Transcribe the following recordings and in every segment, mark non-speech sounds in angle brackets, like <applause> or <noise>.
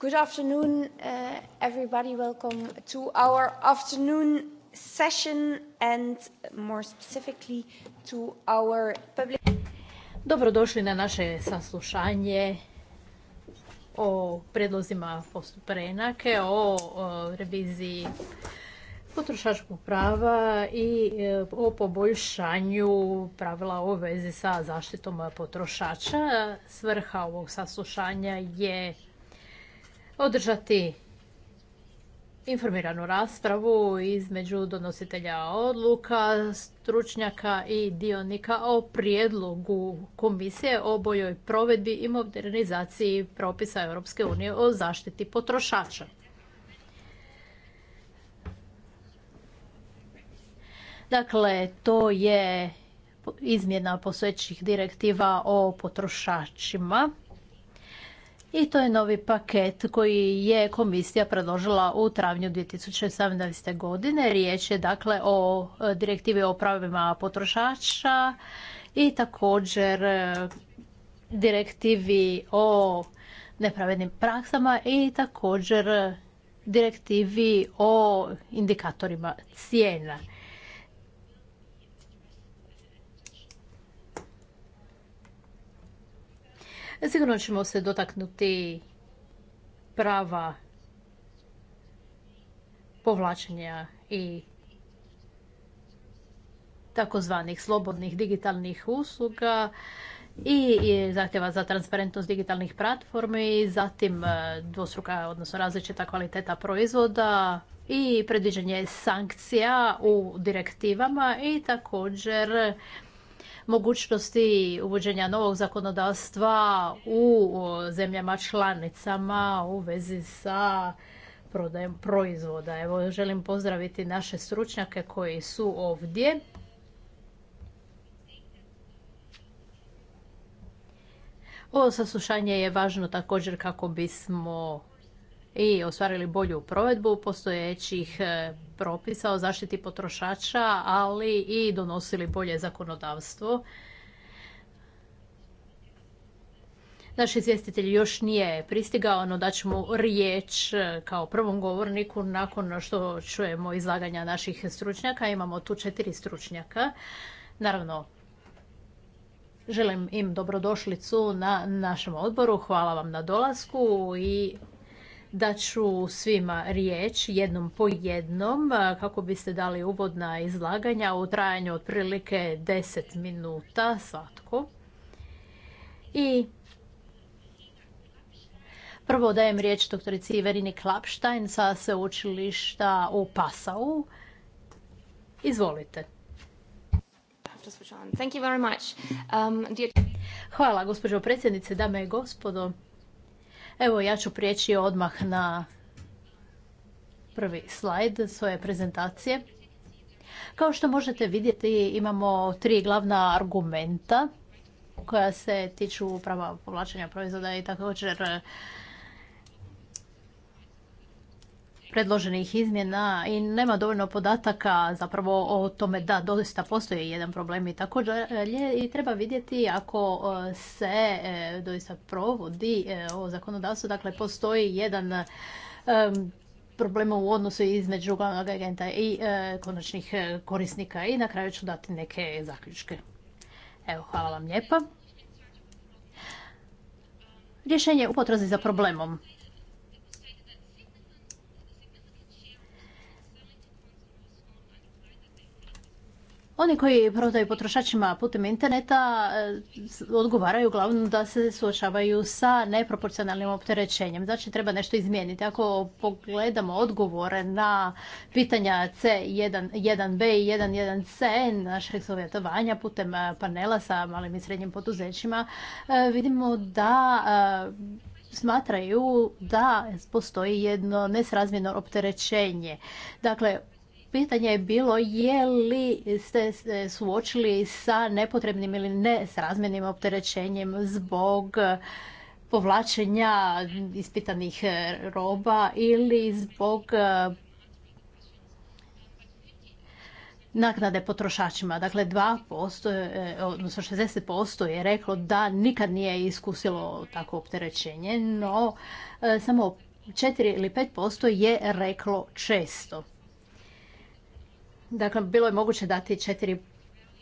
Good afternoon, uh, everybody. Welcome to our afternoon session and more specifically to our public... Dobrodošli na naše saslušanje o predlozima preinake o, o reviziji potrošačkog prava i e, o poboljšanju pravila u vezi sa zaštitom potrošača. Svrha ovog saslušanja je održati informiranu raspravu između donositelja odluka, stručnjaka i dionika o prijedlogu komisije o boljoj provedbi i modernizaciji propisa Europske unije o zaštiti potrošača. Dakle, to je izmjena posvećih direktiva o potrošačima i to je novi paket koji je komisija predložila u travnju 2017. godine. Riječ je dakle o e, direktivi o pravima potrošača i također e, direktivi o nepravednim praksama i također direktivi o indikatorima cijena. Sigurno ćemo se dotaknuti prava povlačenja i takozvanih slobodnih digitalnih usluga i zahtjeva za transparentnost digitalnih platformi, zatim e, dvostruka, odnosno različita kvaliteta proizvoda i predviđanje sankcija u direktivama i također mogućnosti uvođenja novog zakonodavstva u zemljama članicama u vezi sa prodajem proizvoda. Evo, želim pozdraviti naše stručnjake koji su ovdje. Ovo saslušanje je važno također kako bismo i ostvarili bolju provedbu postojećih e, propisa o zaštiti potrošača, ali i donosili bolje zakonodavstvo. Naš izvjestitelj još nije pristigao, no dat ćemo riječ e, kao prvom govorniku nakon što čujemo izlaganja naših stručnjaka. Imamo tu četiri stručnjaka. Naravno, želim im dobrodošlicu na našem odboru. Hvala vam na dolasku i da ću svima riječ jednom po jednom kako biste dali uvodna izlaganja u trajanju otprilike 10 minuta svatko. I prvo dajem riječ doktorici Verini Klapštajn sa sveučilišta u Pasau. Izvolite. Um, Hvala gospođo predsjednice, dame i gospodo. Evo ja ću prijeći odmah na prvi slajd svoje prezentacije. Kao što možete vidjeti imamo tri glavna argumenta koja se tiču prava povlačenja proizvoda i također predloženih izmjena i nema dovoljno podataka zapravo o tome da doista postoji jedan problem i također i treba vidjeti ako e, se e, doista provodi e, ovo zakonodavstvo, dakle postoji jedan problem u odnosu između glavnog agenta i konačnih korisnika i na kraju ću dati neke zaključke. Evo, hvala vam lijepa. Rješenje u potrazi za problemom. Oni koji prodaju potrošačima putem interneta e, odgovaraju uglavnom da se suočavaju sa neproporcionalnim opterećenjem. Znači treba nešto izmijeniti. Ako pogledamo odgovore na pitanja C1, b i 1.1c našeg savjetovanja putem e, panela sa malim i srednjim poduzećima, e, vidimo da smatraju da postoji jedno nesrazmjerno opterećenje. Dakle, pitanje je bilo je li ste se suočili sa nepotrebnim ili ne nesrazmjernim opterećenjem zbog povlačenja ispitanih roba ili zbog e, naknade potrošačima. Dakle, 2%, e, odnosno 60% je reklo da nikad nije iskusilo takvo opterećenje, no e, samo 4 ili 5% je reklo često. Dakle, bilo je moguće dati četiri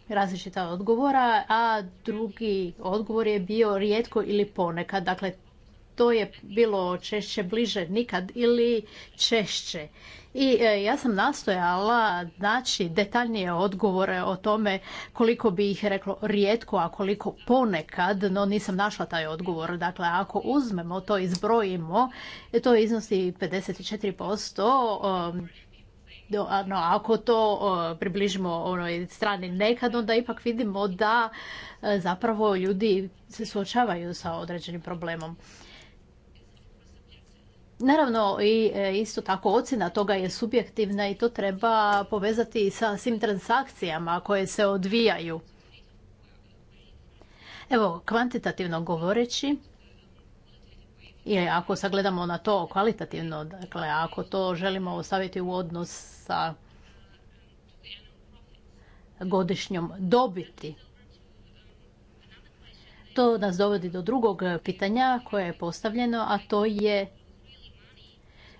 različita odgovora, a drugi odgovor je bio rijetko ili ponekad. Dakle, to je bilo češće bliže nikad ili češće. I e, ja sam nastojala naći detaljnije odgovore o tome koliko bi ih reklo rijetko, a koliko ponekad, no nisam našla taj odgovor. Dakle, ako uzmemo to i zbrojimo, to iznosi 54%. E, no, ako to približimo onoj strani nekad, onda ipak vidimo da e, zapravo ljudi se suočavaju sa određenim problemom. Naravno, i e, isto tako ocjena toga je subjektivna i to treba povezati sa svim transakcijama koje se odvijaju. Evo, kvantitativno govoreći, i ako sagledamo na to kvalitativno, dakle ako to želimo ostaviti u odnos sa godišnjom dobiti, to nas dovodi do drugog pitanja koje je postavljeno, a to je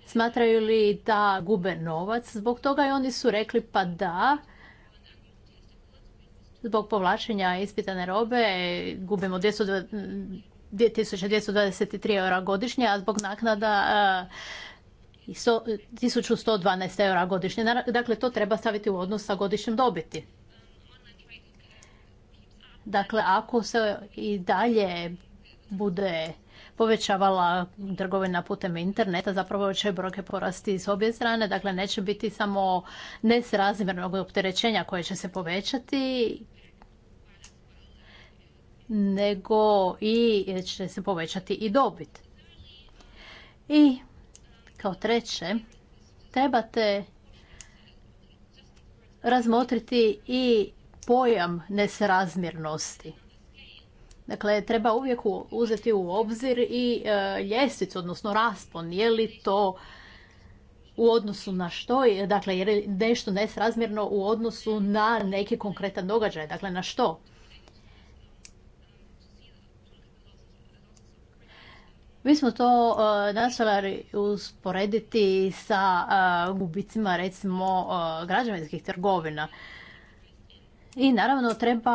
smatraju li da gube novac zbog toga i oni su rekli pa da, zbog povlačenja ispitane robe gubimo 2223 eura godišnje, a zbog naknada 1112 e, eura godišnje. Dakle, to treba staviti u odnos sa godišnjim dobiti. Dakle, ako se i dalje bude povećavala trgovina putem interneta, zapravo će brojke porasti s obje strane, dakle neće biti samo nesrazmjernog opterećenja koje će se povećati nego i će se povećati i dobit. I kao treće, trebate razmotriti i pojam nesrazmjernosti. Dakle, treba uvijek uzeti u obzir i e, ljestvicu, odnosno raspon. Je li to u odnosu na što dakle, je li nešto nesrazmjerno u odnosu na neki konkretan događaj, dakle, na što? Mi smo to e, nastojali usporediti sa e, gubicima recimo e, građevinskih trgovina. I naravno treba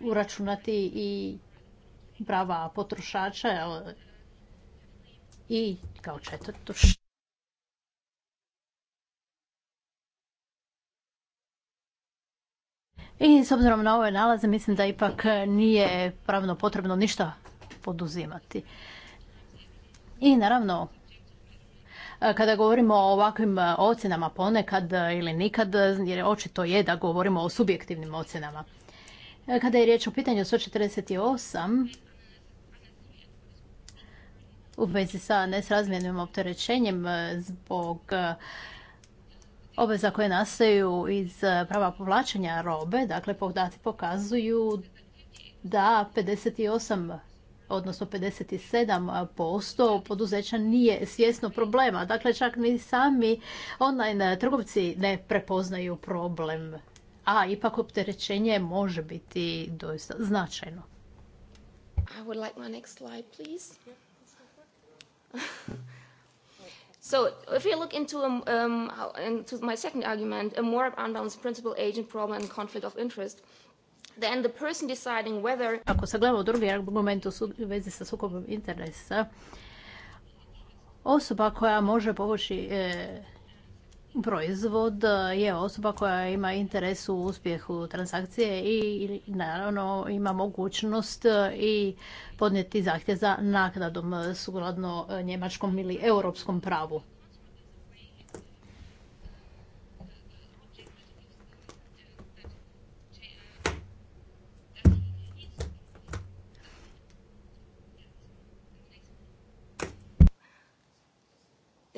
uračunati i prava potrošača i kao četvrto I s obzirom na ove nalaze mislim da ipak nije pravno potrebno ništa poduzimati. I naravno, e, kada govorimo o ovakvim e, ocjenama ponekad e, ili nikad, jer očito je da govorimo o subjektivnim ocjenama. Kada je riječ o pitanju 148, u vezi sa nesrazmjernim opterećenjem zbog obveza koje nastaju iz prava povlačenja robe, dakle podaci pokazuju da 58 odnosno 57% poduzeća nije svjesno problema. Dakle, čak ni sami online trgovci ne prepoznaju problem, a ipak opterećenje može biti doista značajno. I would like my next slide, please. <laughs> So if you look into, um, um into my second argument, a more unbalanced principal agent problem and conflict of interest, then the person deciding whether... Ako drugi argument u vezi sa sukobom interesa, osoba koja može povući e, proizvod e, je osoba koja ima interes u uspjehu transakcije i naravno ima mogućnost e, i podnijeti zahtjev za naknadom sukladno njemačkom ili europskom pravu.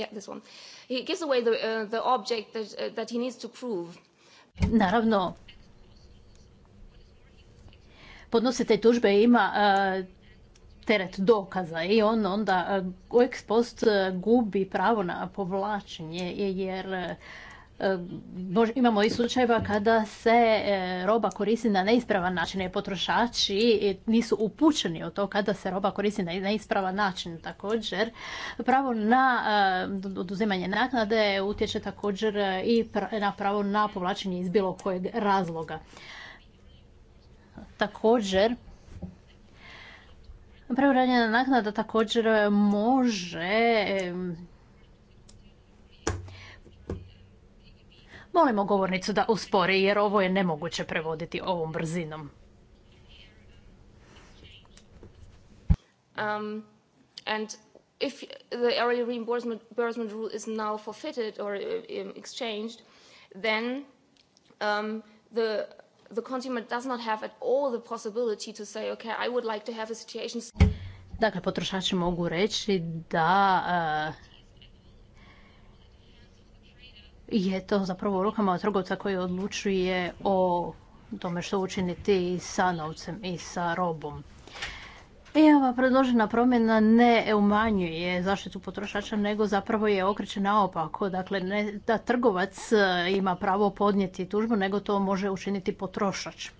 yeah, this one. He gives away the, uh, the object that, uh, that he needs to prove. Naravno, podnositelj tužbe ima uh, teret dokaza i on onda u uh, ekspost post uh, gubi pravo na povlačenje jer E, imamo i slučajeva kada se e, roba koristi na neispravan način jer potrošači e, nisu upućeni o to kada se roba koristi na neispravan način. Također, pravo na oduzimanje naknade utječe također i na pravo na povlačenje iz bilo kojeg razloga. Također, preuranjena naknada također može Molimo govornicu da uspori jer ovo je nemoguće prevoditi ovom brzinom. Um, and if the early reimbursement, reimbursement rule is now forfeited or uh, um, exchanged, then um, the the consumer does not have at all the possibility to say, okay, I would like to have a situation. Dakle, potrošači mogu reći da uh, je to zapravo u rukama trgovca koji odlučuje o tome što učiniti sa novcem i sa robom. I ova predložena promjena ne umanjuje zaštitu potrošača, nego zapravo je okreće naopako. Dakle, ne da trgovac eh, ima pravo podnijeti tužbu, nego to može učiniti potrošač.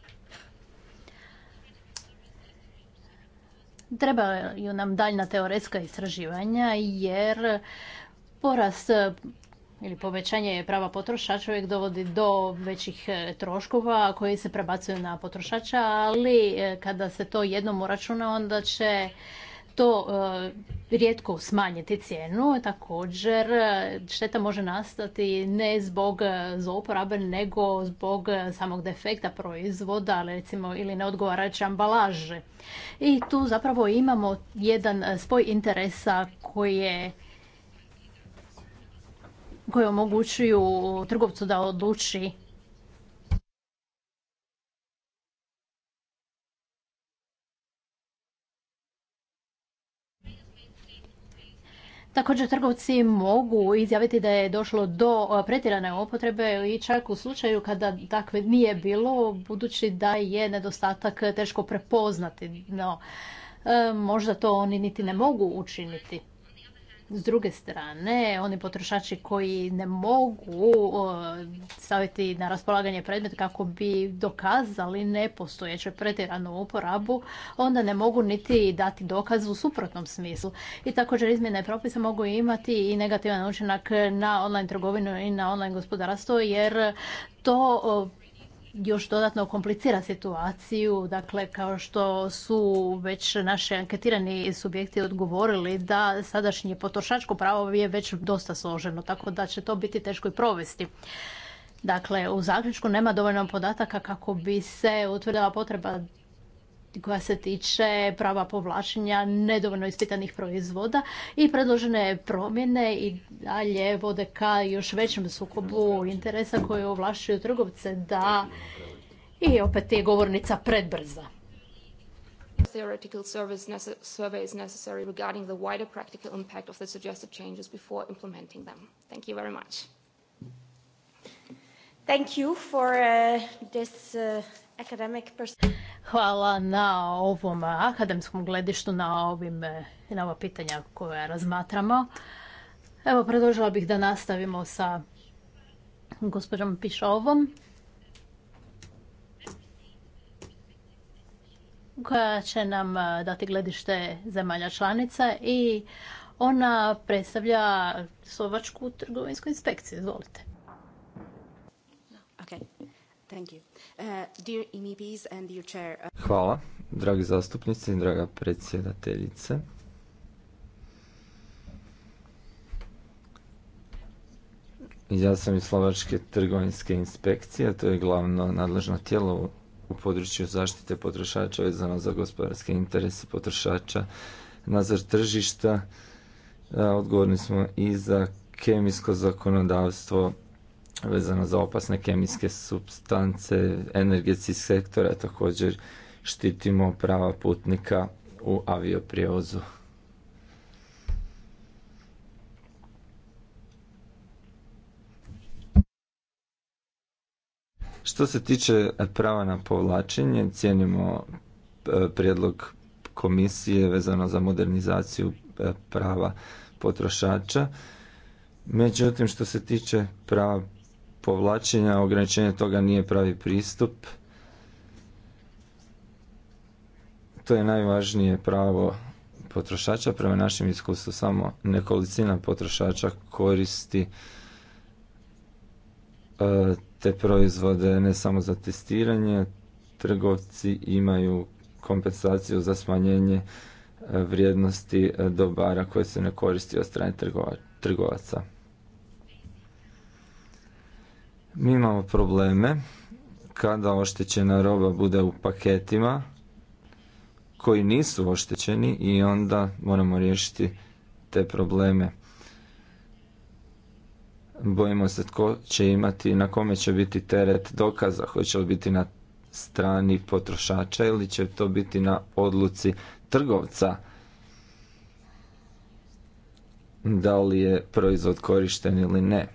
Trebaju nam daljna teoretska istraživanja jer porast ili povećanje prava potrošača uvijek dovodi do većih e, troškova koji se prebacuju na potrošača, ali e, kada se to jednom uračuna onda će to e, rijetko smanjiti cijenu. Također šteta može nastati ne zbog zlouporabe nego zbog samog defekta proizvoda recimo, ili neodgovarajuće ambalaže. I tu zapravo imamo jedan spoj interesa koji je koje omogućuju trgovcu da odluči Također trgovci mogu izjaviti da je došlo do e, pretjerane upotrebe i čak u slučaju kada takve nije bilo, budući da je nedostatak teško prepoznati. No, e, možda to oni niti ne mogu učiniti. S druge strane, oni potrošači koji ne mogu staviti na raspolaganje predmet kako bi dokazali nepostojeću pretjeranu uporabu, onda ne mogu niti dati dokaz u suprotnom smislu. I također izmjene propisa mogu imati i negativan učinak na online trgovinu i na online gospodarstvo jer to još dodatno komplicira situaciju. Dakle, kao što su već naši anketirani subjekti odgovorili da sadašnje potrošačko pravo je već dosta složeno, tako da će to biti teško i provesti. Dakle, u zaključku nema dovoljno podataka kako bi se utvrdila potreba koja se tiče prava povlačenja nedovoljno ispitanih proizvoda i predložene promjene i dalje vode ka još većem sukobu interesa koje ovlašćuju trgovce da i opet je govornica predbrza. Theoretical survey is necessary regarding the wider practical impact of the suggested changes before implementing them. Thank you very much. Thank you for uh, this uh, Hvala na ovom akademskom gledištu, na, ovim, na ova pitanja koja razmatramo. Evo, predložila bih da nastavimo sa gospođom Pišovom. koja će nam eh, dati gledište zemalja članica i ona predstavlja Slovačku trgovinsku inspekciju. Izvolite. Uh, uh, Hvala, dragi zastupnici i draga predsjedateljice. Ja sam iz Slovačke trgovinske inspekcije, to je glavno nadležno tijelo u području zaštite potrošača vezano za gospodarske interese potrošača, nazar tržišta. Odgovorni smo i za kemijsko zakonodavstvo vezano za opasne kemijske substance, energetski sektor, a također štitimo prava putnika u avioprijevozu. Što se tiče prava na povlačenje, cijenimo e, prijedlog komisije vezano za modernizaciju e, prava potrošača. Međutim, što se tiče prava povlačenja, ograničenje toga nije pravi pristup. To je najvažnije pravo potrošača, prema našem iskustvu samo nekolicina potrošača koristi e, te proizvode ne samo za testiranje, trgovci imaju kompensaciju za smanjenje e, vrijednosti e, dobara koje se ne koristi od strane trgovaca. Mi imamo probleme kada oštećena roba bude u paketima koji nisu oštećeni i onda moramo riješiti te probleme. Bojimo se tko će imati, na kome će biti teret dokaza, hoće li biti na strani potrošača ili će to biti na odluci trgovca da li je proizvod korišten ili ne.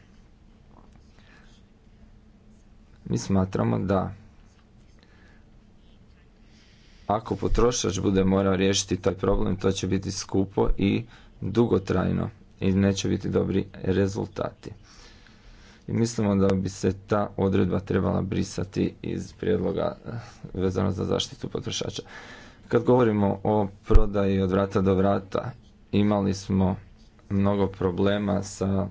Mi smatramo da ako potrošač bude morao riješiti taj problem, to će biti skupo i dugotrajno i neće biti dobri rezultati. I mislimo da bi se ta odredba trebala brisati iz prijedloga eh, vezano za zaštitu potrošača. Kad govorimo o prodaji od vrata do vrata, imali smo mnogo problema sa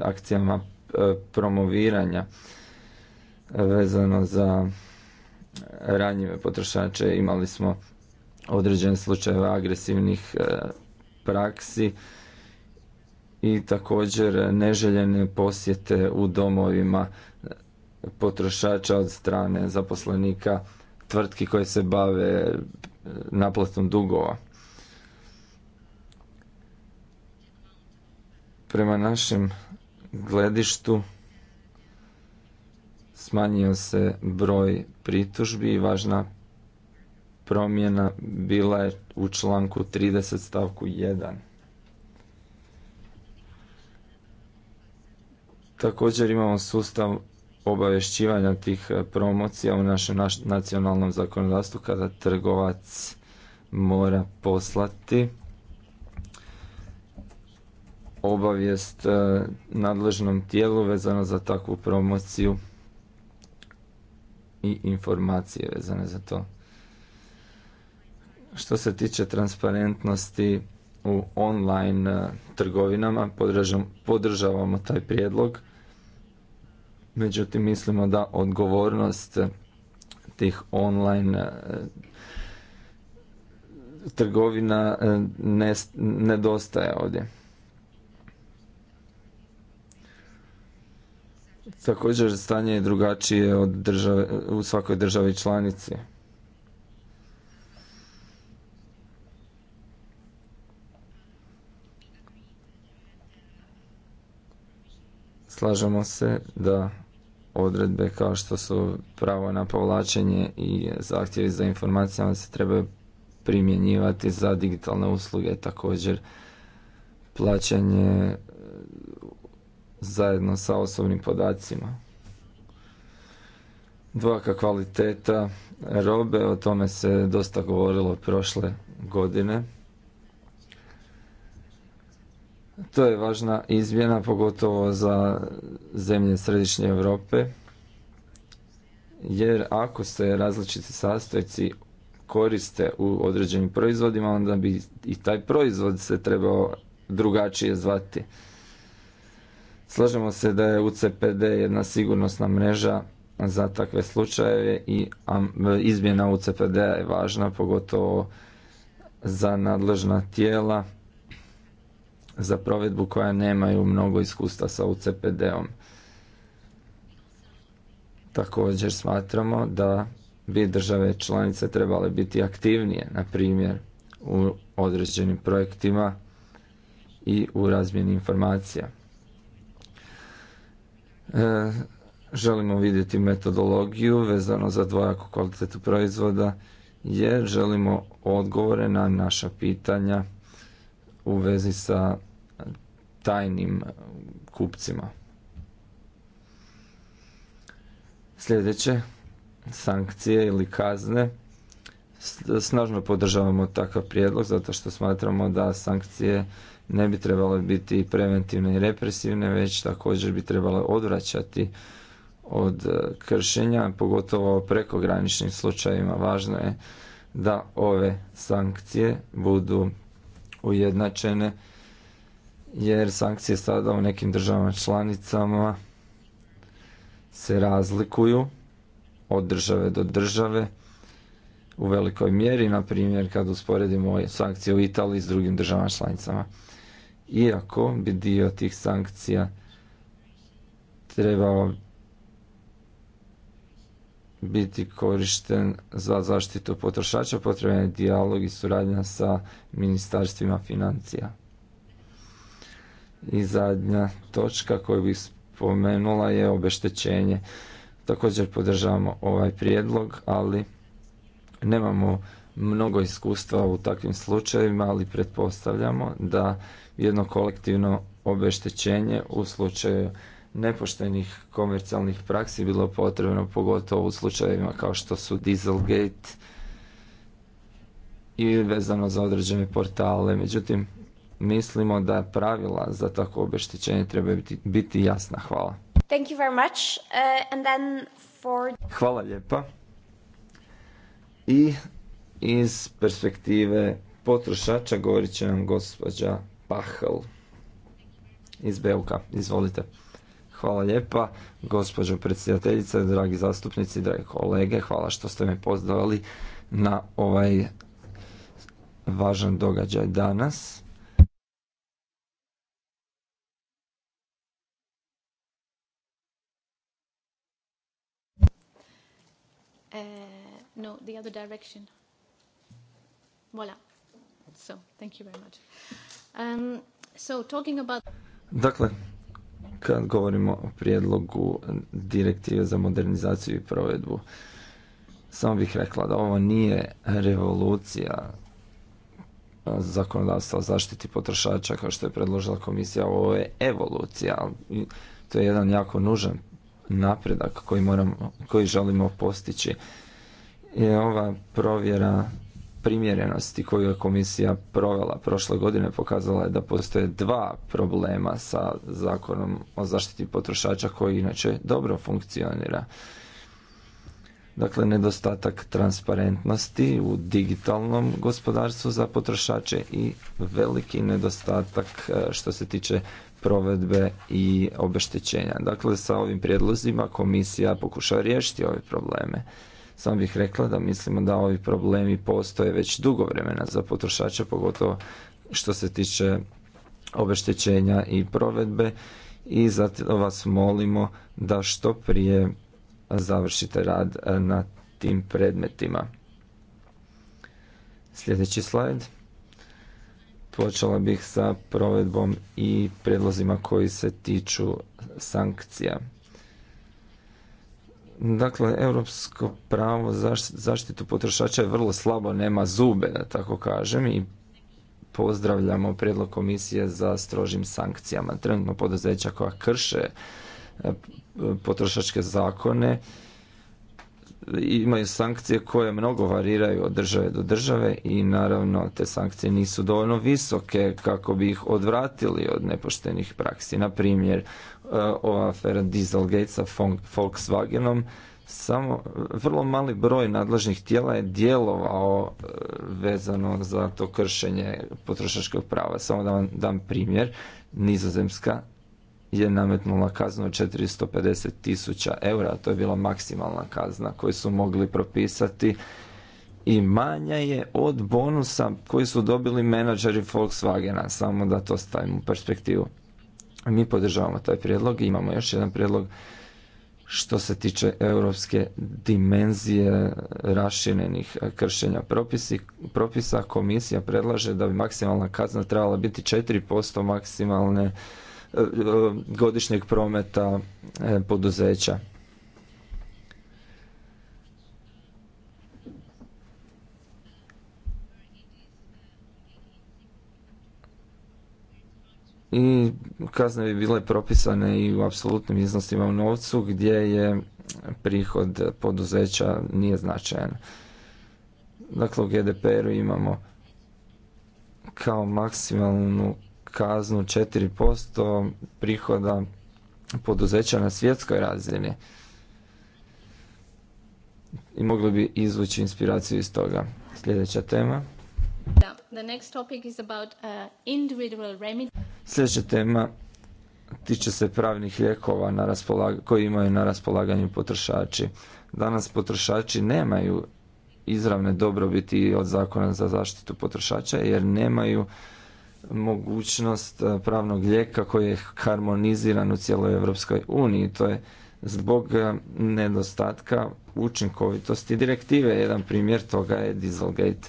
akcijama eh, promoviranja vezano za ranjive potrošače imali smo određene slučajeve agresivnih e, praksi i također neželjene posjete u domovima potrošača od strane zaposlenika tvrtki koje se bave e, naplatom dugova. Prema našem gledištu smanjio se broj pritužbi i važna promjena bila je u članku 30 stavku 1. Također imamo sustav obavješćivanja tih e, promocija u našem nacionalnom zakonodavstvu kada trgovac mora poslati obavijest e, nadležnom tijelu vezano za takvu promociju i informacije vezane za to. Što se tiče transparentnosti u online eh, trgovinama, podržavamo taj prijedlog. Međutim, mislimo da odgovornost tih online eh, trgovina eh, nedostaje ovdje. Također stanje je drugačije od države, u svakoj državi članici. Slažemo se da odredbe kao što su pravo na povlačenje i zahtjevi za informacijama se trebaju primjenjivati za digitalne usluge također plaćanje zajedno sa osobnim podacima. dvaka kvaliteta robe, o tome se dosta govorilo prošle godine. To je važna izmjena, pogotovo za zemlje Središnje Europe, jer ako se različiti sastojci koriste u određenim proizvodima, onda bi i taj proizvod se trebao drugačije zvati. Slažemo se da je UCPD jedna sigurnosna mreža za takve slučajeve i izmjena UCPD-a je važna, pogotovo za nadležna tijela za provedbu koja nemaju mnogo iskustva sa UCPD-om. Također smatramo da bi države članice trebale biti aktivnije, na primjer, u određenim projektima i u razmjeni informacija. E, želimo vidjeti metodologiju vezano za dvojaku kvalitetu proizvoda jer želimo odgovore na naša pitanja u vezi sa tajnim kupcima. Sljedeće, sankcije ili kazne. Snažno podržavamo takav prijedlog zato što smatramo da sankcije ne bi trebale biti preventivne i represivne, već također bi trebale odvraćati od e, kršenja, pogotovo prekograničnim slučajevima. Važno je da ove sankcije budu ujednačene, jer sankcije sada u nekim državama članicama se razlikuju od države do države u velikoj mjeri, na primjer kad usporedimo sankcije u Italiji s drugim državama članicama iako bi dio tih sankcija trebao biti korišten za zaštitu potrošača, potreban je dijalog i suradnja sa ministarstvima financija. I zadnja točka koju bih spomenula je obeštećenje. Također podržavamo ovaj prijedlog, ali nemamo mnogo iskustva u takvim slučajevima, ali pretpostavljamo da jedno kolektivno obeštećenje u slučaju nepoštenih komercijalnih praksi bilo potrebno, pogotovo u slučajevima kao što su Dieselgate i vezano za određene portale. Međutim, mislimo da pravila za takvo obeštećenje treba biti jasna. Hvala. Thank you very much. Uh, and then for... Hvala lijepa. I iz perspektive potrošača govorit će nam gospođa Pahel iz Belka. Izvolite. Hvala lijepa, gospođo predsjedateljice, dragi zastupnici, dragi kolege. Hvala što ste me pozdravili na ovaj važan događaj danas. Uh, no, the other direction. Voilà. So, thank you very much. Um, so, talking about... Dakle, kad govorimo o prijedlogu direktive za modernizaciju i provedbu, samo bih rekla da ovo nije revolucija zakonodavstva o zaštiti potrošača kao što je predložila komisija, ovo je evolucija. To je jedan jako nužan napredak koji, moramo, koji želimo postići. I ova provjera primjerenosti koju je komisija provela prošle godine pokazala je da postoje dva problema sa zakonom o zaštiti potrošača koji inače dobro funkcionira. Dakle, nedostatak transparentnosti u digitalnom gospodarstvu za potrošače i veliki nedostatak e, što se tiče provedbe i obeštećenja. Dakle, sa ovim prijedlozima komisija pokušava riješiti ove probleme. Samo bih rekla da mislimo da ovi problemi postoje već dugo vremena za potrošača, pogotovo što se tiče obeštećenja i provedbe i zato vas molimo da što prije završite rad e, na tim predmetima. Sljedeći slajd. Počela bih sa provedbom i predlozima koji se tiču sankcija. Dakle, europsko pravo zaštitu potrošača je vrlo slabo, nema zube, da tako kažem, i pozdravljamo prijedlog komisije za strožim sankcijama. Trenutno poduzeća koja krše e, potrošačke zakone imaju sankcije koje mnogo variraju od države do države i naravno te sankcije nisu dovoljno visoke kako bi ih odvratili od nepoštenih praksi. Na primjer, E, ova afera Dieselgate sa Volkswagenom, samo vrlo mali broj nadležnih tijela je djelovao e, vezano za to kršenje potrošačkog prava. Samo da vam dam primjer, Nizozemska je nametnula kaznu od 450 tisuća eura, to je bila maksimalna kazna koju su mogli propisati i manja je od bonusa koji su dobili menadžeri Volkswagena, samo da to stavimo u perspektivu. Mi podržavamo taj prijedlog i imamo još jedan prijedlog što se tiče europske dimenzije raširenih kršenja propisi, propisa, komisija predlaže da bi maksimalna kazna trebala biti 4% maksimalne e, godišnjeg prometa e, poduzeća. i kazne bi bile propisane i u apsolutnim iznosima u novcu gdje je prihod poduzeća nije značajan. Dakle, u GDPR-u imamo kao maksimalnu kaznu 4% prihoda poduzeća na svjetskoj razini. I mogli bi izvući inspiraciju iz toga. Sljedeća tema. Uh, Sljedeća tema tiče se pravnih lijekova na koji imaju na raspolaganju potrošači. Danas potrošači nemaju izravne dobrobiti od zakona za zaštitu potrošača jer nemaju mogućnost e, pravnog lijeka koji je harmoniziran u cijeloj Europskoj uniji. To je zbog e, nedostatka učinkovitosti direktive. Jedan primjer toga je Dieselgate.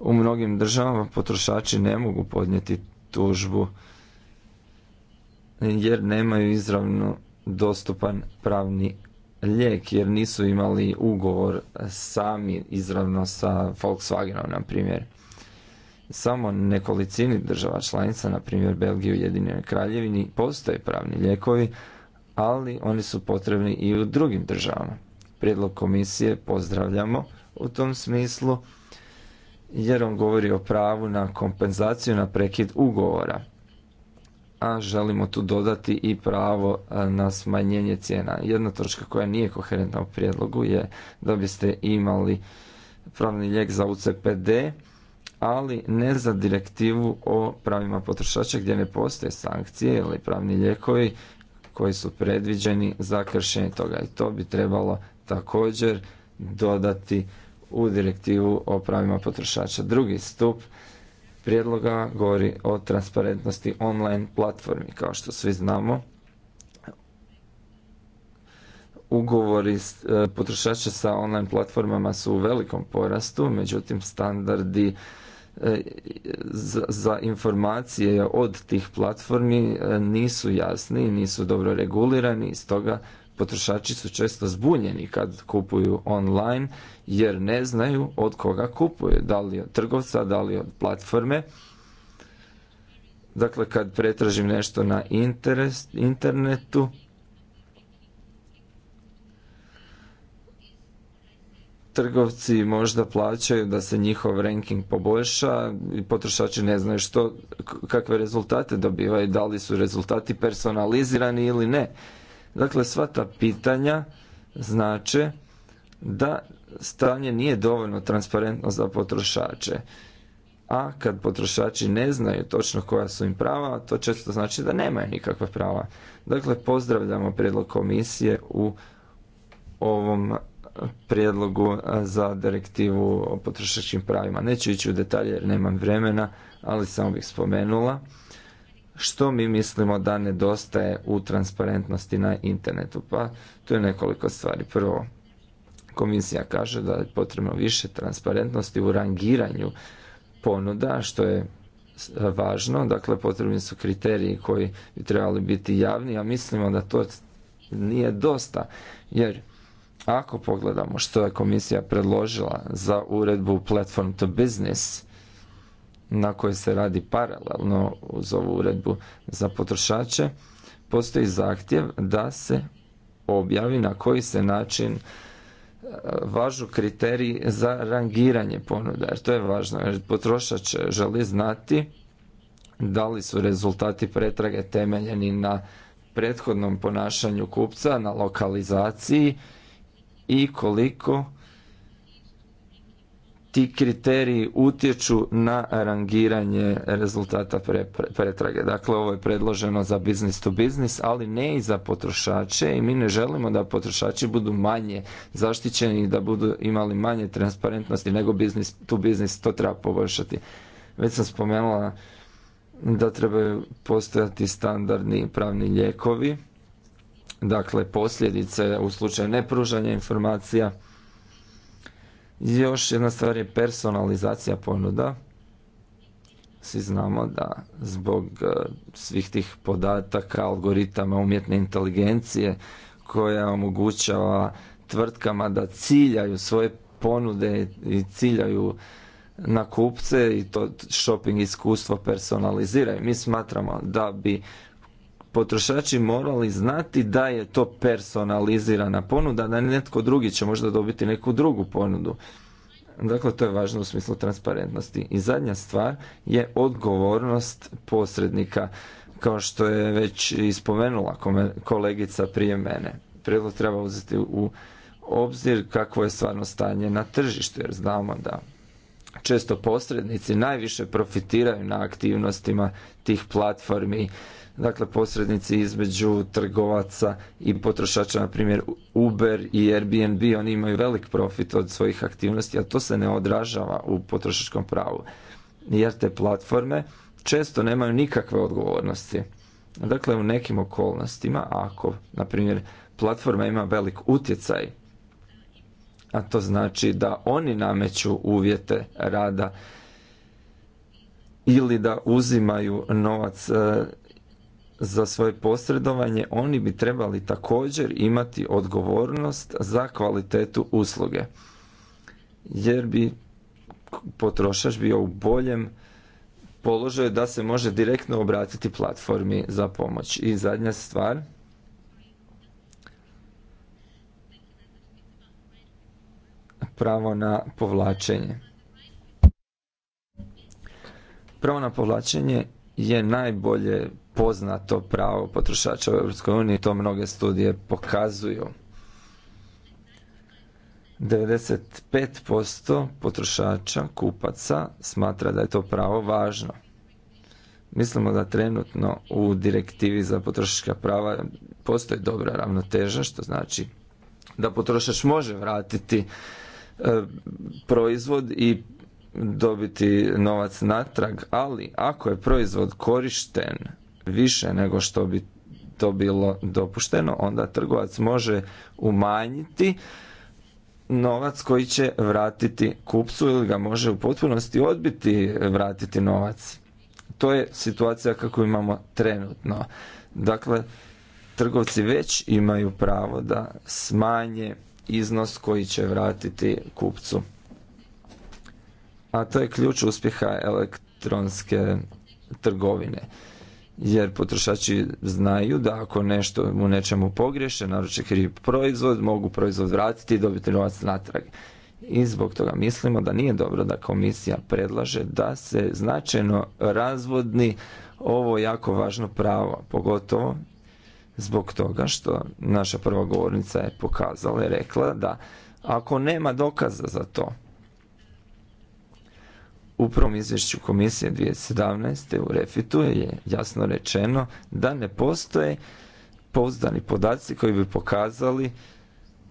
U mnogim državama potrošači ne mogu podnijeti tužbu jer nemaju izravno dostupan pravni lijek jer nisu imali ugovor sami izravno sa Volkswagenom, na primjer. Samo nekolicini država članica, na primjer Belgiju i Ujedinjenoj kraljevini, postoje pravni lijekovi, ali oni su potrebni i u drugim državama. Prijedlog komisije pozdravljamo u tom smislu jer on govori o pravu na kompenzaciju na prekid ugovora. A želimo tu dodati i pravo e, na smanjenje cijena. Jedna točka koja nije koherentna u prijedlogu je da biste imali pravni lijek za UCPD, ali ne za direktivu o pravima potrošača gdje ne postoje sankcije ili pravni lijekovi koji su predviđeni za kršenje toga. I to bi trebalo također dodati u direktivu o pravima potrošača. Drugi stup prijedloga govori o transparentnosti online platformi. Kao što svi znamo, ugovori e, potrošača sa online platformama su u velikom porastu, međutim standardi e, za informacije od tih platformi e, nisu jasni, nisu dobro regulirani i stoga Potrošači su često zbunjeni kad kupuju online jer ne znaju od koga kupuju, da li od trgovca, da li od platforme. Dakle, kad pretražim nešto na internetu, trgovci možda plaćaju da se njihov ranking poboljša i potrošači ne znaju što, kakve rezultate dobivaju, da li su rezultati personalizirani ili ne. Dakle, sva ta pitanja znače da stanje nije dovoljno transparentno za potrošače. A kad potrošači ne znaju točno koja su im prava, to često znači da nemaju nikakva prava. Dakle, pozdravljamo prijedlog komisije u ovom prijedlogu za direktivu o potrošačkim pravima. Neću ići u detalje jer nemam vremena, ali samo bih spomenula što mi mislimo da nedostaje u transparentnosti na internetu. Pa tu je nekoliko stvari. Prvo, komisija kaže da je potrebno više transparentnosti u rangiranju ponuda, što je važno, dakle potrebni su kriteriji koji bi trebali biti javni, a mislimo da to nije dosta, jer ako pogledamo što je komisija predložila za uredbu Platform to Business, na koje se radi paralelno uz ovu uredbu za potrošače, postoji zahtjev da se objavi na koji se način e, važu kriteriji za rangiranje ponuda, jer to je važno, jer potrošač želi znati da li su rezultati pretrage temeljeni na prethodnom ponašanju kupca, na lokalizaciji i koliko ti kriteriji utječu na rangiranje rezultata pretrage. Dakle, ovo je predloženo za business to business, ali ne i za potrošače i mi ne želimo da potrošači budu manje zaštićeni i da budu imali manje transparentnosti nego business to business. To treba poboljšati. Već sam spomenula da trebaju postojati standardni pravni lijekovi, dakle posljedice u slučaju nepružanja informacija, još jedna stvar je personalizacija ponuda. Svi znamo da zbog e, svih tih podataka, algoritama, umjetne inteligencije koja omogućava tvrtkama da ciljaju svoje ponude i ciljaju na kupce i to shopping iskustvo personaliziraju. Mi smatramo da bi potrošači morali znati da je to personalizirana ponuda, da netko drugi će možda dobiti neku drugu ponudu. Dakle, to je važno u smislu transparentnosti. I zadnja stvar je odgovornost posrednika, kao što je već ispomenula kolegica prije mene. Prijedlog treba uzeti u obzir kakvo je stvarno stanje na tržištu, jer znamo da često posrednici najviše profitiraju na aktivnostima tih platformi dakle posrednici između trgovaca i potrošača, na primjer Uber i Airbnb, oni imaju velik profit od svojih aktivnosti, a to se ne odražava u potrošačkom pravu. Jer te platforme često nemaju nikakve odgovornosti. Dakle, u nekim okolnostima, ako, na primjer, platforma ima velik utjecaj, a to znači da oni nameću uvjete rada ili da uzimaju novac e, za svoje posredovanje, oni bi trebali također imati odgovornost za kvalitetu usluge. Jer bi potrošač bio u boljem položaju da se može direktno obratiti platformi za pomoć. I zadnja stvar, pravo na povlačenje. Pravo na povlačenje je najbolje poznato pravo potrošača u EU, to mnoge studije pokazuju. 95% potrošača, kupaca, smatra da je to pravo važno. Mislimo da trenutno u direktivi za potrošačka prava postoji dobra ravnoteža, što znači da potrošač može vratiti e, proizvod i dobiti novac natrag, ali ako je proizvod korišten više nego što bi to bilo dopušteno, onda trgovac može umanjiti novac koji će vratiti kupcu ili ga može u potpunosti odbiti vratiti novac. To je situacija kako imamo trenutno. Dakle, trgovci već imaju pravo da smanje iznos koji će vratiti kupcu. A to je ključ uspjeha elektronske trgovine jer potrošači znaju da ako nešto u nečemu pogreše, naroče krivi proizvod, mogu proizvod vratiti i dobiti novac natrag. I zbog toga mislimo da nije dobro da komisija predlaže da se značajno razvodni ovo jako važno pravo, pogotovo zbog toga što naša prva govornica je pokazala i rekla da ako nema dokaza za to, u prvom izvješću komisije 2017. u Refitu je jasno rečeno da ne postoje pouzdani podaci koji bi pokazali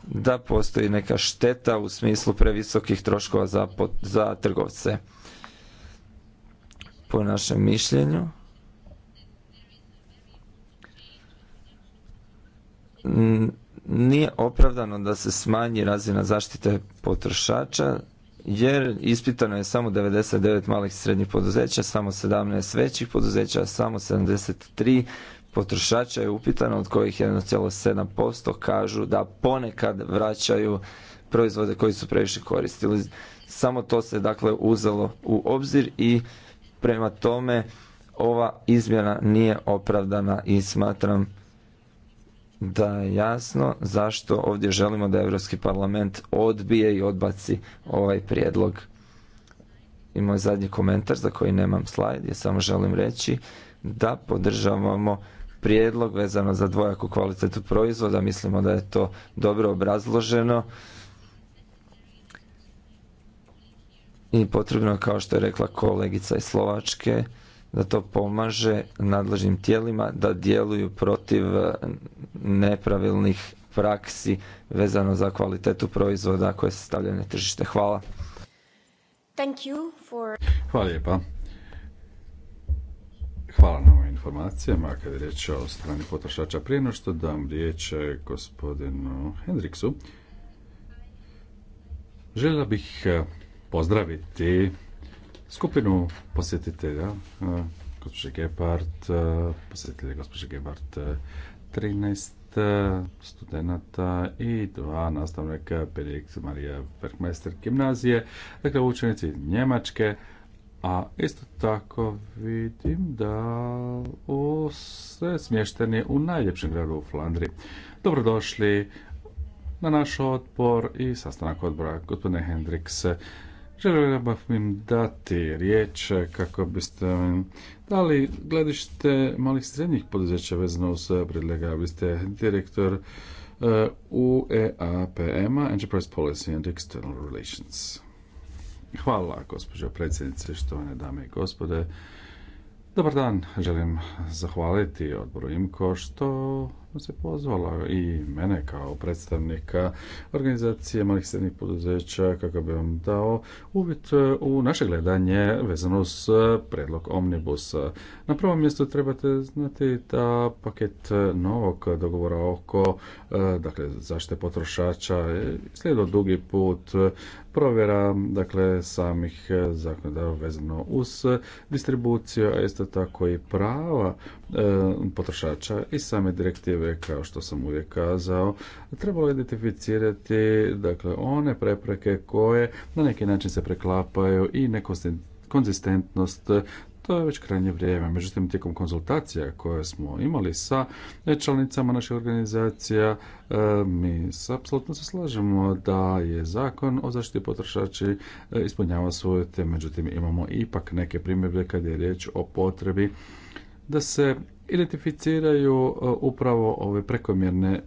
da postoji neka šteta u smislu previsokih troškova za, za trgovce. Po našem mišljenju, nije opravdano da se smanji razina zaštite potrošača jer ispitano je samo 99 malih i srednjih poduzeća, samo 17 većih poduzeća, samo 73 potrošača je upitano, od kojih 1,7% kažu da ponekad vraćaju proizvode koji su previše koristili. Samo to se dakle uzelo u obzir i prema tome ova izmjena nije opravdana i smatram da je jasno zašto ovdje želimo da Europski parlament odbije i odbaci ovaj prijedlog. I moj zadnji komentar za koji nemam slajd, ja samo želim reći da podržavamo prijedlog vezano za dvojaku kvalitetu proizvoda, mislimo da je to dobro obrazloženo. I potrebno je, kao što je rekla kolegica iz Slovačke, da to pomaže nadležnim tijelima da djeluju protiv e, nepravilnih praksi vezano za kvalitetu proizvoda koje se stavljaju na tržište. Hvala. Hvala lijepa. Hvala na ovim informacijama kada je riječ o strani potrošača. Prije no što dam riječ e, gospodinu Hendriksu, željela bih e, pozdraviti skupinu eh, eh, posjetitelja, gospođe Gebhardt, posjetitelja eh, gospođe Gebhardt, 13 studenta i dva nastavnika Felix Marija Bergmeister gimnazije, dakle učenici Njemačke, a isto tako vidim da u smješteni u najljepšem gradu u Flandri. Dobrodošli na naš odbor i sastanak odbora gospodine Hendriks. Želim da im dati riječ kako biste dali gledište malih srednjih poduzeća vezano uz predlega. Vi ste direktor eh, UEAPM-a, Enterprise Policy and External Relations. Hvala, gospođo predsjednice, štovane dame i gospode. Dobar dan, želim zahvaliti odboru IMKO što se pozvala i mene kao predstavnika organizacije malih srednjih poduzeća kako bi vam dao uvid u naše gledanje vezano s predlog Omnibusa. Na prvom mjestu trebate znati da paket novog dogovora oko eh, dakle, zaštite potrošača slijedo dugi put provjera dakle samih zakona vezano uz distribuciju, a isto tako i prava eh, potrošača i same direktive kao što sam uvijek kazao, trebalo identificirati dakle, one prepreke koje na neki način se preklapaju i konzistentnost, to je već krajnje vrijeme. Međutim, tijekom konzultacija koje smo imali sa članicama naših organizacija, e, mi se apsolutno se slažemo da je zakon o zaštiti potrošači e, ispunjava svoje te, međutim imamo ipak neke primjedbe kad je riječ o potrebi da se identificiraju e, upravo ove prekomjerne,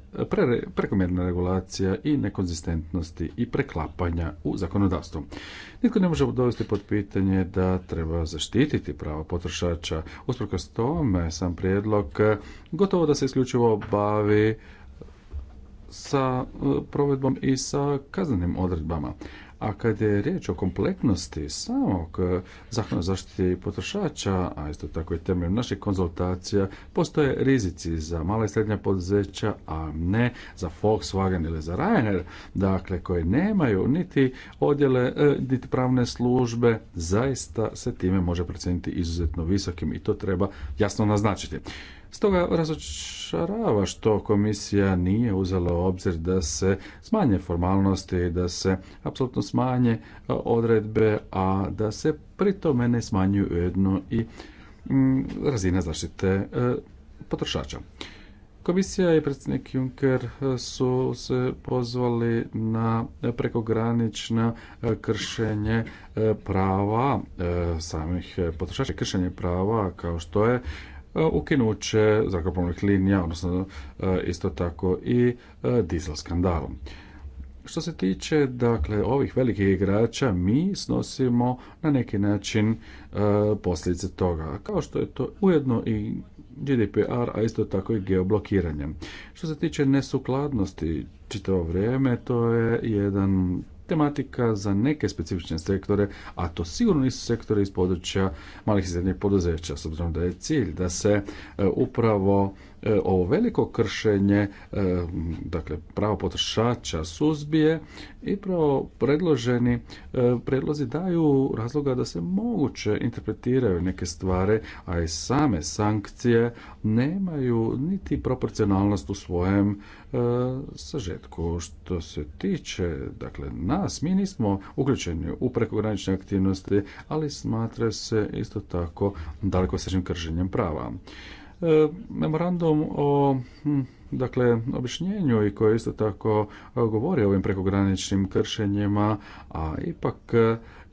pre, regulacija i nekonzistentnosti i preklapanja u zakonodavstvu. Nitko ne može dovesti pod pitanje da treba zaštititi prava potrošača. Usprkos tome, sam prijedlog e, gotovo da se isključivo bavi e, sa provedbom i sa kaznenim odredbama. A kad je riječ o kompletnosti samog eh, zakona o zaštiti potrošača, a isto tako i temeljem naših konzultacija, postoje rizici za mala i srednja poduzeća, a ne za Volkswagen ili za Ryanair, dakle koje nemaju niti odjele, eh, niti pravne službe, zaista se time može procijeniti izuzetno visokim i to treba jasno naznačiti. Stoga razočarava što komisija nije uzela u obzir da se smanje formalnosti da se apsolutno smanje e, odredbe, a da se pri tome ne smanjuju ujedno i mm, razina zaštite e, potrošača. Komisija i predsjednik Juncker e, su se pozvali na prekogranično kršenje prava samih potrošača, kršenje prava kao što je E, ukinuće zrakoplovnih linija, odnosno e, isto tako i e, dizel skandalom. Što se tiče dakle ovih velikih igrača, mi snosimo na neki način posljedice toga, kao što je to ujedno i GDPR, a isto tako i geoblokiranje. Što se tiče nesukladnosti čitavo vrijeme, to je jedan tematika za neke specifične sektore, a to sigurno nisu sektore iz područja malih i srednjih poduzeća, s obzirom da je cilj da se e, upravo E, ovo veliko kršenje e, dakle pravo potrošača suzbije i pravo predloženi e, predlozi daju razloga da se moguće interpretiraju neke stvari, a i same sankcije nemaju niti proporcionalnost u svojem sažetku. Što se tiče dakle, nas, mi nismo uključeni u prekogranične aktivnosti, ali smatra se isto tako daleko kršenjem prava memorandum o hm, dakle objašnjenju i koje isto tako govori o ovim prekograničnim kršenjima, a ipak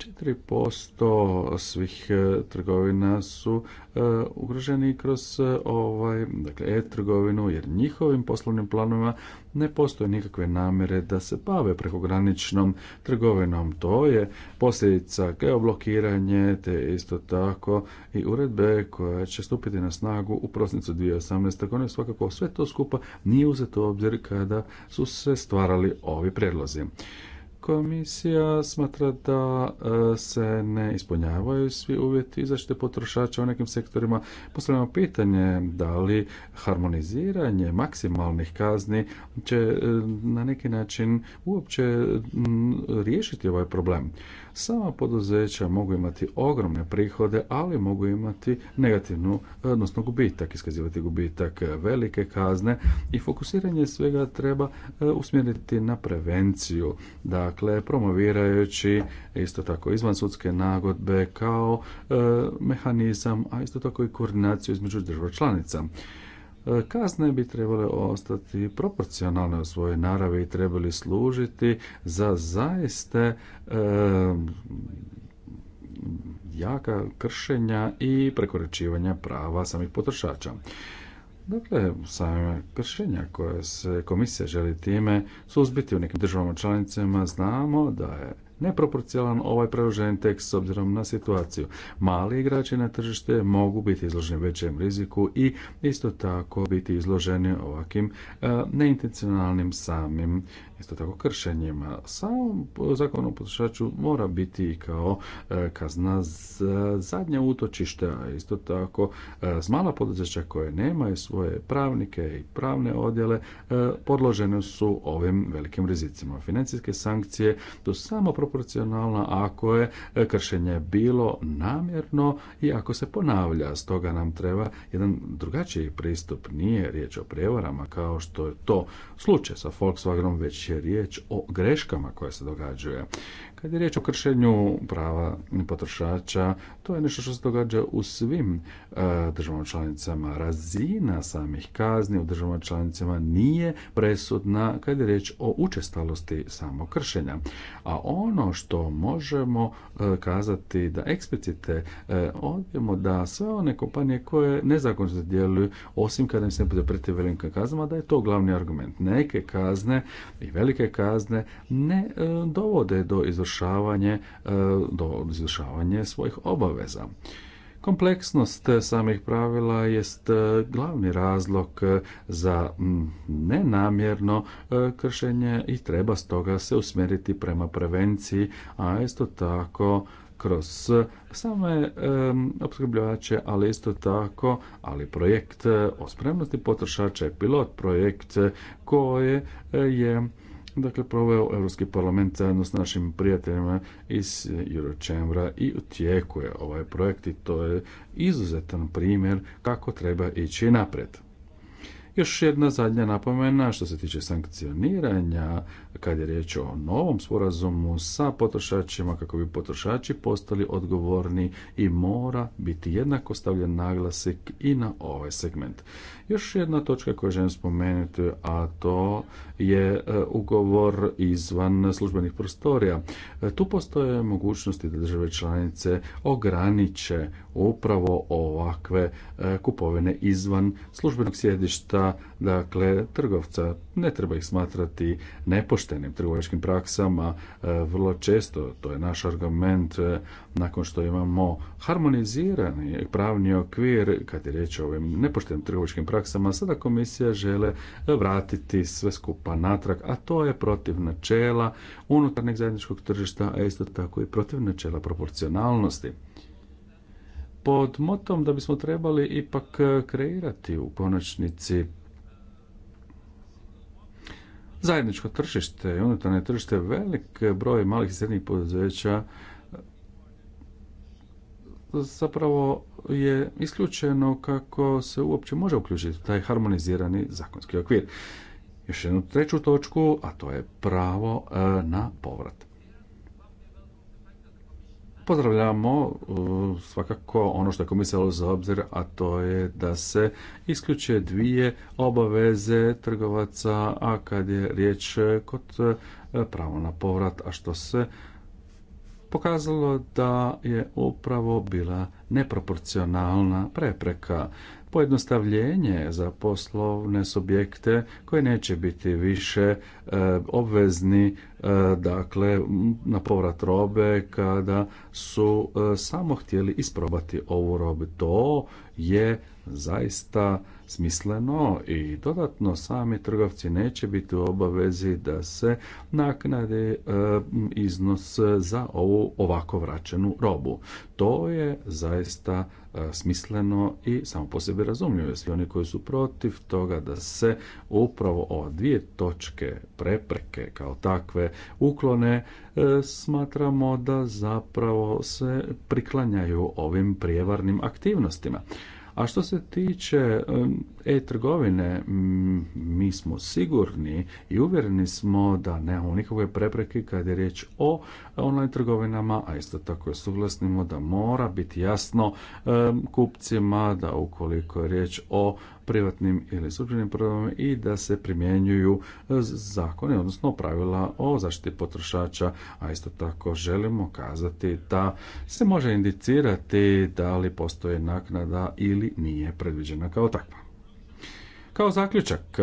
4% svih e, trgovina su e, ugroženi kroz e, ovaj, dakle, e-trgovinu, jer njihovim poslovnim planovima ne postoje nikakve namjere da se bave prekograničnom trgovinom. To je posljedica geoblokiranje, te isto tako i uredbe koja će stupiti na snagu u prosincu 2018. godine. Svakako sve to skupa nije uzeto u obzir kada su se stvarali ovi predlozi. Komisija smatra da e, se ne ispunjavaju svi uvjeti zaštite potrošača u nekim sektorima. Postavljamo pitanje da li harmoniziranje maksimalnih kazni će e, na neki način uopće riješiti ovaj problem. Sama poduzeća mogu imati ogromne prihode, ali mogu imati negativnu, odnosno gubitak, iskazivati gubitak e, velike kazne i fokusiranje svega treba e, usmjeriti na prevenciju. Dakle, promovirajući isto tako izvansudske nagodbe kao e, mehanizam, a isto tako i koordinaciju između država članica. E, kazne bi trebale ostati proporcionalne u svojoj naravi i trebali služiti za zaiste e, jaka kršenja i prekoračivanja prava samih potrošača. Dakle, same kršenja koje se komisija želi time suzbiti u nekim državama članicama znamo da je neproporcionalan ovaj predloženi tekst s obzirom na situaciju. Mali igrači na tržište mogu biti izloženi većem riziku i isto tako biti izloženi ovakvim e, neintencionalnim samim isto tako kršenjima. Samo zakon o potrošaču mora biti kao e, kazna za zadnje utočište, a isto tako e, s mala poduzeća koje nemaju svoje pravnike i pravne odjele e, podložene su ovim velikim rizicima. Financijske sankcije su samo proporcionalna ako je kršenje bilo namjerno i ako se ponavlja. Stoga nam treba jedan drugačiji pristup. Nije riječ o prijevarama kao što je to slučaj sa Volkswagenom, već je riječ o greškama koje se događaju. Kad je riječ o kršenju prava potrošača, to je nešto što se događa u svim e, državama članicama. Razina samih kazni u državama članicama nije presudna kad je riječ o učestalosti samog kršenja. A ono što možemo e, kazati da eksplicite e, odjemo da sve one kompanije koje nezakonito djeluju, osim kada im se ne bude preti velika kaznama, da je to glavni argument. Neke kazne i velike kazne ne dovode do izvršenja izvršavanje, e, do izvršavanje svojih obaveza. Kompleksnost samih pravila jest e, glavni razlog e, za nenamjerno kršenje i treba stoga se usmjeriti prema prevenciji, a isto tako kroz same opskrbljivače, ali isto tako, ali projekt o spremnosti potrošača je pilot projekt koji je dakle, proveo Europski parlament zajedno s našim prijateljima iz Eurochambera i utjekuje ovaj projekt i to je izuzetan primjer kako treba ići naprijed. Još jedna zadnja napomena što se tiče sankcioniranja kad je riječ o novom sporazumu sa potrošačima kako bi potrošači postali odgovorni i mora biti jednako stavljen naglasak i na ovaj segment. Još jedna točka koju želim spomenuti, a to je e, ugovor izvan službenih prostorija. E, tu postoje mogućnosti da države članice ograniče upravo ovakve e, kupovine izvan službenog sjedišta dakle trgovca. Ne treba ih smatrati nepoštenim trgovačkim praksama. E, vrlo često, to je naš argument, e, nakon što imamo harmonizirani pravni okvir, kad je riječ o ovim nepoštenim trgovačkim praksama, sada komisija žele vratiti sve skupa natrag, a to je protiv načela unutarnjeg zajedničkog tržišta, a isto tako i protiv načela proporcionalnosti pod motom da bismo trebali ipak kreirati u konačnici zajedničko tržište i unutarnje tržište velik broj malih i srednjih poduzeća e, zapravo je isključeno kako se uopće može uključiti taj harmonizirani zakonski okvir. Još jednu treću točku, a to je pravo e, na povrat. Pozdravljamo e, svakako ono što je komisija za obzir, a to je da se isključuje dvije obaveze trgovaca, a kad je riječ kod e, pravo na povrat, a što se pokazalo da je upravo bila neproporcionalna prepreka pojednostavljenje za poslovne subjekte koji neće biti više e, obvezni e, dakle na povrat robe kada su e, samo htjeli isprobati ovu robu. To je zaista smisleno i dodatno sami trgovci neće biti u obavezi da se naknade iznos za ovu ovako vraćenu robu. To je zaista E, smisleno i samo po sebi razumljivo. Svi oni koji su protiv toga da se upravo o dvije točke prepreke kao takve uklone, e, smatramo da zapravo se priklanjaju ovim prijevarnim aktivnostima. A što se tiče e-trgovine, mi smo sigurni i uvjereni smo da nemamo nikakve prepreke kad je riječ o online trgovinama, a isto tako je suglasnimo da mora biti jasno kupcima da ukoliko je riječ o privatnim ili službenim prodajama i da se primjenjuju e, zakoni odnosno pravila o zaštiti potrošača, a isto tako želimo kazati da se može indicirati da li postoji naknada ili nije predviđena kao takva. Kao zaključak,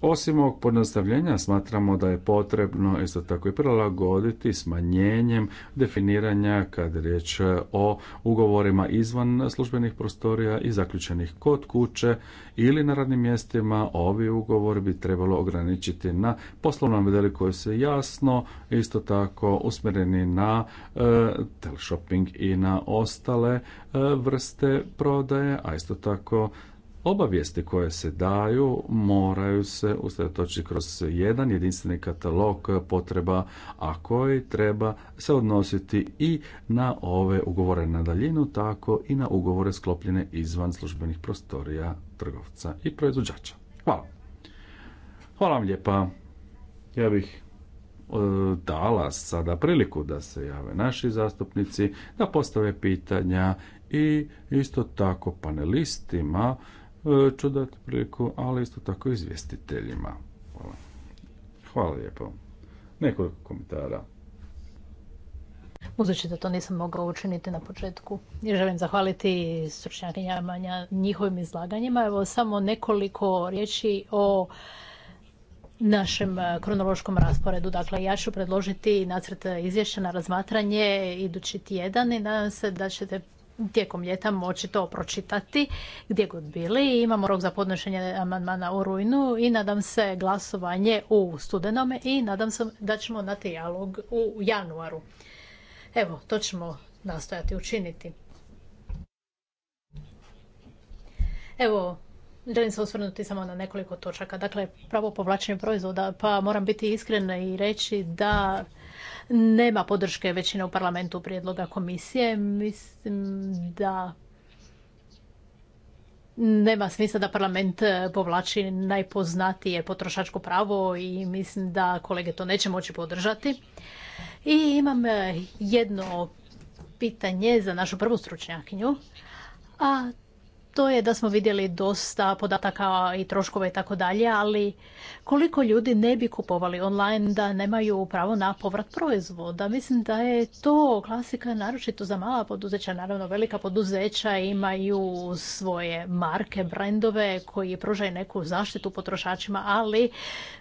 osim ovog podnastavljenja smatramo da je potrebno isto tako i prilagoditi smanjenjem definiranja kad je riječ o ugovorima izvan službenih prostorija i zaključenih kod kuće ili na radnim mjestima. Ovi ugovori bi trebalo ograničiti na poslovnom modelu koji se jasno isto tako usmjereni na e, i na ostale e, vrste prodaje, a isto tako obavijesti koje se daju moraju se usredotočiti kroz jedan jedinstveni katalog potreba, a koji treba se odnositi i na ove ugovore na daljinu, tako i na ugovore sklopljene izvan službenih prostorija trgovca i proizvođača. Hvala. Hvala vam lijepa. Ja bih e, dala sada priliku da se jave naši zastupnici, da postave pitanja i isto tako panelistima E, ću dati priliku, ali isto tako izvjestiteljima. Hvala. Hvala lijepo. Nekoliko komentara. Budući da to nisam mogla učiniti na početku i želim zahvaliti stručnjakinjama njihovim izlaganjima. Evo samo nekoliko riječi o našem kronološkom rasporedu. Dakle, ja ću predložiti nacrt izvješća na razmatranje idući tjedan i nadam se da ćete tijekom ljeta moći to pročitati gdje god bili. Imamo rok za podnošenje amandmana u rujnu i nadam se glasovanje u studenome i nadam se da ćemo na dijalog u januaru. Evo, to ćemo nastojati učiniti. Evo, Želim se osvrnuti samo na nekoliko točaka. Dakle, pravo povlačenje proizvoda, pa moram biti iskrena i reći da nema podrške većine u parlamentu prijedloga komisije. Mislim da nema smisla da parlament eh, povlači najpoznatije potrošačko pravo i mislim da kolege to neće moći podržati. I imam eh, jedno pitanje za našu prvu stručnjakinju, a to je da smo vidjeli dosta podataka i troškova i tako dalje, ali koliko ljudi ne bi kupovali online da nemaju pravo na povrat proizvoda? Mislim da je to klasika naročito za mala poduzeća. Naravno, velika poduzeća imaju svoje marke, brendove koji pružaju neku zaštitu potrošačima, ali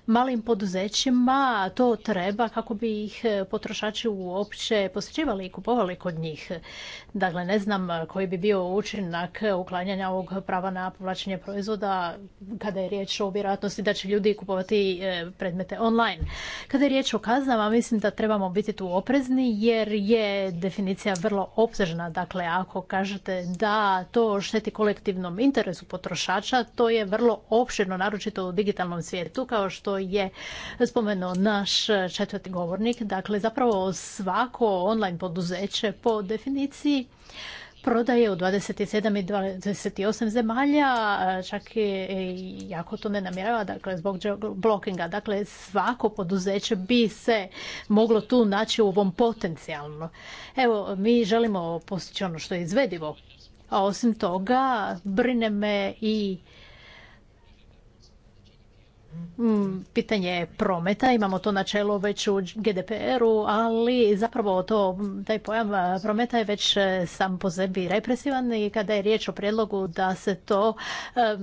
malim poduzećima to treba kako bi ih e, potrošači uopće posjećivali i kupovali kod njih. Dakle, ne znam koji bi bio učinak uklanjanja ovog prava na povlačenje proizvoda kada je riječ o vjerojatnosti da će ljudi kupovati e, predmete online. Kada je riječ o kaznama, mislim da trebamo biti tu oprezni jer je definicija vrlo opsežna. Dakle, ako kažete da to šteti kolektivnom interesu potrošača, to je vrlo opširno, naročito u digitalnom svijetu, kao što je spomenuo naš četvrti govornik. Dakle, zapravo svako online poduzeće po definiciji prodaje u 27 i 28 zemalja, čak i jako to ne namjerava, dakle, zbog blokinga. Dakle, svako poduzeće bi se moglo tu naći u ovom potencijalno. Evo, mi želimo postići ono što je izvedivo. A osim toga, brine me i Mm, pitanje prometa, imamo to načelo već u GDPR-u, ali zapravo to, taj pojam prometa je već e, sam po sebi represivan i kada je riječ o prijedlogu da se to e,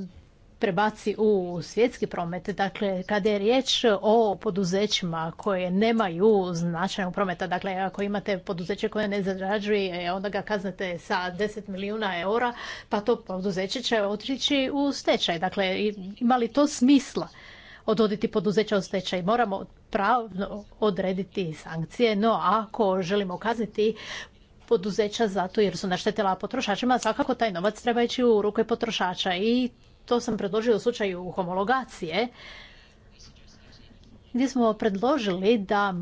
prebaci u svjetski promet. Dakle, kada je riječ o poduzećima koje nemaju značajnog prometa, dakle ako imate poduzeće koje ne zarađuje, e, onda ga kaznete sa 10 milijuna eura, pa to poduzeće će otići u stečaj. Dakle, ima li to smisla? odvoditi poduzeća u stečaj. Moramo pravno odrediti sankcije, no ako želimo kazniti poduzeća zato jer su naštetila potrošačima, svakako taj novac treba ići u ruke potrošača i to sam predložio u slučaju homologacije gdje smo predložili da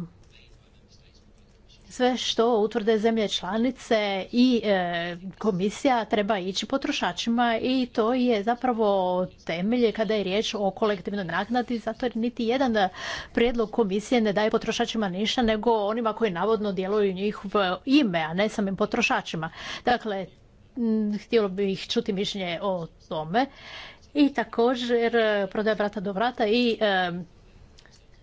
sve što utvrde zemlje članice i e, komisija treba ići potrošačima i to je zapravo temelje kada je riječ o kolektivnoj naknadi zato jer niti jedan prijedlog komisije ne daje potrošačima ništa nego onima koji navodno djeluju njihovo ime, a ne samim potrošačima. Dakle, htjelo bih čuti mišljenje o tome. I također prodaja vrata do vrata i e,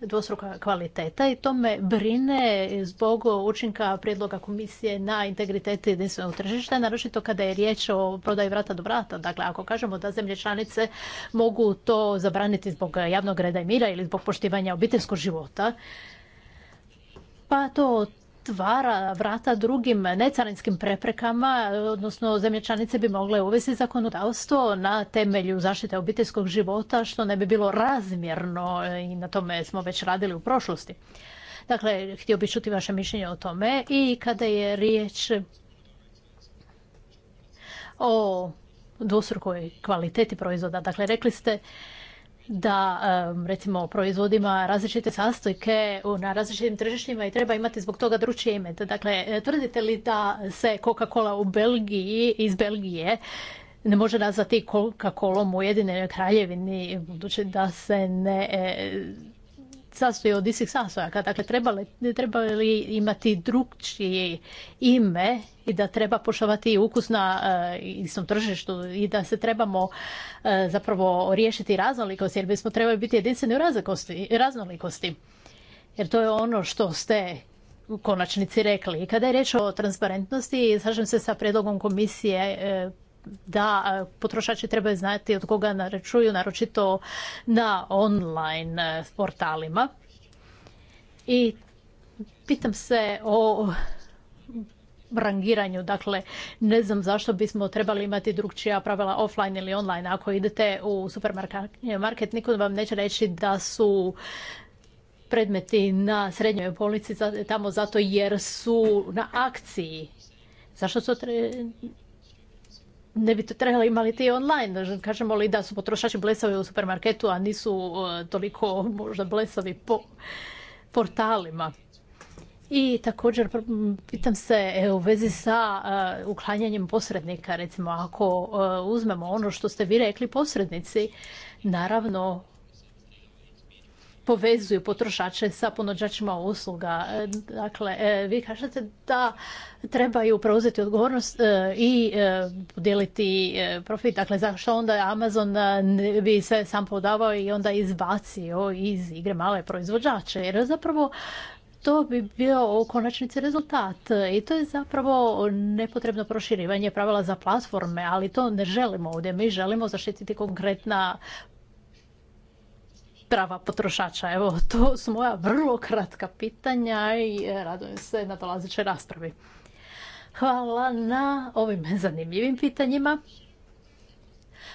dvostruka kvaliteta i to me brine zbog učinka prijedloga komisije na integritet jedinstvenog tržišta, naročito kada je riječ o prodaji vrata do vrata. Dakle, ako kažemo da zemlje članice mogu to zabraniti zbog javnog reda i mira ili zbog poštivanja obiteljskog života, pa to otvara vrata drugim necarinskim preprekama, odnosno zemlje članice bi mogle uvesti zakonodavstvo na temelju zaštite obiteljskog života, što ne bi bilo razmjerno i na tome smo već radili u prošlosti. Dakle, htio bih čuti vaše mišljenje o tome i kada je riječ o dvostrukoj kvaliteti proizvoda. Dakle, rekli ste da recimo proizvodima različite sastojke na različitim tržištima i treba imati zbog toga drukčije ime. Dakle, e, tvrdite li da se Coca-Cola u Belgiji iz Belgije ne može nazvati Coca-Colom u jedine kraljevini budući da se ne e, sastoji od istih sastojaka. Dakle, trebali, li imati drugčije ime i da treba poštovati ukus na uh, istom tržištu i da se trebamo eh, zapravo riješiti raznolikosti jer bismo trebali biti jedinstveni u raznolikosti. Jer to je ono što ste u konačnici rekli. Kada je riječ o transparentnosti, slažem se sa predlogom komisije eh, da potrošači trebaju znati od koga naručuju, naročito na online e, portalima. I pitam se o rangiranju, dakle ne znam zašto bismo trebali imati drugčija pravila offline ili online. Ako idete u supermarket, niko vam neće reći da su predmeti na srednjoj polici tamo zato jer su na akciji. Zašto su ne bi to trebali imati online. Kažemo li da su potrošači blesavi u supermarketu, a nisu e, toliko možda blesavi po portalima. I također pitam se e, u vezi sa e, uklanjanjem posrednika, recimo ako uzmemo ono što ste vi rekli posrednici, naravno povezuju potrošače sa ponuđačima usluga. E, dakle, e, vi kažete da trebaju preuzeti odgovornost e, i podijeliti profit. Dakle, zašto onda Amazon bi se sam podavao i onda izbacio iz igre male proizvođače? Jer zapravo to bi bio u konačnici rezultat i to je zapravo nepotrebno proširivanje pravila za platforme, ali to ne želimo ovdje. Mi želimo zaštititi konkretna prava potrošača? Evo, to su moja vrlo kratka pitanja i e, radujem se na dolazećoj raspravi. Hvala na ovim zanimljivim pitanjima.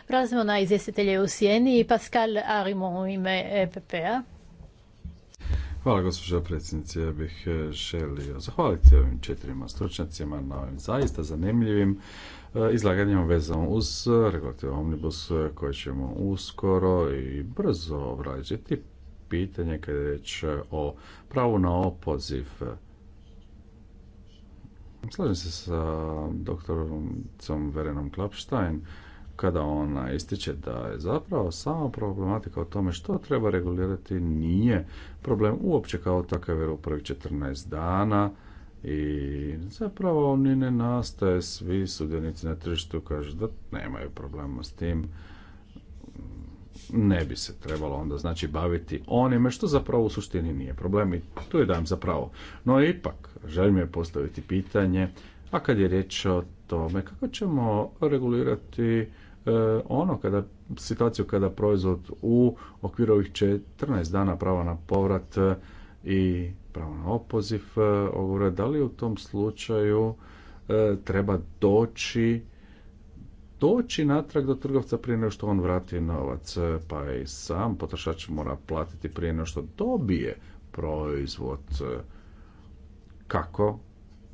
Prelazimo na izvjestitelje u Sijeni i Pascal Arimon u ime EPP-a. Hvala gospođo predsjednice, ja bih e, želio zahvaliti ovim četirima stručnjacima na ovim zaista zanimljivim E, izlaganjem vezano uz regulativ omnibus e, koje ćemo uskoro i brzo obrađati pitanje kada je riječ o pravu na opoziv. Slažem se sa doktorom Verenom Klapštajn kada ona ističe da je zapravo sama problematika o tome što treba regulirati nije problem uopće kao takav jer u prvih 14 dana i zapravo oni ne nastaje, svi sudjenici na tržištu kažu da nemaju problema s tim, ne bi se trebalo onda znači baviti onime što zapravo u suštini nije problem i tu je dajem zapravo. No ipak, želim je postaviti pitanje, a kad je riječ o tome kako ćemo regulirati e, ono kada situaciju kada proizvod u okviru ovih 14 dana prava na povrat e, i pravo na opoziv e, ovoga, da li u tom slučaju e, treba doći doći natrag do trgovca prije nego što on vrati novac, e, pa i sam potrošač mora platiti prije nego što dobije proizvod. Kako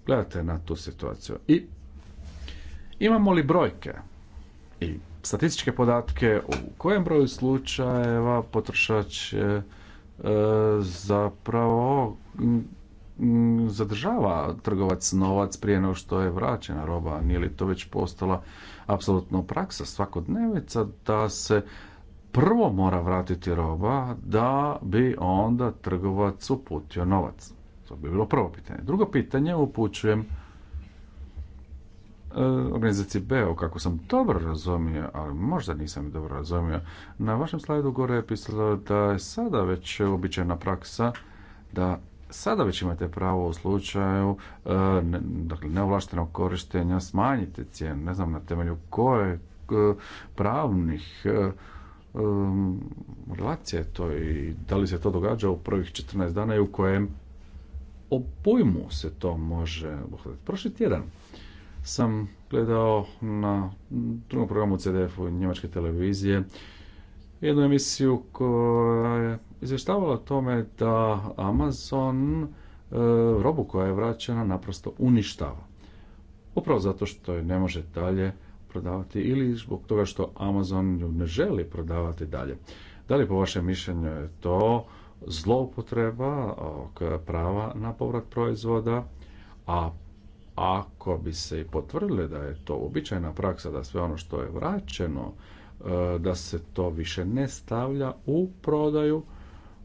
gledate na tu situaciju? I imamo li brojke i statističke podatke u kojem broju slučajeva potrošač zapravo zadržava trgovac novac prije nego što je vraćena roba. Nije li to već postala apsolutno praksa svakodnevica da se prvo mora vratiti roba da bi onda trgovac uputio novac? To bi bilo prvo pitanje. Drugo pitanje upućujem E, organizacije BEO, kako sam dobro razumio, ali možda nisam dobro razumio, na vašem slajdu gore je pisalo da je sada već običajna praksa da sada već imate pravo u slučaju e, dakle, neovlaštenog korištenja smanjiti cijenu, ne znam na temelju koje e, pravnih relacije to i da li se to događa u prvih 14 dana i u kojem obojmu se to može uhvatiti. Prošli tjedan sam gledao na drugom programu CDF-u njemačke televizije jednu emisiju koja je izvještavala o tome da Amazon e, robu koja je vraćena naprosto uništava. Upravo zato što je ne može dalje prodavati ili zbog toga što Amazon ju ne želi prodavati dalje. Da li po vašem mišljenju je to zloupotreba prava na povrat proizvoda, a ako bi se i potvrdile da je to običajna praksa, da sve ono što je vraćeno, e, da se to više ne stavlja u prodaju,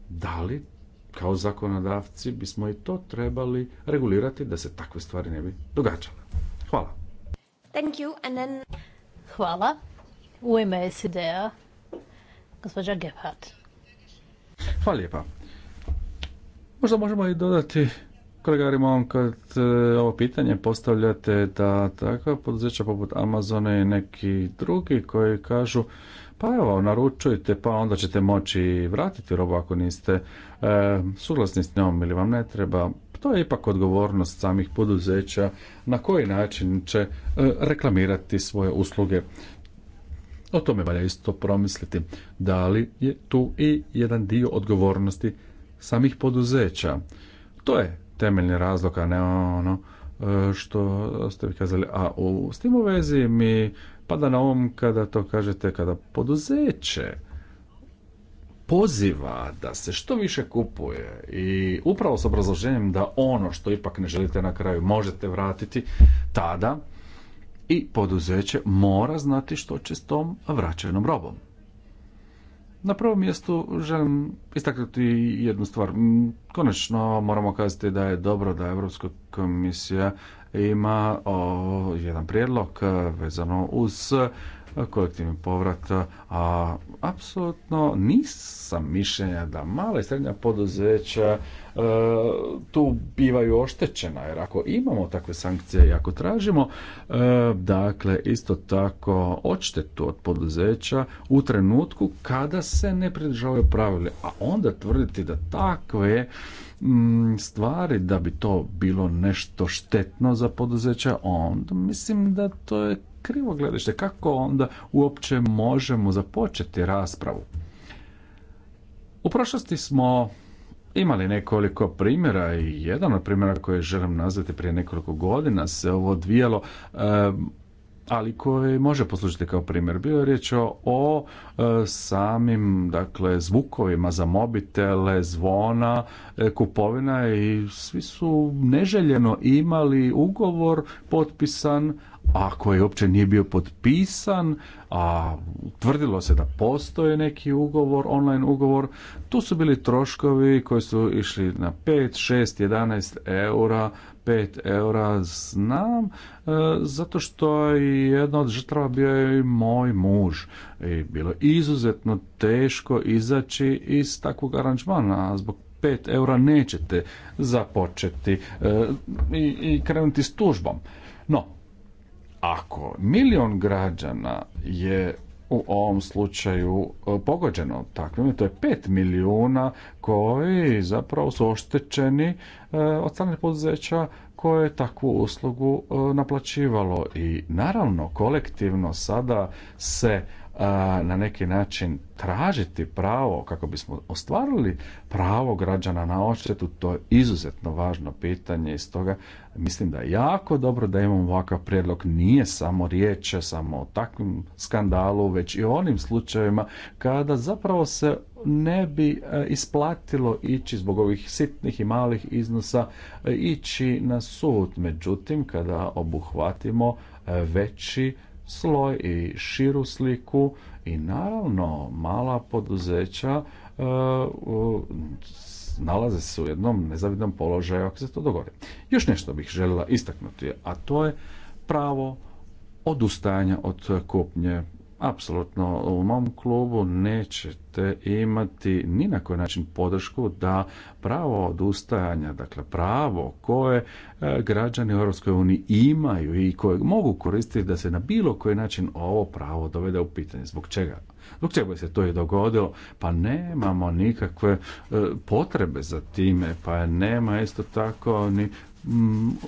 da li kao zakonodavci bismo i to trebali regulirati da se takve stvari ne bi događale. Hvala. Thank you and then... Hvala. U ime gospođa Gebhardt. Hvala lijepa. Možda možemo i dodati Kolega kad e, ovo pitanje postavljate da takva poduzeća poput Amazone i neki drugi koji kažu pa evo, naručujte, pa onda ćete moći vratiti robu ako niste e, suglasni s njom ili vam ne treba. To je ipak odgovornost samih poduzeća na koji način će e, reklamirati svoje usluge. O tome valja isto promisliti. Da li je tu i jedan dio odgovornosti samih poduzeća? To je temeljni razlog, a ne ono e, što ste vi kazali. A u, s tim u vezi mi pada na ovom um kada to kažete, kada poduzeće poziva da se što više kupuje i upravo s obrazloženjem da ono što ipak ne želite na kraju možete vratiti, tada i poduzeće mora znati što će s tom vraćenom robom. Na prvom mjestu želim istaknuti jednu stvar. Konačno moramo kazati da je dobro da Europska komisija ima o, jedan prijedlog vezano uz kolektivni povrata, a apsolutno nisam mišljenja da mala i srednja poduzeća e, tu bivaju oštećena, jer ako imamo takve sankcije i ako tražimo, e, dakle, isto tako odštetu od poduzeća u trenutku kada se ne pridržavaju pravile, a onda tvrditi da takve mm, stvari da bi to bilo nešto štetno za poduzeća, onda mislim da to je krivo gledište. Kako onda uopće možemo započeti raspravu? U prošlosti smo imali nekoliko primjera i jedan od primjera koje želim nazvati prije nekoliko godina se ovo odvijalo eh, ali koji može poslužiti kao primjer. Bio je riječ o, eh, samim dakle, zvukovima za mobitele, zvona, eh, kupovina i svi su neželjeno imali ugovor potpisan, a koji uopće nije bio potpisan, a tvrdilo se da postoje neki ugovor, online ugovor, tu su bili troškovi koji su išli na 5, 6, 11 eura, 5 eura znam, e, zato što je jedna od žrtava bio je i moj muž. I bilo je izuzetno teško izaći iz takvog aranžmana, a zbog 5 eura nećete započeti e, i, i krenuti s tužbom. No, ako milion građana je u ovom slučaju e, pogođeno takvim, to je pet milijuna koji zapravo su oštećeni e, od strane poduzeća koje je takvu uslugu e, naplaćivalo i naravno kolektivno sada se na neki način tražiti pravo kako bismo ostvarili pravo građana na odštetu, to je izuzetno važno pitanje i stoga mislim da je jako dobro da imamo ovakav prijedlog. Nije samo riječ samo o takvom skandalu, već i o onim slučajevima kada zapravo se ne bi e, isplatilo ići zbog ovih sitnih i malih iznosa e, ići na sud. Međutim, kada obuhvatimo e, veći sloj i širu sliku i naravno mala poduzeća e, nalaze se u jednom nezavidnom položaju ako se to dogodi. Još nešto bih željela istaknuti, a to je pravo odustajanja od kupnje apsolutno u mom klubu nećete imati ni na koji način podršku da pravo odustajanja, dakle pravo koje e, građani u Europskoj imaju i koje mogu koristiti da se na bilo koji način ovo pravo dovede u pitanje. Zbog čega? Zbog čega bi se to i dogodilo? Pa nemamo nikakve e, potrebe za time, pa nema isto tako ni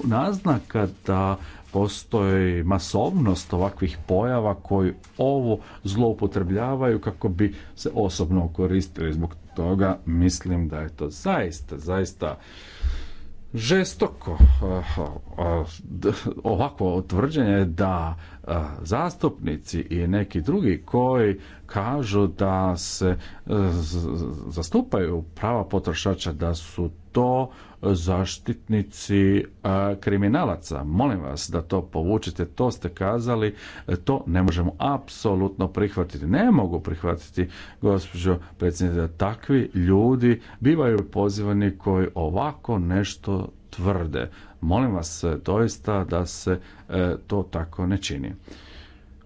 naznaka da postoji masovnost ovakvih pojava koji ovo zloupotrebljavaju kako bi se osobno koristili. Zbog toga mislim da je to zaista, zaista žestoko ovako utvrđenje da zastupnici i neki drugi koji kažu da se e, zastupaju prava potrošača, da su to zaštitnici kriminalaca. Molim vas da to povučite, to ste kazali, e, to ne možemo apsolutno prihvatiti. Ne mogu prihvatiti, gospođo predsjednice, da takvi ljudi bivaju pozivani koji ovako nešto tvrde. Molim vas e, doista da se e, to tako ne čini.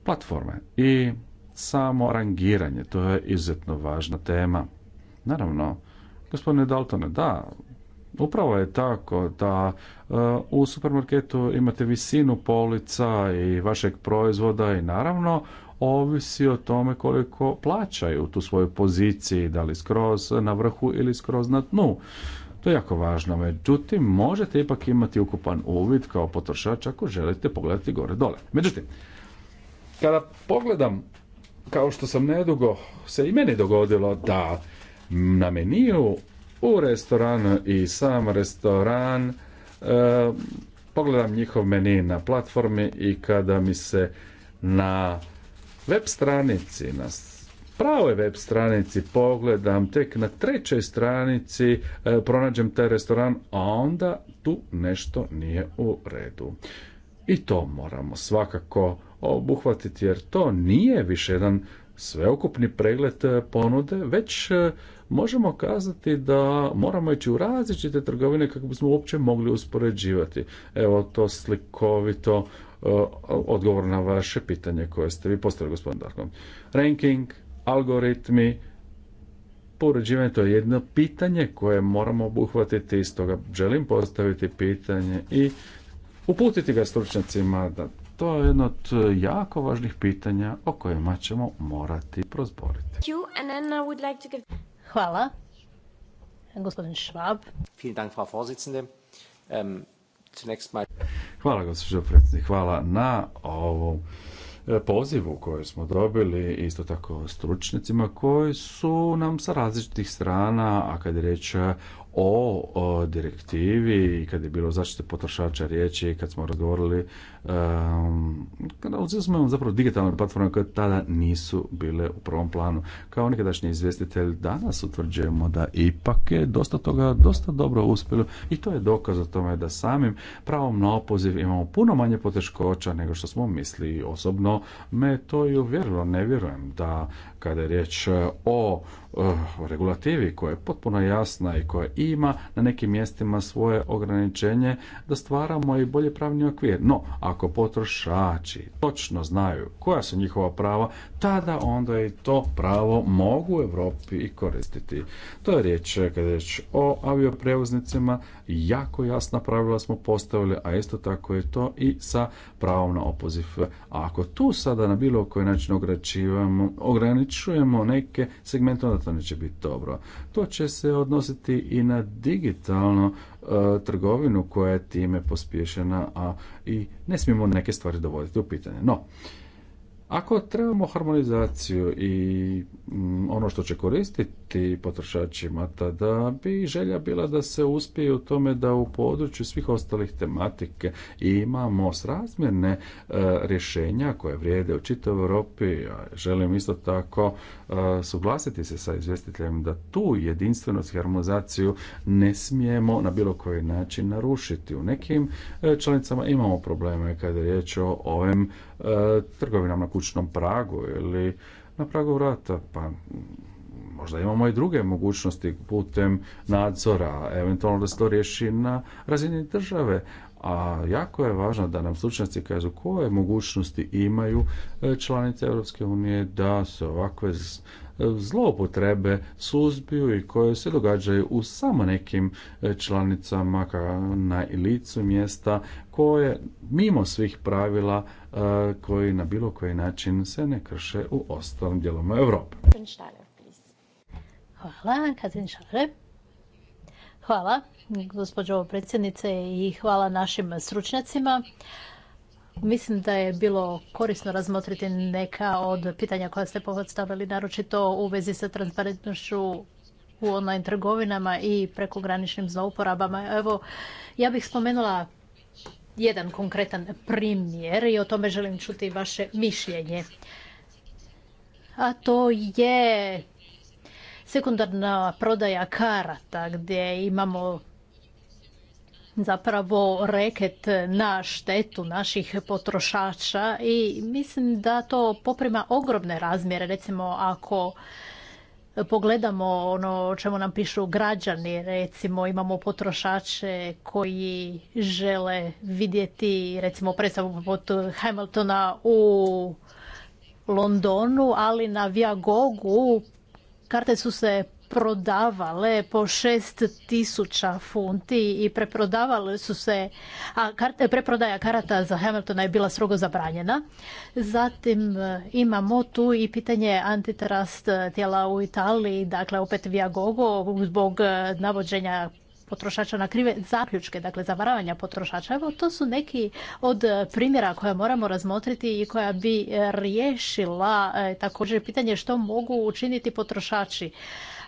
Platforme i samo rangiranje, to je izuzetno važna tema. Naravno, gospodine Daltone, da, Upravo je tako da e, u supermarketu imate visinu polica i vašeg proizvoda i naravno ovisi o tome koliko plaćaju tu svoju poziciju, da li skroz na vrhu ili skroz na dnu. To je jako važno, međutim možete ipak imati ukupan uvid kao potrošač ako želite pogledati gore dole. Međutim, kada pogledam kao što sam nedugo se i meni dogodilo da na meniju u restoranu i sam restoran e, pogledam njihov meni na platformi i kada mi se na web stranici, na pravoj web stranici pogledam, tek na trećoj stranici e, pronađem taj restoran, a onda tu nešto nije u redu. I to moramo svakako obuhvatiti jer to nije više jedan sveukupni pregled e, ponude, već e, možemo kazati da moramo ići u različite trgovine kako bismo uopće mogli uspoređivati. Evo to slikovito odgovor na vaše pitanje koje ste vi postavili gospodin Darkom. Ranking, algoritmi, uređivanje to je jedno pitanje koje moramo obuhvatiti i stoga želim postaviti pitanje i uputiti ga stručnjacima da to je jedno od jako važnih pitanja o kojima ćemo morati prozboriti. Hvala. Gospodin Švab. Ähm, Hvala, gospođo predsjednik. Hvala na ovom E, pozivu koji smo dobili, isto tako stručnjacima koji su nam sa različitih strana, a kad je riječ o, o direktivi i kad je bilo zaštite potrošača riječi, kad smo razgovorili, um, kada smo zapravo digitalne platforme koje tada nisu bile u prvom planu. Kao nekadašnji izvjestitelj danas utvrđujemo da ipak je dosta toga dosta dobro uspjelo i to je dokaz o tome da samim pravom na opoziv imamo puno manje poteškoća nego što smo mislili. Osobno me to i uvjerilo, ne vjerujem da kada je riječ o Eh, o regulativi koja je potpuno jasna i koja ima na nekim mjestima svoje ograničenje da stvaramo i bolje pravni okvir. No, ako potrošači točno znaju koja su njihova prava, tada onda i to pravo mogu u Europi i koristiti. To je riječ kada je riječ o avioprevoznicima, jako jasna pravila smo postavili, a isto tako je to i sa pravom na opoziv. A ako tu sada na bilo koji način ograničujemo neke segmente, onda to neće biti dobro. To će se odnositi i na digitalno e, trgovinu koja je time pospješena, a i ne smijemo neke stvari dovoditi u pitanje. No, ako trebamo harmonizaciju i mm, ono što će koristiti potrošačima, tada bi želja bila da se uspije u tome da u području svih ostalih tematike imamo srazmjerne e, rješenja koje vrijede u čitavoj Europi. a želim isto tako e, suglasiti se sa izvjestiteljem da tu jedinstvenost i harmonizaciju ne smijemo na bilo koji način narušiti. U nekim e, članicama imamo probleme kada je riječ o ovim E, trgovinama na kućnom pragu ili na pragu vrata, pa možda imamo i druge mogućnosti putem nadzora, eventualno da se to riješi na razini države, a jako je važno da nam stručnjaci kažu koje mogućnosti imaju e, članice Europske unije da se ovakve e, zloupotrebe suzbiju i koje se događaju u samo nekim članicama na licu mjesta koje mimo svih pravila koji na bilo koji način se ne krše u ostalom dijelovima Europe. Hvala, Katrin Hvala, gospođo predsjednice i hvala našim stručnjacima. Mislim da je bilo korisno razmotriti neka od pitanja koja ste povodstavili, naročito u vezi sa transparentnošću u online trgovinama i prekograničnim zlouporabama. Evo, ja bih spomenula jedan konkretan primjer i o tome želim čuti vaše mišljenje. A to je sekundarna prodaja karata gdje imamo zapravo reket na štetu naših potrošača i mislim da to poprima ogromne razmjere. Recimo ako pogledamo ono o čemu nam pišu građani, recimo imamo potrošače koji žele vidjeti recimo predstavu poput Hamiltona u Londonu, ali na Viagogu karte su se prodavale po tisuća funti i preprodavale su se, a preprodaja karata za Hamiltona je bila strogo zabranjena. Zatim e, imamo tu i pitanje antitrust e, tijela u Italiji, dakle opet Via Gogo zbog e, navođenja potrošača na krive zaključke, dakle zavaravanja potrošača. Evo, to su neki od primjera koja moramo razmotriti i koja bi riješila također pitanje što mogu učiniti potrošači.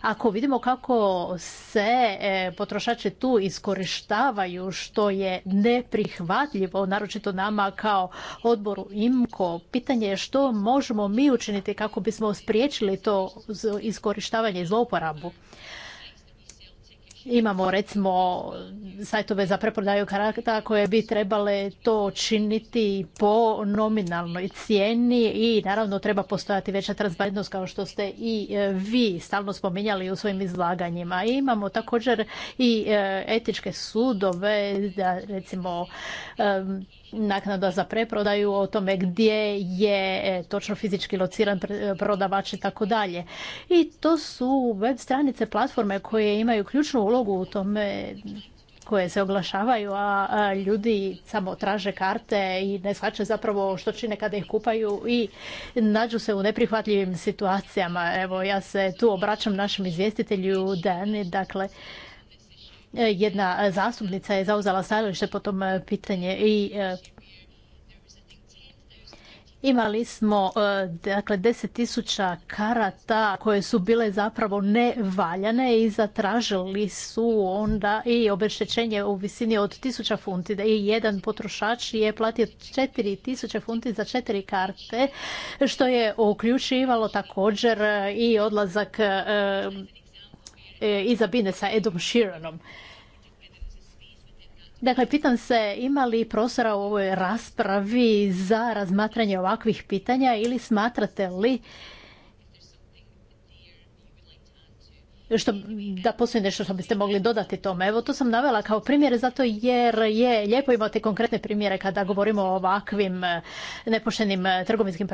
Ako vidimo kako se e, potrošači tu iskorištavaju što je neprihvatljivo, naročito nama kao odboru IMKO, pitanje je što možemo mi učiniti kako bismo spriječili to iskorištavanje i zlouporabu. Imamo recimo sajtove za preprodaju karata koje bi trebale to činiti po nominalnoj cijeni i naravno treba postojati veća transparentnost kao što ste i e, vi stalno spominjali u svojim izlaganjima. imamo također i e, etičke sudove da recimo e, naknada za preprodaju, o tome gdje je e, točno fizički lociran e, prodavač i tako dalje. I to su web stranice platforme koje imaju ključnu ulogu u tome koje se oglašavaju, a ljudi samo traže karte i ne shvaćaju zapravo što čine kada ih kupaju i nađu se u neprihvatljivim situacijama. Evo, ja se tu obraćam našem izvjestitelju Dani, dakle, jedna zastupnica je zauzela stajalište po tom e, pitanje i e, Imali smo e, dakle 10.000 karata koje su bile zapravo nevaljane i zatražili su onda i obeštećenje u visini od 1000 funti. I jedan potrošač je platio 4000 funti za četiri karte što je uključivalo također i odlazak E, iza sa Edom Sheeranom. Dakle, pitam se ima li prostora u ovoj raspravi za razmatranje ovakvih pitanja ili smatrate li što, da postoji nešto što biste mogli dodati tome. Evo to sam navela kao primjer zato jer je lijepo imati konkretne primjere kada govorimo o ovakvim e, nepoštenim e, trgovinskim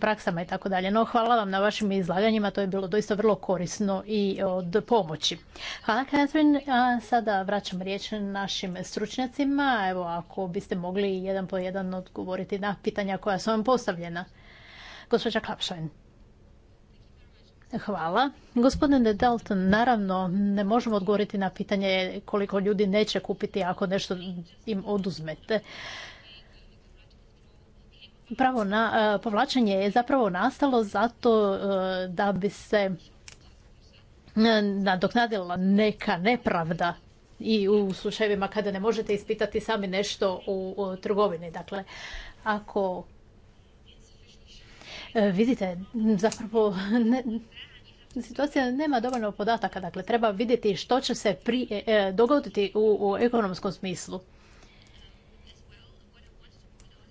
praksama i tako dalje. No hvala vam na vašim izlaganjima, to je bilo doista vrlo korisno i od pomoći. Hvala Catherine, a sada vraćam riječ našim stručnjacima. Evo ako biste mogli jedan po jedan odgovoriti na pitanja koja su vam postavljena. Gospođa Klapšajn. Hvala. Gospodine Dalton, naravno ne možemo odgovoriti na pitanje koliko ljudi neće kupiti ako nešto im oduzmete. Pravo na e, povlačenje je zapravo nastalo zato e, da bi se e, nadoknadila neka nepravda i u slučajevima kada ne možete ispitati sami nešto u, trgovini. Dakle, ako vidite, zapravo ne, situacija nema dovoljno podataka, dakle treba vidjeti što će se e, e, dogoditi u, ekonomskom smislu.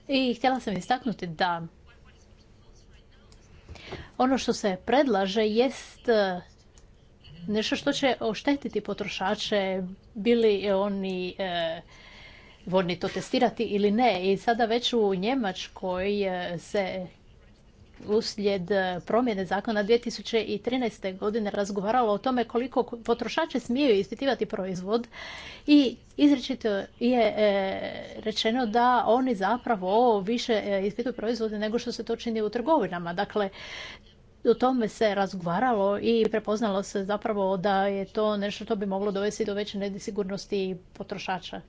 I htjela sam istaknuti da ono što se predlaže jest e, nešto što će oštetiti potrošače, bili oni e, voljni to testirati ili ne. I sada već u Njemačkoj se uslijed e, promjene zakona 2013. godine razgovaralo o tome koliko potrošače smiju ispitivati proizvod i izrečito je e, rečeno da oni zapravo više e, ispituju proizvode nego što se to čini u trgovinama. Dakle, o tome se razgovaralo i prepoznalo se zapravo da je to nešto što bi moglo dovesti do veće sigurnosti potrošača.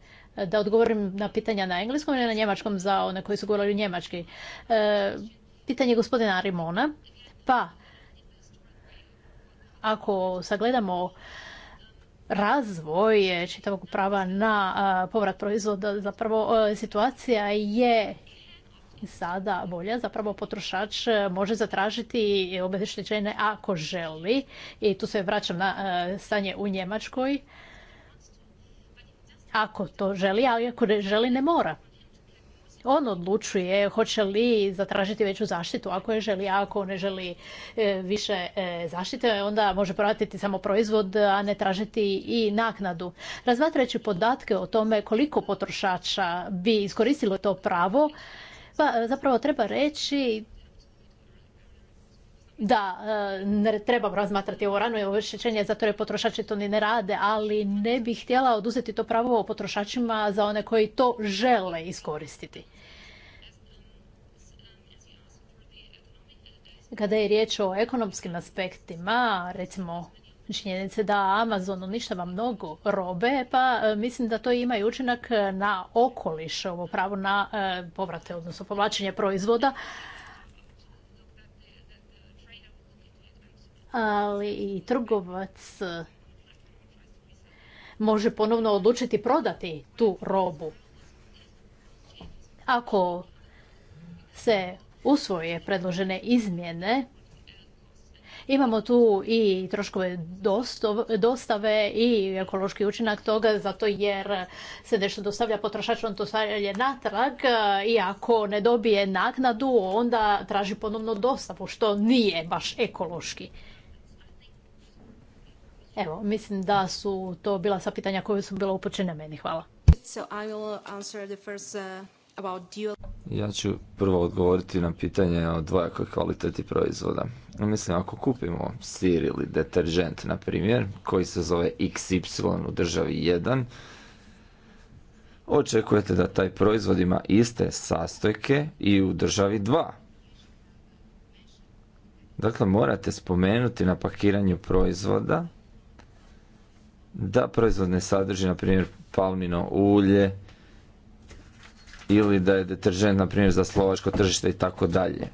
Da odgovorim na pitanja na engleskom ili na njemačkom za one koji su govorili njemački pitanje gospodina Rimona. Pa, ako sagledamo razvoj čitavog prava na povrat proizvoda, zapravo situacija je sada bolja. Zapravo potrošač može zatražiti obeštećenje ako želi. I tu se vraćam na stanje u Njemačkoj. Ako to želi, ali ako ne želi ne mora on odlučuje hoće li zatražiti veću zaštitu ako je želi, ako ne želi e, više e, zaštite, onda može pratiti samo proizvod, a ne tražiti i naknadu. Razmatrajući podatke o tome koliko potrošača bi iskoristilo to pravo, pa e, zapravo treba reći da, ne treba razmatrati ovo rano šećenje zato jer potrošači to ni ne rade, ali ne bih htjela oduzeti to pravo potrošačima za one koji to žele iskoristiti. Kada je riječ o ekonomskim aspektima, recimo činjenice da Amazon uništava mnogo robe, pa e, mislim da to ima i učinak na okoliš, ovo pravo na e, povrate, odnosno povlačenje proizvoda. Ali i trgovac e, može ponovno odlučiti prodati tu robu. Ako se usvoje predložene izmjene. Imamo tu i troškove dostave i ekološki učinak toga, zato jer se nešto dostavlja potrošač on to stavlja natrag i ako ne dobije naknadu, onda traži ponovno dostavu, što nije baš ekološki. Evo, mislim da su to bila sva pitanja koje su bila upućena meni. Hvala. Ja ću prvo odgovoriti na pitanje o dvojakoj kvaliteti proizvoda. Mislim, ako kupimo sir ili deteržent, na primjer, koji se zove XY u državi 1, očekujete da taj proizvod ima iste sastojke i u državi 2. Dakle, morate spomenuti na pakiranju proizvoda da proizvod ne sadrži, na primjer, palmino ulje, ili da je deteržent, na primjer, za slovačko tržište i tako dalje.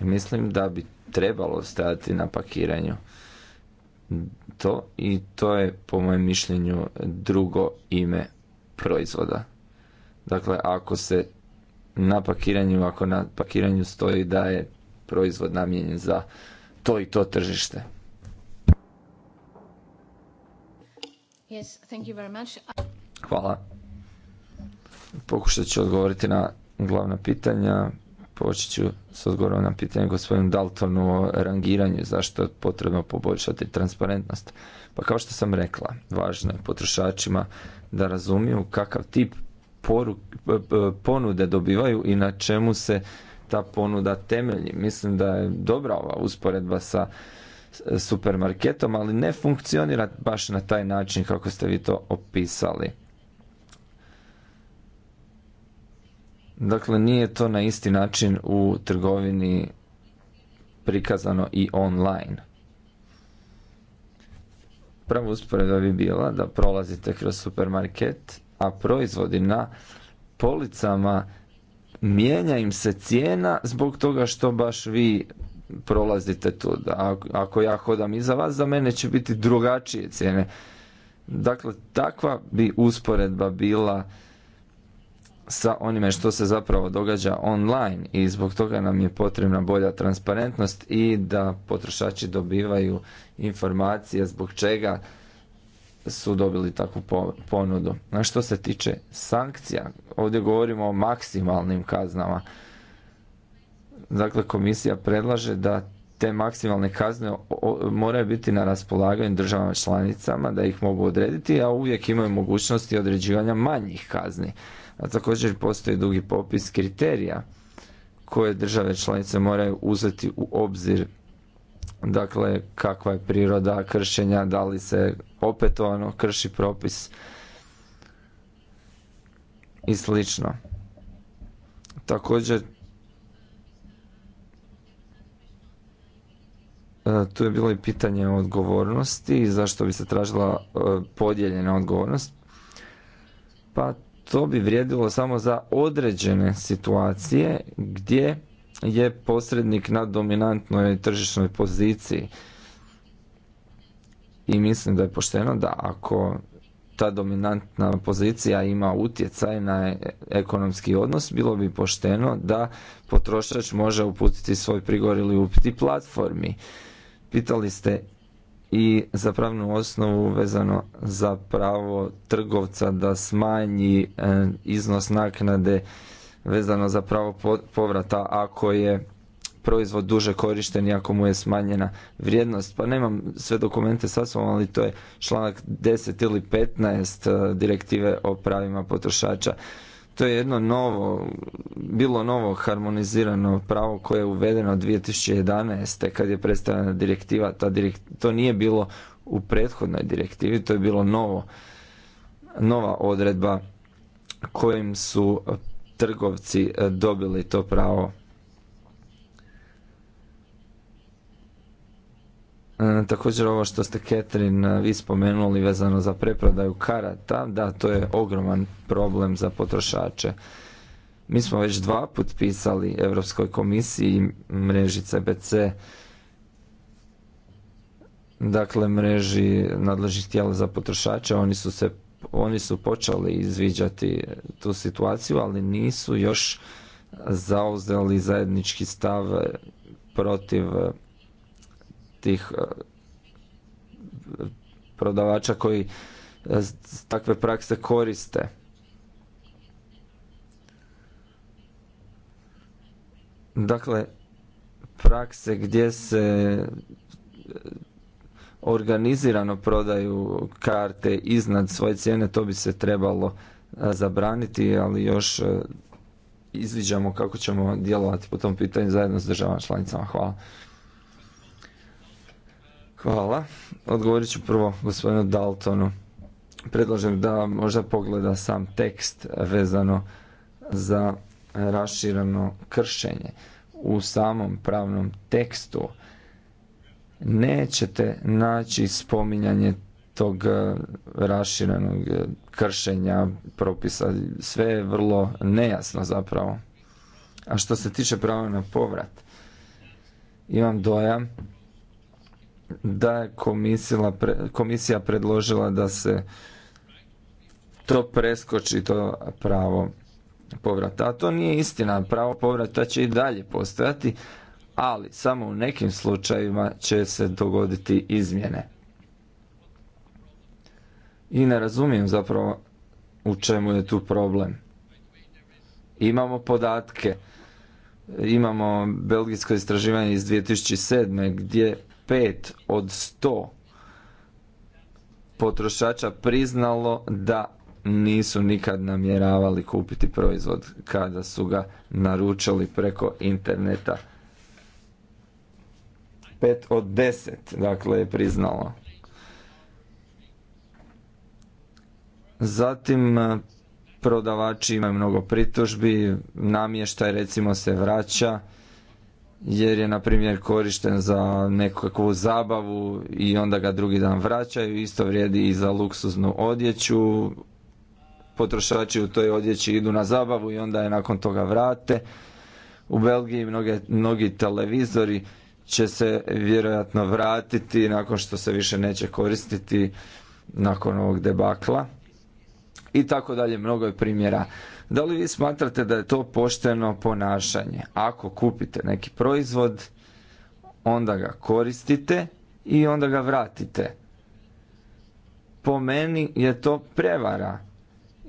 Mislim da bi trebalo stajati na pakiranju to i to je po mojem mišljenju drugo ime proizvoda. Dakle, ako se na pakiranju, ako na pakiranju stoji da je proizvod namijenjen za to i to tržište. Yes, thank you very much. Hvala. Pokušat ću odgovoriti na glavna pitanja. Počet ću s odgovorom na pitanje gospodinu Daltonu o rangiranju, zašto je potrebno poboljšati transparentnost. Pa kao što sam rekla, važno je potrošačima da razumiju kakav tip poru, ponude dobivaju i na čemu se ta ponuda temelji. Mislim da je dobra ova usporedba sa supermarketom, ali ne funkcionira baš na taj način kako ste vi to opisali. Dakle, nije to na isti način u trgovini prikazano i online. Prva usporedba bi bila da prolazite kroz supermarket, a proizvodi na policama mijenja im se cijena zbog toga što baš vi prolazite tu. Ako ja hodam iza vas, za mene će biti drugačije cijene. Dakle, takva bi usporedba bila sa onime što se zapravo događa online i zbog toga nam je potrebna bolja transparentnost i da potrošači dobivaju informacije zbog čega su dobili takvu ponudu. Na što se tiče sankcija, ovdje govorimo o maksimalnim kaznama. Dakle, komisija predlaže da te maksimalne kazne moraju biti na raspolaganju državama članicama, da ih mogu odrediti, a uvijek imaju mogućnosti određivanja manjih kazni a također postoji dugi popis kriterija koje države članice moraju uzeti u obzir dakle kakva je priroda kršenja, da li se opetovano krši propis i slično. Također e, tu je bilo i pitanje o odgovornosti i zašto bi se tražila e, podijeljena odgovornost. Pa to bi vrijedilo samo za određene situacije gdje je posrednik na dominantnoj tržišnoj poziciji. I mislim da je pošteno da ako ta dominantna pozicija ima utjecaj na ekonomski odnos, bilo bi pošteno da potrošač može uputiti svoj prigovor ili upiti platformi. Pitali ste i za pravnu osnovu vezano za pravo trgovca da smanji e, iznos naknade vezano za pravo povrata ako je proizvod duže korišten i ako mu je smanjena vrijednost. Pa nemam sve dokumente sa ali to je članak 10 ili 15 e, direktive o pravima potrošača. To je jedno novo, bilo novo harmonizirano pravo koje je uvedeno 2011. kad je predstavljena direktiva. Ta to nije bilo u prethodnoj direktivi, to je bilo novo, nova odredba kojim su trgovci dobili to pravo E, također ovo što ste Ketrin e, vi spomenuli vezano za preprodaju karata, da to je ogroman problem za potrošače. Mi smo već dva put pisali Europskoj komisiji i mreži CBC, dakle mreži nadležnih tijela za potrošače, oni su se oni su počeli izviđati tu situaciju, ali nisu još zauzeli zajednički stav protiv tih e, prodavača koji e, takve prakse koriste. Dakle, prakse gdje se e, organizirano prodaju karte iznad svoje cijene, to bi se trebalo zabraniti, ali još izviđamo kako ćemo djelovati po tom pitanju zajedno s državama članicama. Hvala. Hvala. Odgovorit ću prvo gospodinu Daltonu. Predlažem da možda pogleda sam tekst vezano za raširano kršenje. U samom pravnom tekstu nećete naći spominjanje tog e, raširenog e, kršenja propisa. Sve je vrlo nejasno zapravo. A što se tiče prava na povrat, imam dojam da je komisija predložila da se to preskoči, to pravo povrata. A to nije istina, pravo povrata će i dalje postojati, ali samo u nekim slučajevima će se dogoditi izmjene. I ne razumijem zapravo u čemu je tu problem. Imamo podatke, imamo belgijsko istraživanje iz 2007. gdje 5 od 100 potrošača priznalo da nisu nikad namjeravali kupiti proizvod kada su ga naručili preko interneta. 5 od 10 dakle je priznalo. Zatim prodavači imaju mnogo pritužbi, namještaj recimo se vraća, jer je na primjer korišten za nekakvu zabavu i onda ga drugi dan vraćaju, isto vrijedi i za luksuznu odjeću. Potrošači u toj odjeći idu na zabavu i onda je nakon toga vrate. U Belgiji mnoge, mnogi televizori će se vjerojatno vratiti nakon što se više neće koristiti nakon ovog debakla. I tako dalje, mnogo je primjera. Da li vi smatrate da je to pošteno ponašanje? Ako kupite neki proizvod, onda ga koristite i onda ga vratite. Po meni je to prevara.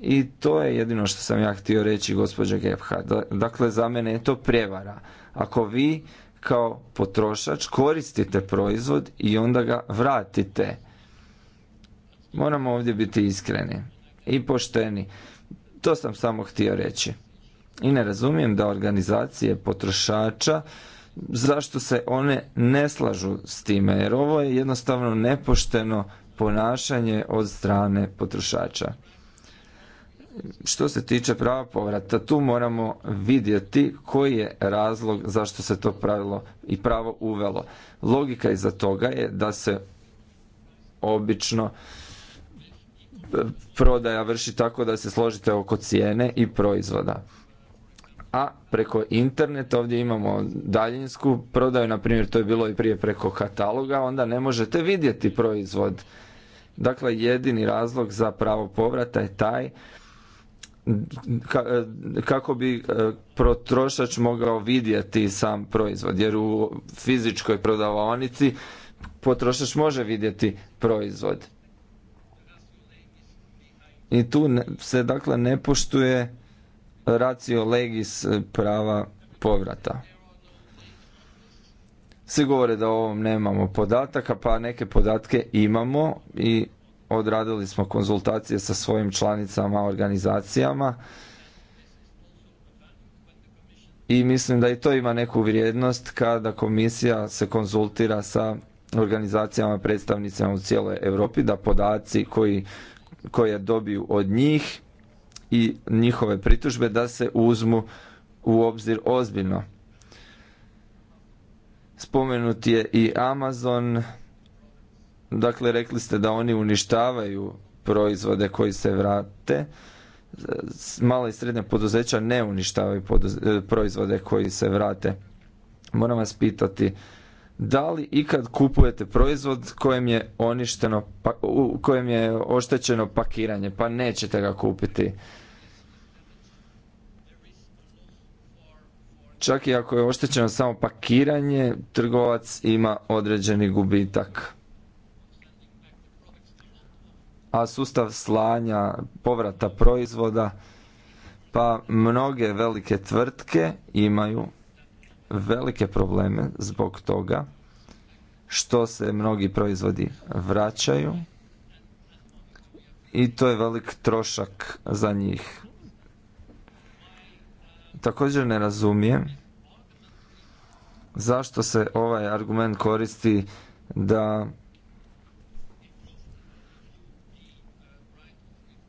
I to je jedino što sam ja htio reći gospođa Gepha. Dakle, za mene je to prevara. Ako vi kao potrošač koristite proizvod i onda ga vratite. Moramo ovdje biti iskreni i pošteni. To sam samo htio reći. I ne razumijem da organizacije potrošača zašto se one ne slažu s time jer ovo je jednostavno nepošteno ponašanje od strane potrošača. Što se tiče prava povrata, tu moramo vidjeti koji je razlog zašto se to pravilo i pravo uvelo. Logika iza toga je da se obično prodaja vrši tako da se složite oko cijene i proizvoda. A preko interneta ovdje imamo daljinsku prodaju, na primjer to je bilo i prije preko kataloga, onda ne možete vidjeti proizvod. Dakle, jedini razlog za pravo povrata je taj kako bi e, potrošač mogao vidjeti sam proizvod, jer u fizičkoj prodavaonici potrošač može vidjeti proizvod i tu se dakle ne poštuje racio legis e, prava povrata. Svi govore da o ovom nemamo podataka, pa neke podatke imamo i odradili smo konzultacije sa svojim članicama, organizacijama i mislim da i to ima neku vrijednost kada komisija se konzultira sa organizacijama, predstavnicama u cijeloj Europi, da podaci koji koje dobiju od njih i njihove pritužbe da se uzmu u obzir ozbiljno. Spomenut je i Amazon, dakle rekli ste da oni uništavaju proizvode koji se vrate. Mala i srednja poduzeća ne uništavaju e, proizvode koji se vrate. Moram vas pitati, da li ikad kupujete proizvod kojem je oništeno, pa, kojem je oštećeno pakiranje, pa nećete ga kupiti. Čak i ako je oštećeno samo pakiranje, trgovac ima određeni gubitak. A sustav slanja, povrata proizvoda, pa mnoge velike tvrtke imaju velike probleme zbog toga što se mnogi proizvodi vraćaju i to je velik trošak za njih. Također ne razumijem zašto se ovaj argument koristi da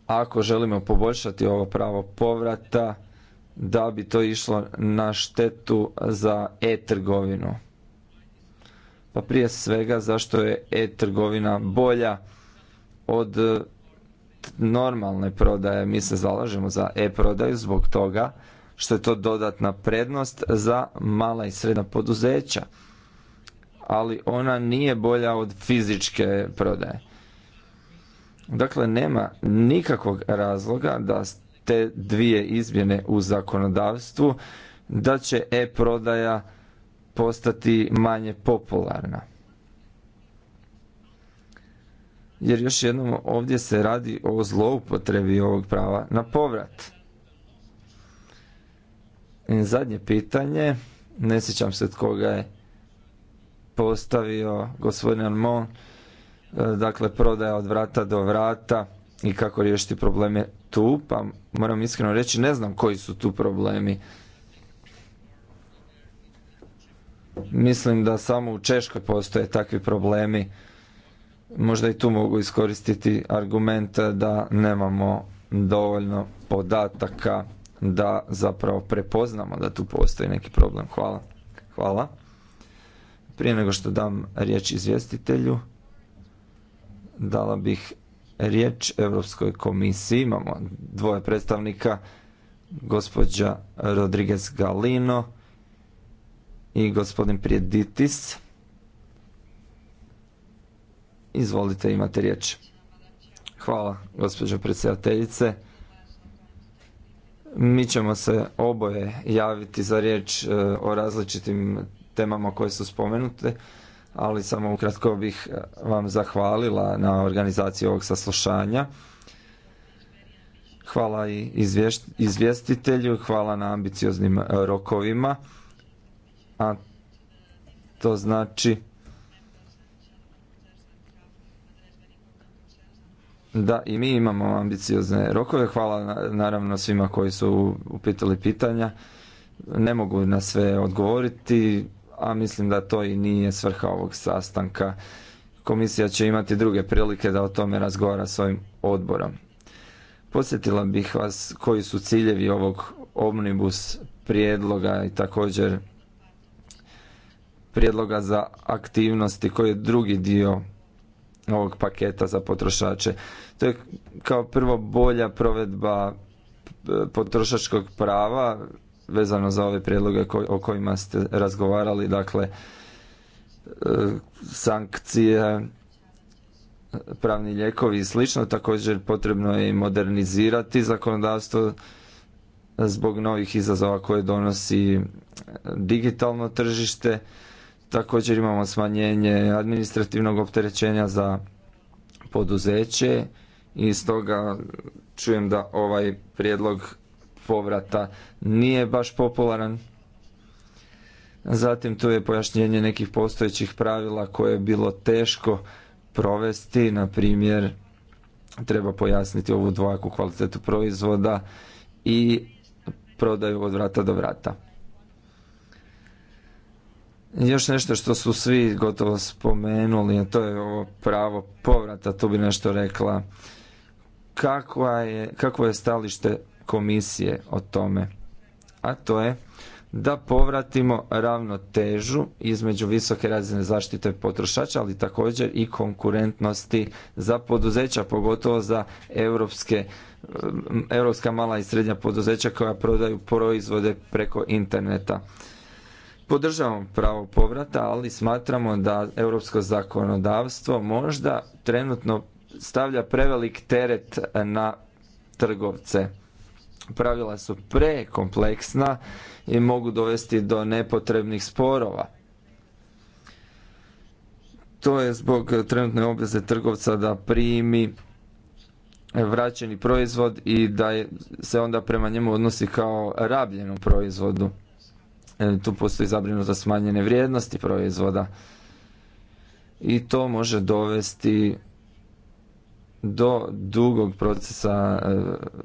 ako želimo poboljšati ovo pravo povrata da bi to išlo na štetu za e-trgovinu. Pa prije svega zašto je e-trgovina bolja od normalne prodaje. Mi se zalažemo za e-prodaju zbog toga što je to dodatna prednost za mala i srednja poduzeća. Ali ona nije bolja od fizičke prodaje. Dakle, nema nikakvog razloga da te dvije izmjene u zakonodavstvu da će e-prodaja postati manje popularna. Jer još jednom ovdje se radi o zloupotrebi ovog prava na povrat. zadnje pitanje, ne sjećam se od koga je postavio gospodin Armon, e, dakle prodaja od vrata do vrata i kako riješiti probleme tu, pa moram iskreno reći ne znam koji su tu problemi. Mislim da samo u Češkoj postoje takvi problemi. Možda i tu mogu iskoristiti argument da nemamo dovoljno podataka da zapravo prepoznamo da tu postoji neki problem. Hvala. Hvala. Prije nego što dam riječ izvjestitelju, dala bih riječ Europskoj komisiji. Imamo dvoje predstavnika, gospođa Rodriguez Galino i gospodin Prijeditis. Izvolite, imate riječ. Hvala, gospođo predsjedateljice. Mi ćemo se oboje javiti za riječ e, o različitim temama koje su spomenute ali samo ukratko bih e, vam zahvalila na organizaciji ovog saslušanja. Hvala i izvjestitelju, hvala na ambicioznim e, rokovima, a to znači Da, i mi imamo ambiciozne rokove. Hvala naravno svima koji su upitali pitanja. Ne mogu na sve odgovoriti a mislim da to i nije svrha ovog sastanka. Komisija će imati druge prilike da o tome razgovara s ovim odborom. Podsjetila bih vas koji su ciljevi ovog omnibus prijedloga i također prijedloga za aktivnosti koji je drugi dio ovog paketa za potrošače. To je kao prvo bolja provedba potrošačkog prava, vezano za ove prijedloge o kojima ste razgovarali, dakle e, sankcije, pravni ljekovi i slično. Također potrebno je i modernizirati zakonodavstvo zbog novih izazova koje donosi digitalno tržište. Također imamo smanjenje administrativnog opterećenja za poduzeće i stoga čujem da ovaj prijedlog povrata nije baš popularan. Zatim tu je pojašnjenje nekih postojećih pravila koje je bilo teško provesti, na primjer treba pojasniti ovu dvojaku kvalitetu proizvoda i prodaju od vrata do vrata. Još nešto što su svi gotovo spomenuli, a to je ovo pravo povrata, tu bi nešto rekla. Kako je, kako je stalište komisije o tome, a to je da povratimo ravnotežu između visoke razine zaštite potrošača, ali također i konkurentnosti za poduzeća, pogotovo za evropske, europska mala i srednja poduzeća koja prodaju proizvode preko interneta. Podržavamo pravo povrata, ali smatramo da europsko zakonodavstvo možda trenutno stavlja prevelik teret na trgovce pravila su prekompleksna i mogu dovesti do nepotrebnih sporova. To je zbog trenutne obveze trgovca da primi vraćeni proizvod i da se onda prema njemu odnosi kao rabljenom proizvodu. E, tu postoji zabrinutost za smanjene vrijednosti proizvoda i to može dovesti do dugog procesa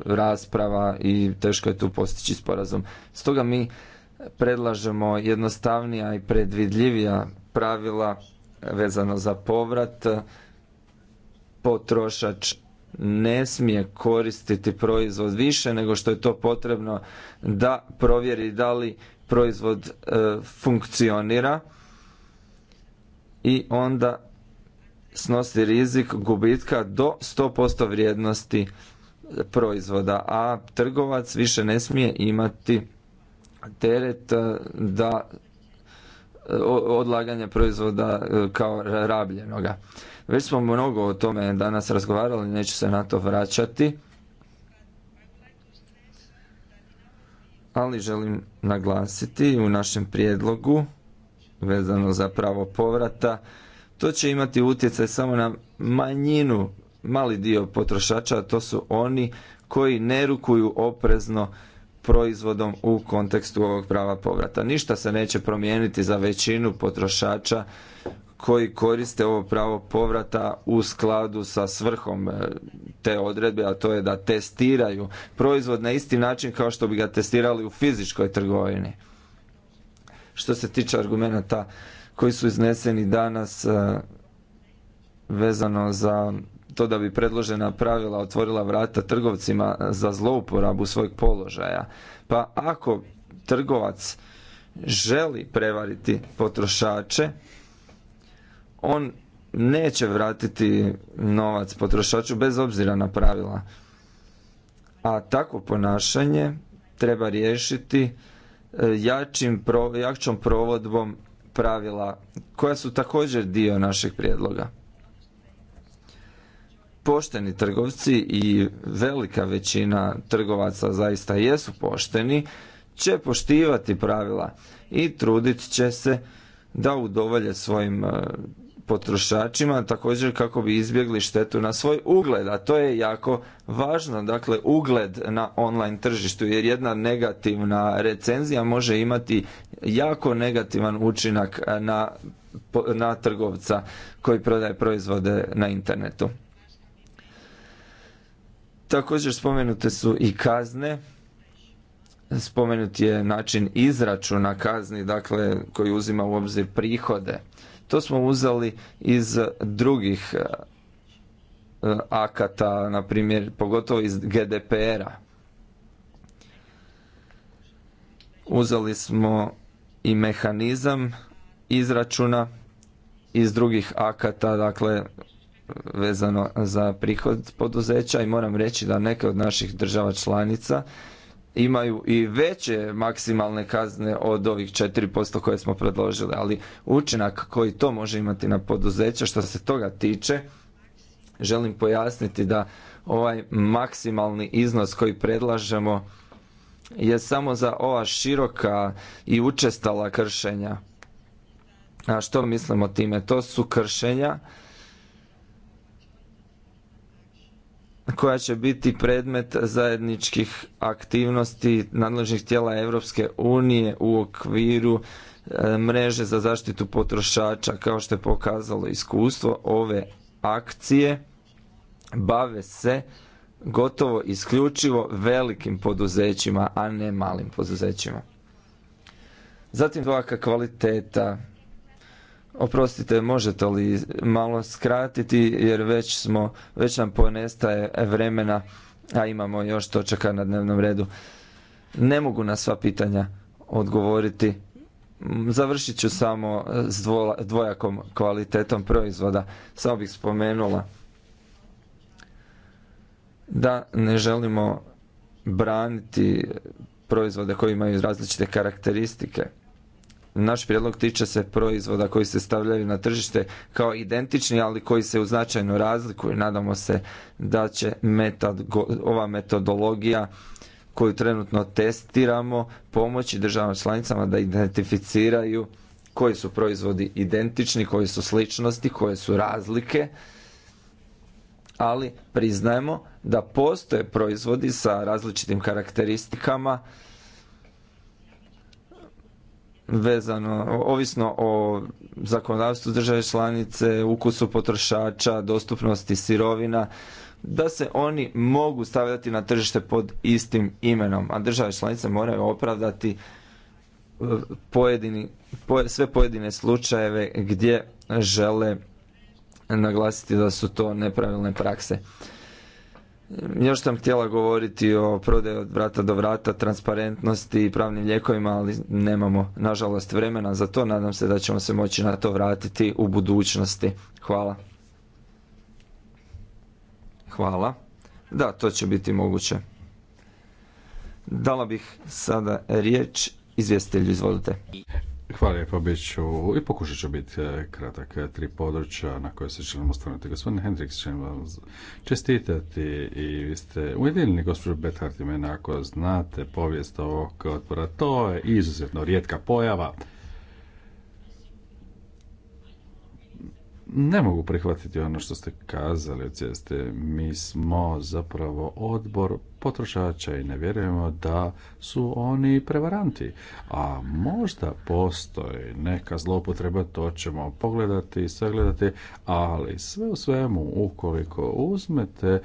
e, rasprava i teško je tu postići sporazum. Stoga mi predlažemo jednostavnija i predvidljivija pravila vezano za povrat. Potrošač ne smije koristiti proizvod više nego što je to potrebno da provjeri da li proizvod e, funkcionira i onda snosi rizik gubitka do 100% vrijednosti proizvoda, a trgovac više ne smije imati teret eh, da eh, odlaganje proizvoda eh, kao rabljenoga. Već smo mnogo o tome danas razgovarali, neću se na to vraćati. Ali želim naglasiti u našem prijedlogu vezano za pravo povrata to će imati utjecaj samo na manjinu, mali dio potrošača, a to su oni koji ne rukuju oprezno proizvodom u kontekstu ovog prava povrata. Ništa se neće promijeniti za većinu potrošača koji koriste ovo pravo povrata u skladu sa svrhom e, te odredbe, a to je da testiraju proizvod na isti način kao što bi ga testirali u fizičkoj trgovini. Što se tiče argumenta koji su izneseni danas e, vezano za to da bi predložena pravila otvorila vrata trgovcima e, za zlouporabu svojeg položaja. Pa ako trgovac želi prevariti potrošače, on neće vratiti novac potrošaču bez obzira na pravila. A takvo ponašanje treba riješiti e, jačim, jačom provodbom pravila koja su također dio našeg prijedloga. Pošteni trgovci i velika većina trgovaca zaista jesu pošteni, će poštivati pravila i trudit će se da udovolje svojim potrošačima također kako bi izbjegli štetu na svoj ugled, a to je jako važno, dakle ugled na online tržištu jer jedna negativna recenzija može imati jako negativan učinak na, na trgovca koji prodaje proizvode na internetu. Također spomenute su i kazne, spomenut je način izračuna kazni, dakle koji uzima u obzir prihode to smo uzeli iz drugih e, akata, na primjer, pogotovo iz GDPR-a. Uzeli smo i mehanizam izračuna iz drugih akata, dakle vezano za prihod poduzeća i moram reći da neke od naših država članica imaju i veće maksimalne kazne od ovih 4% koje smo predložili, ali učinak koji to može imati na poduzeća što se toga tiče, želim pojasniti da ovaj maksimalni iznos koji predlažemo je samo za ova široka i učestala kršenja. A što mislimo time? To su kršenja koja će biti predmet zajedničkih aktivnosti nadležnih tijela Europske unije u okviru e, mreže za zaštitu potrošača kao što je pokazalo iskustvo ove akcije bave se gotovo isključivo velikim poduzećima a ne malim poduzećima. Zatim dvaka kvaliteta Oprostite, možete li malo skratiti jer već smo, već nam ponestaje vremena, a imamo još to čeka na dnevnom redu. Ne mogu na sva pitanja odgovoriti. Završit ću samo s dvojakom kvalitetom proizvoda. Samo bih spomenula da ne želimo braniti proizvode koji imaju različite karakteristike naš prijedlog tiče se proizvoda koji se stavljaju na tržište kao identični, ali koji se u značajnu razlikuju. Nadamo se da će metod, ova metodologija koju trenutno testiramo pomoći državama članicama da identificiraju koji su proizvodi identični, koji su sličnosti, koje su razlike, ali priznajemo da postoje proizvodi sa različitim karakteristikama vezano, ovisno o zakonodavstvu države članice, ukusu potrošača, dostupnosti sirovina, da se oni mogu stavljati na tržište pod istim imenom, a države članice moraju opravdati e, pojedini, sve pojedine slučajeve gdje žele naglasiti da su to nepravilne prakse. Ehm, još sam htjela govoriti o prodaju od vrata do vrata, transparentnosti i pravnim lijekovima, ali nemamo nažalost vremena za to. Nadam se da ćemo se moći na to vratiti u budućnosti. Hvala. Hvala. Da, to će biti moguće. Dala bih sada riječ izvjestitelju, izvolite. Hvala lijepo, bit ću i pokušat ću biti e, kratak e, tri područja na koje se želimo osvrnuti. Gospodin Hendriks, želim vam čestitati i vi ste ujedinili gospođu i mene ako znate povijest ovog odbora. To je izuzetno rijetka pojava. ne mogu prihvatiti ono što ste kazali u Mi smo zapravo odbor potrošača i ne vjerujemo da su oni prevaranti. A možda postoji neka zloupotreba, to ćemo pogledati i sagledati, ali sve u svemu, ukoliko uzmete e,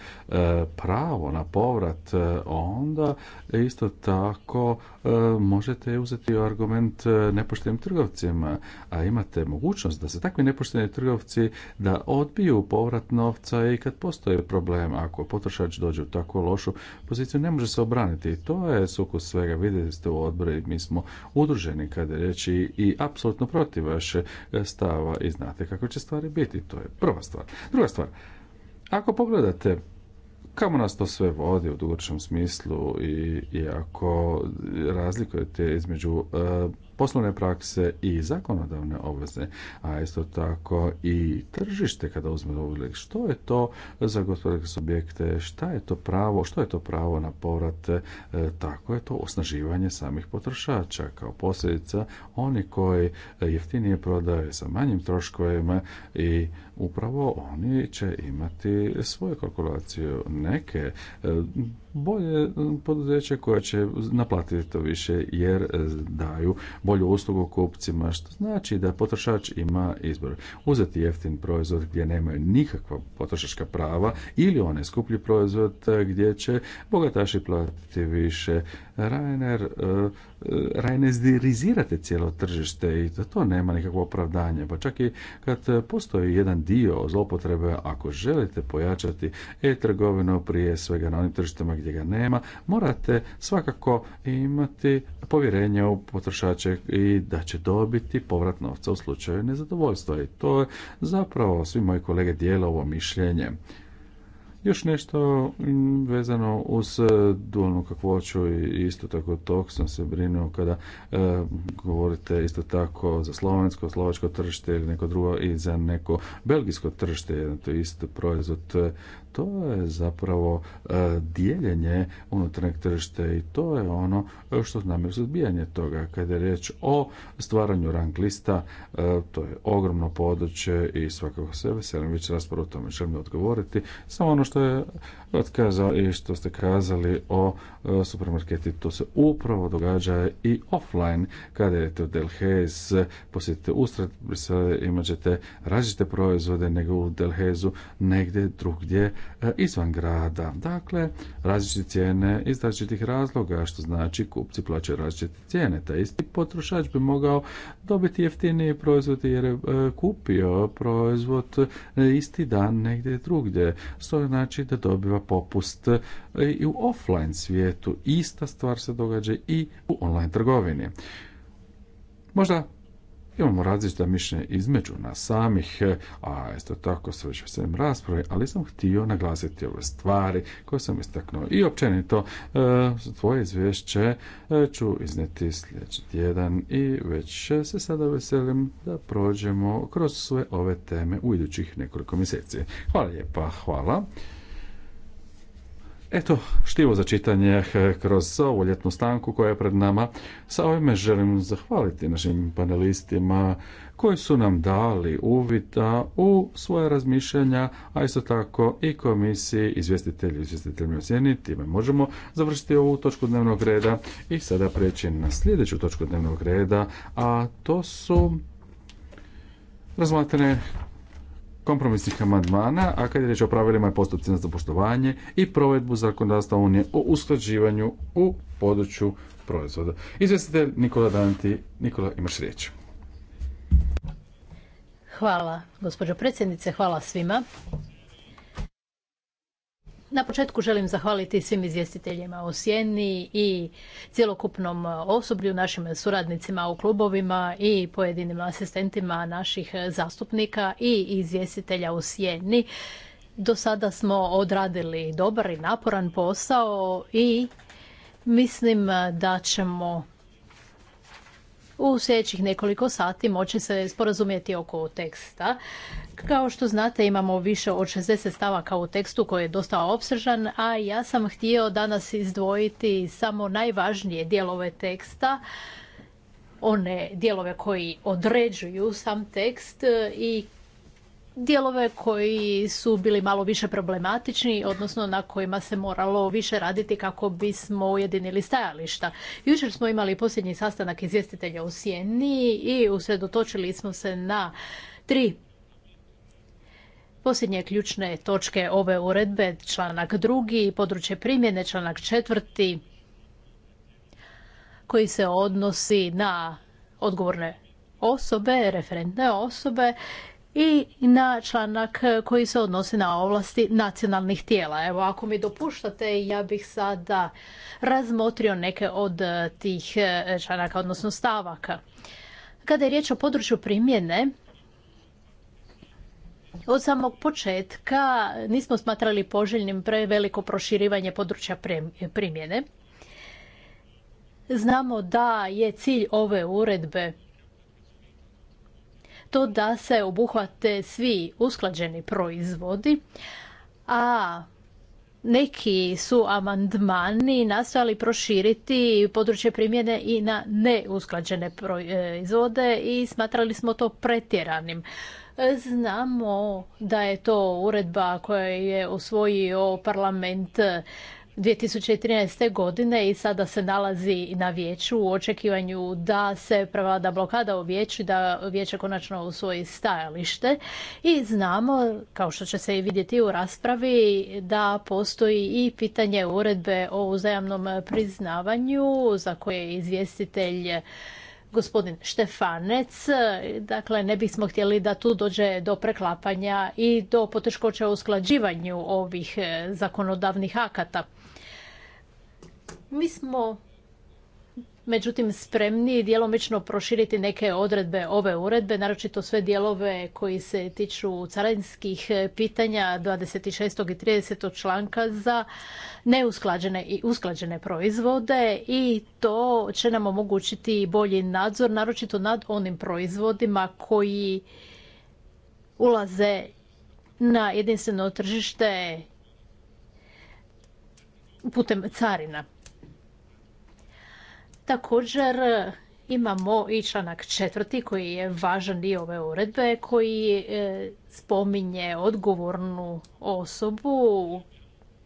pravo na povrat, e, onda isto tako e, možete uzeti argument nepoštenim trgovcima, a imate mogućnost da se takvi nepošteni trgovci da odbiju povrat novca i kad postoje problem, ako potrošač dođe u tako lošu poziciju ne može se obraniti. I to je sukus svega. Vidjeli ste u i mi smo udruženi kada reći i apsolutno protiv vaše e, stava i znate kako će stvari biti. To je prva stvar. Druga stvar, ako pogledate kamo nas to sve vodi u dugoročnom smislu i, ako razlikujete između e, poslovne prakse i zakonodavne obveze, a isto tako i tržište kada uzme obzir što je to za gospodarske subjekte, šta je to pravo, što je to pravo na povrat, e, tako je to osnaživanje samih potrošača kao posljedica oni koji jeftinije prodaju sa manjim troškovima i upravo oni će imati svoju kalkulaciju neke e, bolje e, poduzeće koje će naplatiti to više jer e, daju bolju uslugu kupcima, što znači da potrošač ima izbor. Uzeti jeftin proizvod gdje nemaju nikakva potrošačka prava ili onaj skuplji proizvod e, gdje će bogataši platiti više. Rainer, zdirizirate cijelo tržište i to to nema nikakvo opravdanje. Pa čak i kad postoji jedan dio zlopotrebe ako želite pojačati e-trgovinu prije svega na onim tržištima gdje gdje ga nema, morate svakako imati povjerenje u potrošače i da će dobiti povrat novca u slučaju nezadovoljstva. I to je zapravo svi moji kolege dijele ovo mišljenje. Još nešto vezano uz e, dualnu kakvoću i isto tako tog sam se brinuo kada e, govorite isto tako za slovensko, slovačko tržište ili neko drugo i za neko belgijsko tržište, jedan to isto proizvod e, to je zapravo e, dijeljenje unutarnjeg tržišta i to je ono e, što je suzbijanje toga. Kada je riječ o stvaranju rang lista, e, to je ogromno područje i svakako se veselim već raspravu o tome. Želim odgovoriti samo ono što je otkazao i što ste kazali o supermarketi. To se upravo događa i offline kada je to Delhez, posjetite Ustrat, imat ćete različite proizvode nego u Delhezu negdje drugdje E, izvan grada. Dakle, različite cijene iz različitih razloga, što znači kupci plaćaju različite cijene. Taj isti potrošač bi mogao dobiti jeftiniji proizvod jer je kupio proizvod e, isti dan negdje drugdje, što znači da dobiva popust e, i u offline svijetu. Ista stvar se događa i u online trgovini. Možda imamo različita mišljenja između nas samih, a isto tako se već sve rasprave, ali sam htio naglasiti ove stvari koje sam istaknuo. I općenito, e, tvoje izvješće e, ću izneti sljedeći tjedan i već se sada veselim da prođemo kroz sve ove teme u idućih nekoliko mjeseci. Hvala lijepa, hvala. Eto, štivo za čitanje eh, kroz ovu ljetnu stanku koja je pred nama. Sa ovime želim zahvaliti našim panelistima koji su nam dali uvita u svoje razmišljanja, a isto tako i komisiji izvjestitelji izvjestiteljima ocjeni Time možemo završiti ovu točku dnevnog reda i sada preći na sljedeću točku dnevnog reda, a to su razmatrane kompromisnih amandmana, a kad je riječ o pravilima i postupcima za poštovanje i provedbu zakonodavstva Unije o usklađivanju u području proizvoda. Izvjestitelj Nikola Danti. Nikola, imaš riječ. Hvala, gospođo predsjednice, hvala svima. Na početku želim zahvaliti svim izvjestiteljima u Sjeni i cjelokupnom osoblju, našim suradnicima u klubovima i pojedinim asistentima naših zastupnika i izvjestitelja u Sjeni. Do sada smo odradili dobar i naporan posao i mislim da ćemo u sljedećih nekoliko sati moći se sporazumjeti oko teksta. Kao što znate imamo više od 60 stavaka u tekstu koji je dosta obsržan, a ja sam htio danas izdvojiti samo najvažnije dijelove teksta, one dijelove koji određuju sam tekst i dijelove koji su bili malo više problematični, odnosno na kojima se moralo više raditi kako bismo ujedinili stajališta. Jučer smo imali posljednji sastanak izvjestitelja u Sjeni i usredotočili smo se na tri Posljednje ključne točke ove uredbe, članak drugi, područje primjene, članak četvrti, koji se odnosi na odgovorne osobe, referentne osobe i na članak koji se odnosi na ovlasti nacionalnih tijela. Evo, ako mi dopuštate, ja bih sada razmotrio neke od tih e, članaka, odnosno stavaka. Kada je riječ o području primjene, od samog početka nismo smatrali poželjnim preveliko proširivanje područja primjene. Znamo da je cilj ove uredbe to da se obuhvate svi usklađeni proizvodi, a neki su amandmani nastojali proširiti područje primjene i na neusklađene proizvode i smatrali smo to pretjeranim. Znamo da je to uredba koja je osvojio parlament 2013. godine i sada se nalazi na vijeću u očekivanju da se prevlada blokada u vijeću da vijeće konačno usvoji stajalište i znamo, kao što će se i vidjeti u raspravi, da postoji i pitanje uredbe o uzajamnom priznavanju za koje je izvjestitelj gospodin Štefanec. Dakle, ne bismo htjeli da tu dođe do preklapanja i do poteškoća u usklađivanju ovih zakonodavnih akata. Mi smo međutim spremni djelomično proširiti neke odredbe ove uredbe, naročito sve dijelove koji se tiču carinskih pitanja 26. i 30. članka za neusklađene i usklađene proizvode i to će nam omogućiti bolji nadzor, naročito nad onim proizvodima koji ulaze na jedinstveno tržište putem carina. Također e, imamo i članak četvrti koji je važan dio ove uredbe koji e, spominje odgovornu osobu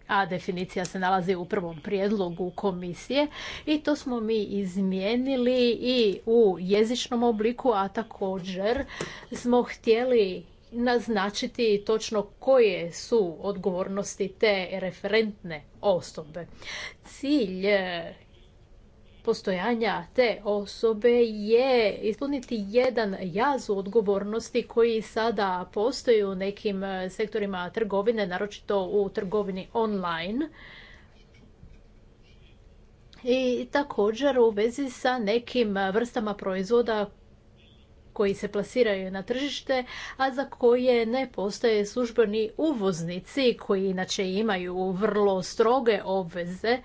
a definicija se nalazi u prvom prijedlogu komisije i to smo mi izmijenili i u jezičnom obliku, a također smo htjeli naznačiti točno koje su odgovornosti te referentne osobe. Cilj e, postojanja te osobe je ispuniti jedan jaz u odgovornosti koji sada postoji u nekim e, sektorima trgovine, naročito u trgovini online. I također u vezi sa nekim vrstama proizvoda koji se plasiraju na tržište, a za koje ne postoje službeni uvoznici koji inače imaju vrlo stroge obveze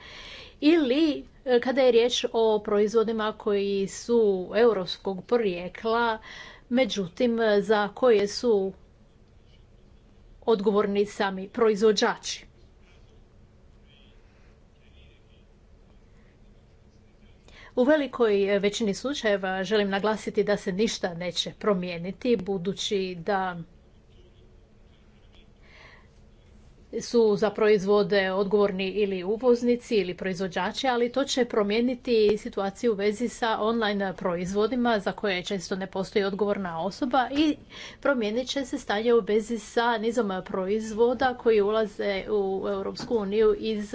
ili E, kada je riječ o proizvodima koji su europskog porijekla, međutim za koje su odgovorni sami proizvođači. U velikoj većini slučajeva želim naglasiti da se ništa neće promijeniti budući da su za proizvode odgovorni ili uvoznici ili proizvođači, ali to će promijeniti situaciju u vezi sa online proizvodima za koje često ne postoji odgovorna osoba i promijenit će se stanje u vezi sa nizom proizvoda koji ulaze u Europsku uniju iz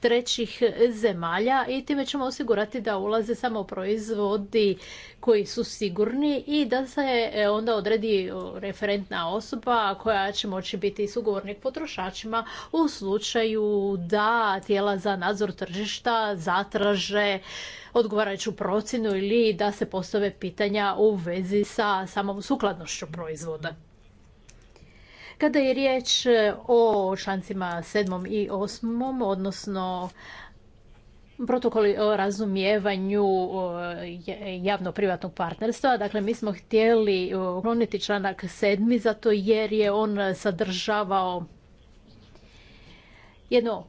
trećih zemalja i time ćemo osigurati da ulaze samo proizvodi koji su sigurni i da se e, onda odredi referentna osoba koja će moći biti sugovornik potrošačima u slučaju da tijela za nadzor tržišta zatraže odgovarajuću procjenu ili da se postave pitanja u vezi sa samom sukladnošću proizvoda. Kada je riječ o člancima 7. i 8. odnosno protokoli o razumijevanju javno-privatnog partnerstva. Dakle, mi smo htjeli ukloniti članak sedmi zato jer je on sadržavao jedno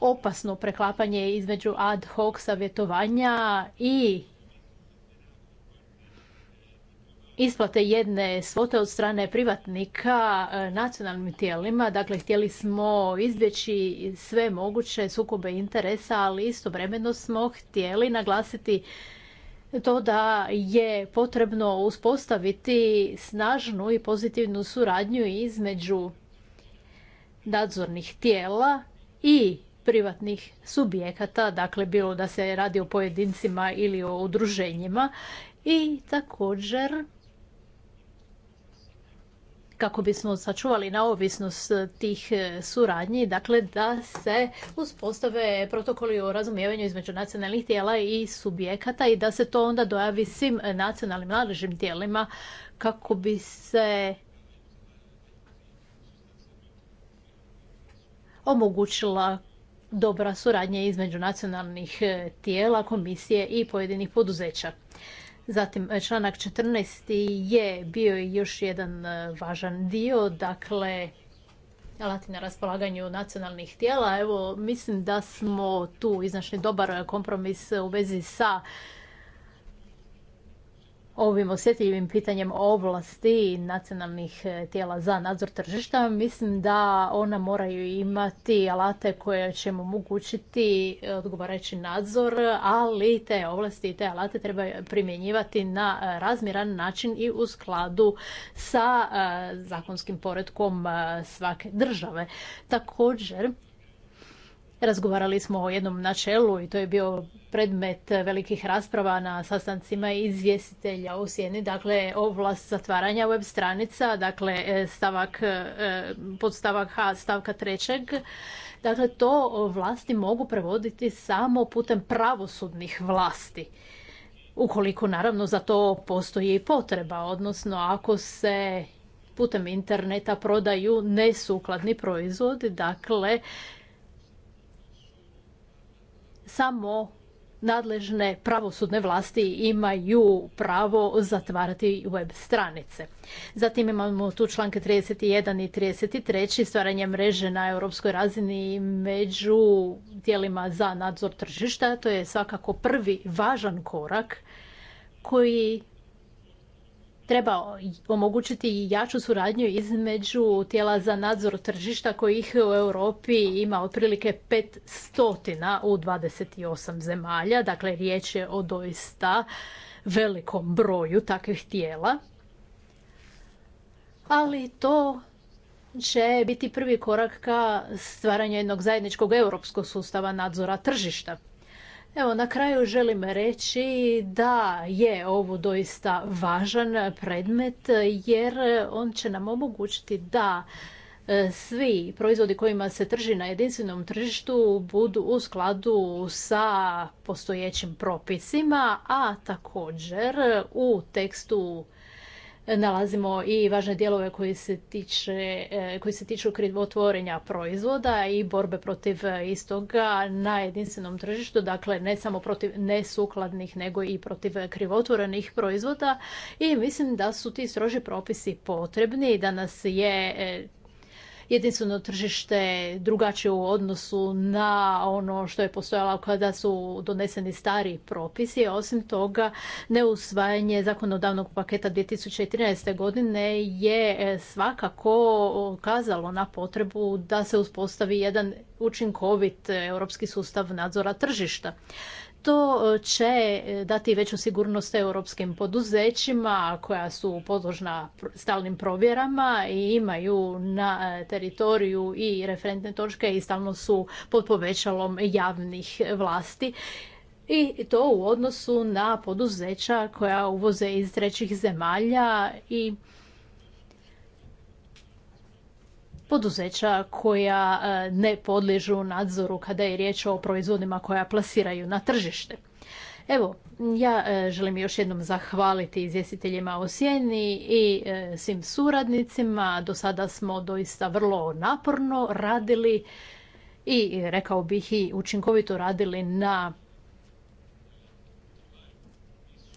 opasno preklapanje između ad hoc savjetovanja i isplate jedne svote od strane privatnika e, nacionalnim tijelima. Dakle, htjeli smo izbjeći sve moguće sukobe interesa, ali istovremeno smo htjeli naglasiti to da je potrebno uspostaviti snažnu i pozitivnu suradnju između nadzornih tijela i privatnih subjekata, dakle bilo da se radi o pojedincima ili o udruženjima i također kako bismo sačuvali neovisnost tih suradnji, dakle da se uspostave protokoli o razumijevanju između nacionalnih tijela i subjekata i da se to onda dojavi svim nacionalnim nadležnim tijelima kako bi se omogućila dobra suradnja između nacionalnih e, tijela, komisije i pojedinih poduzeća. Zatim e, članak 14. je bio još jedan e, važan dio, dakle alati na raspolaganju nacionalnih tijela. Evo, mislim da smo tu iznašli dobar kompromis u vezi sa ovim osjetljivim pitanjem ovlasti nacionalnih e, tijela za nadzor tržišta, mislim da ona moraju imati alate koje će mu omogućiti e, odgovarajući nadzor, ali te ovlasti i te alate treba primjenjivati na razmjeran način i u skladu sa e, zakonskim poredkom svake države. Također, Razgovarali smo o jednom načelu i to je bio predmet velikih rasprava na sastancima izvjestitelja u sjeni, dakle ovlast zatvaranja web stranica, dakle e, stavak, e, podstavak H stavka trećeg. Dakle, to vlasti mogu prevoditi samo putem pravosudnih vlasti. Ukoliko naravno za to postoji i potreba, odnosno ako se putem interneta prodaju nesukladni proizvodi, dakle samo nadležne pravosudne vlasti imaju pravo zatvarati web stranice. Zatim imamo tu članke 31 i 33, stvaranje mreže na europskoj razini među tijelima za nadzor tržišta. To je svakako prvi važan korak koji treba omogućiti i jaču suradnju između tijela za nadzor tržišta kojih u Europi ima otprilike 500 u 28 zemalja. Dakle, riječ je o doista velikom broju takvih tijela. Ali to će biti prvi korak ka stvaranju jednog zajedničkog europskog sustava nadzora tržišta. Evo, na kraju želim reći da je ovo doista važan predmet jer on će nam omogućiti da e, svi proizvodi kojima se trži na jedinstvenom tržištu budu u skladu sa postojećim propisima, a također u tekstu nalazimo i važne dijelove koji se, tiče, e, koji se tiču krivotvorenja proizvoda i borbe protiv e, istoga na jedinstvenom tržištu, dakle ne samo protiv nesukladnih nego i protiv krivotvorenih proizvoda i mislim da su ti stroži propisi potrebni i da nas je e, jedinstveno tržište drugačije u odnosu na ono što je postojalo kada su doneseni stari propisi. Osim toga, neusvajanje zakonodavnog paketa 2013. godine je e, svakako ukazalo na potrebu da se uspostavi jedan učinkovit e, europski sustav nadzora tržišta. To e, će e, dati veću sigurnost europskim poduzećima koja su podložna stalnim provjerama i imaju na e, teritoriju i referentne točke i stalno su pod povećalom javnih vlasti i to u odnosu na poduzeća koja uvoze iz trećih zemalja i poduzeća koja e, ne podliježu nadzoru kada je riječ o proizvodima koja plasiraju na tržište. Evo, ja e, želim još jednom zahvaliti izvjestiteljima o Sjeni i e, svim suradnicima. Do sada smo doista vrlo naporno radili i rekao bih i učinkovito radili na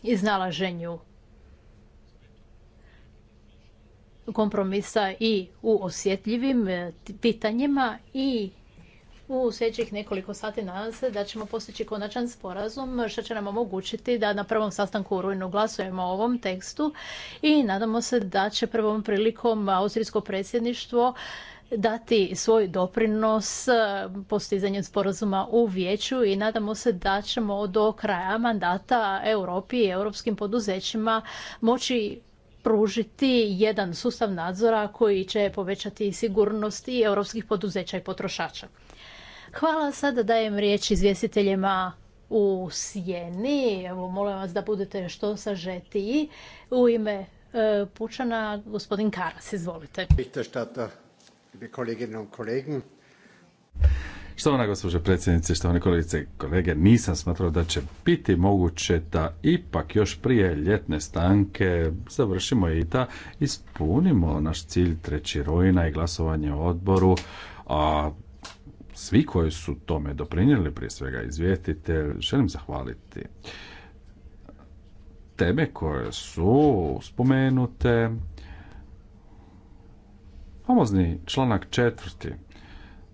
iznalaženju kompromisa i u osjetljivim e, pitanjima i u sljedećih nekoliko sati nadam se da ćemo postići konačan sporazum što će nam omogućiti da na prvom sastanku u rujnu glasujemo o ovom tekstu i nadamo se da će prvom prilikom austrijsko predsjedništvo dati svoj doprinos e, postizanjem sporazuma u vijeću i nadamo se da ćemo do kraja mandata Europi i europskim poduzećima moći pružiti jedan sustav nadzora koji će povećati sigurnost i europskih poduzeća i potrošača. Hvala, sada dajem riječ izvjestiteljima u Sjeni. Evo, molim vas da budete što sažetiji. U ime e, Pučana, gospodin Karas, izvolite ona gospođo predsjednice, štovane kolegice i kolege, nisam smatrao da će biti moguće da ipak još prije ljetne stanke završimo i da ispunimo naš cilj treći rojna i glasovanje u odboru, a svi koji su tome doprinijeli, prije svega izvjetite, želim zahvaliti teme koje su spomenute. Famozni članak četvrti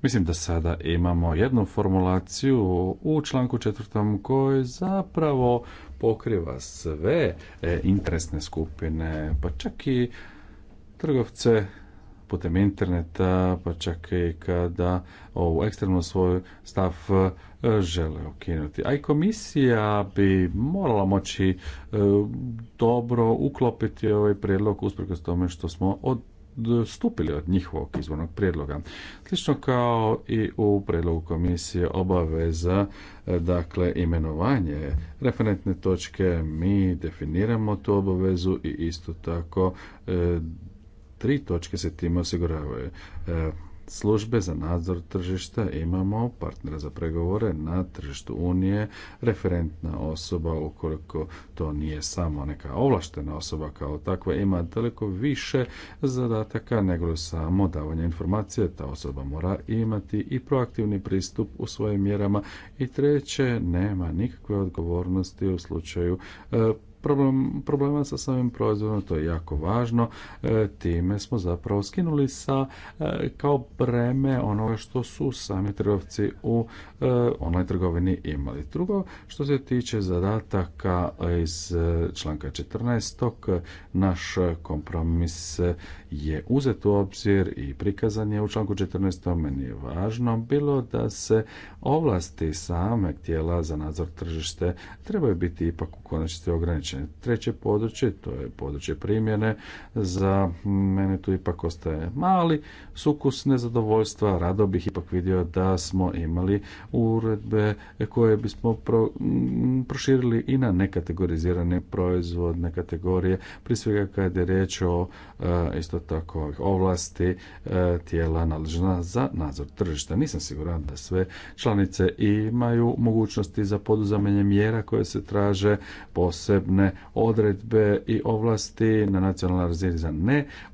Mislim da sada imamo jednu formulaciju u članku četvrtom koji zapravo pokriva sve e, interesne skupine, pa čak i trgovce putem interneta, pa čak i kada ovu ekstremnu svoj stav e, žele ukinuti. A i komisija bi morala moći e, dobro uklopiti ovaj prijedlog usprkos tome što smo od odstupili od njihovog izvornog prijedloga. Slično kao i u prijedlogu komisije obaveza e, dakle imenovanje referentne točke mi definiramo tu obavezu i isto tako e, tri točke se time osiguravaju. E, službe za nadzor tržišta, imamo partnera za pregovore na tržištu Unije, referentna osoba ukoliko to nije samo neka ovlaštena osoba kao takva ima daleko više zadataka nego samo davanje informacije, ta osoba mora imati i proaktivni pristup u svojim mjerama i treće, nema nikakve odgovornosti u slučaju e, problem, problema sa samim proizvodom, to je jako važno. E, time smo zapravo skinuli sa e, kao breme onoga što su sami trgovci u e, online trgovini imali. Drugo, što se tiče zadataka iz e, članka 14. naš kompromis je uzet u obzir i prikazan je u članku 14. Meni je važno bilo da se ovlasti same tijela za nadzor tržište trebaju biti ipak u konačnici ograničeni. Treće područje, to je područje primjene, za mene tu ipak ostaje mali sukus nezadovoljstva, rado bih ipak vidio da smo imali uredbe koje bismo proširili i na nekategorizirane proizvodne kategorije, prije svega kad je riječ o e, isto tako ovlasti e, tijela nadležna za nadzor tržišta. Nisam siguran da sve članice imaju mogućnosti za poduzamenje mjera koje se traže posebne odredbe i ovlasti na nacionalnoj razini za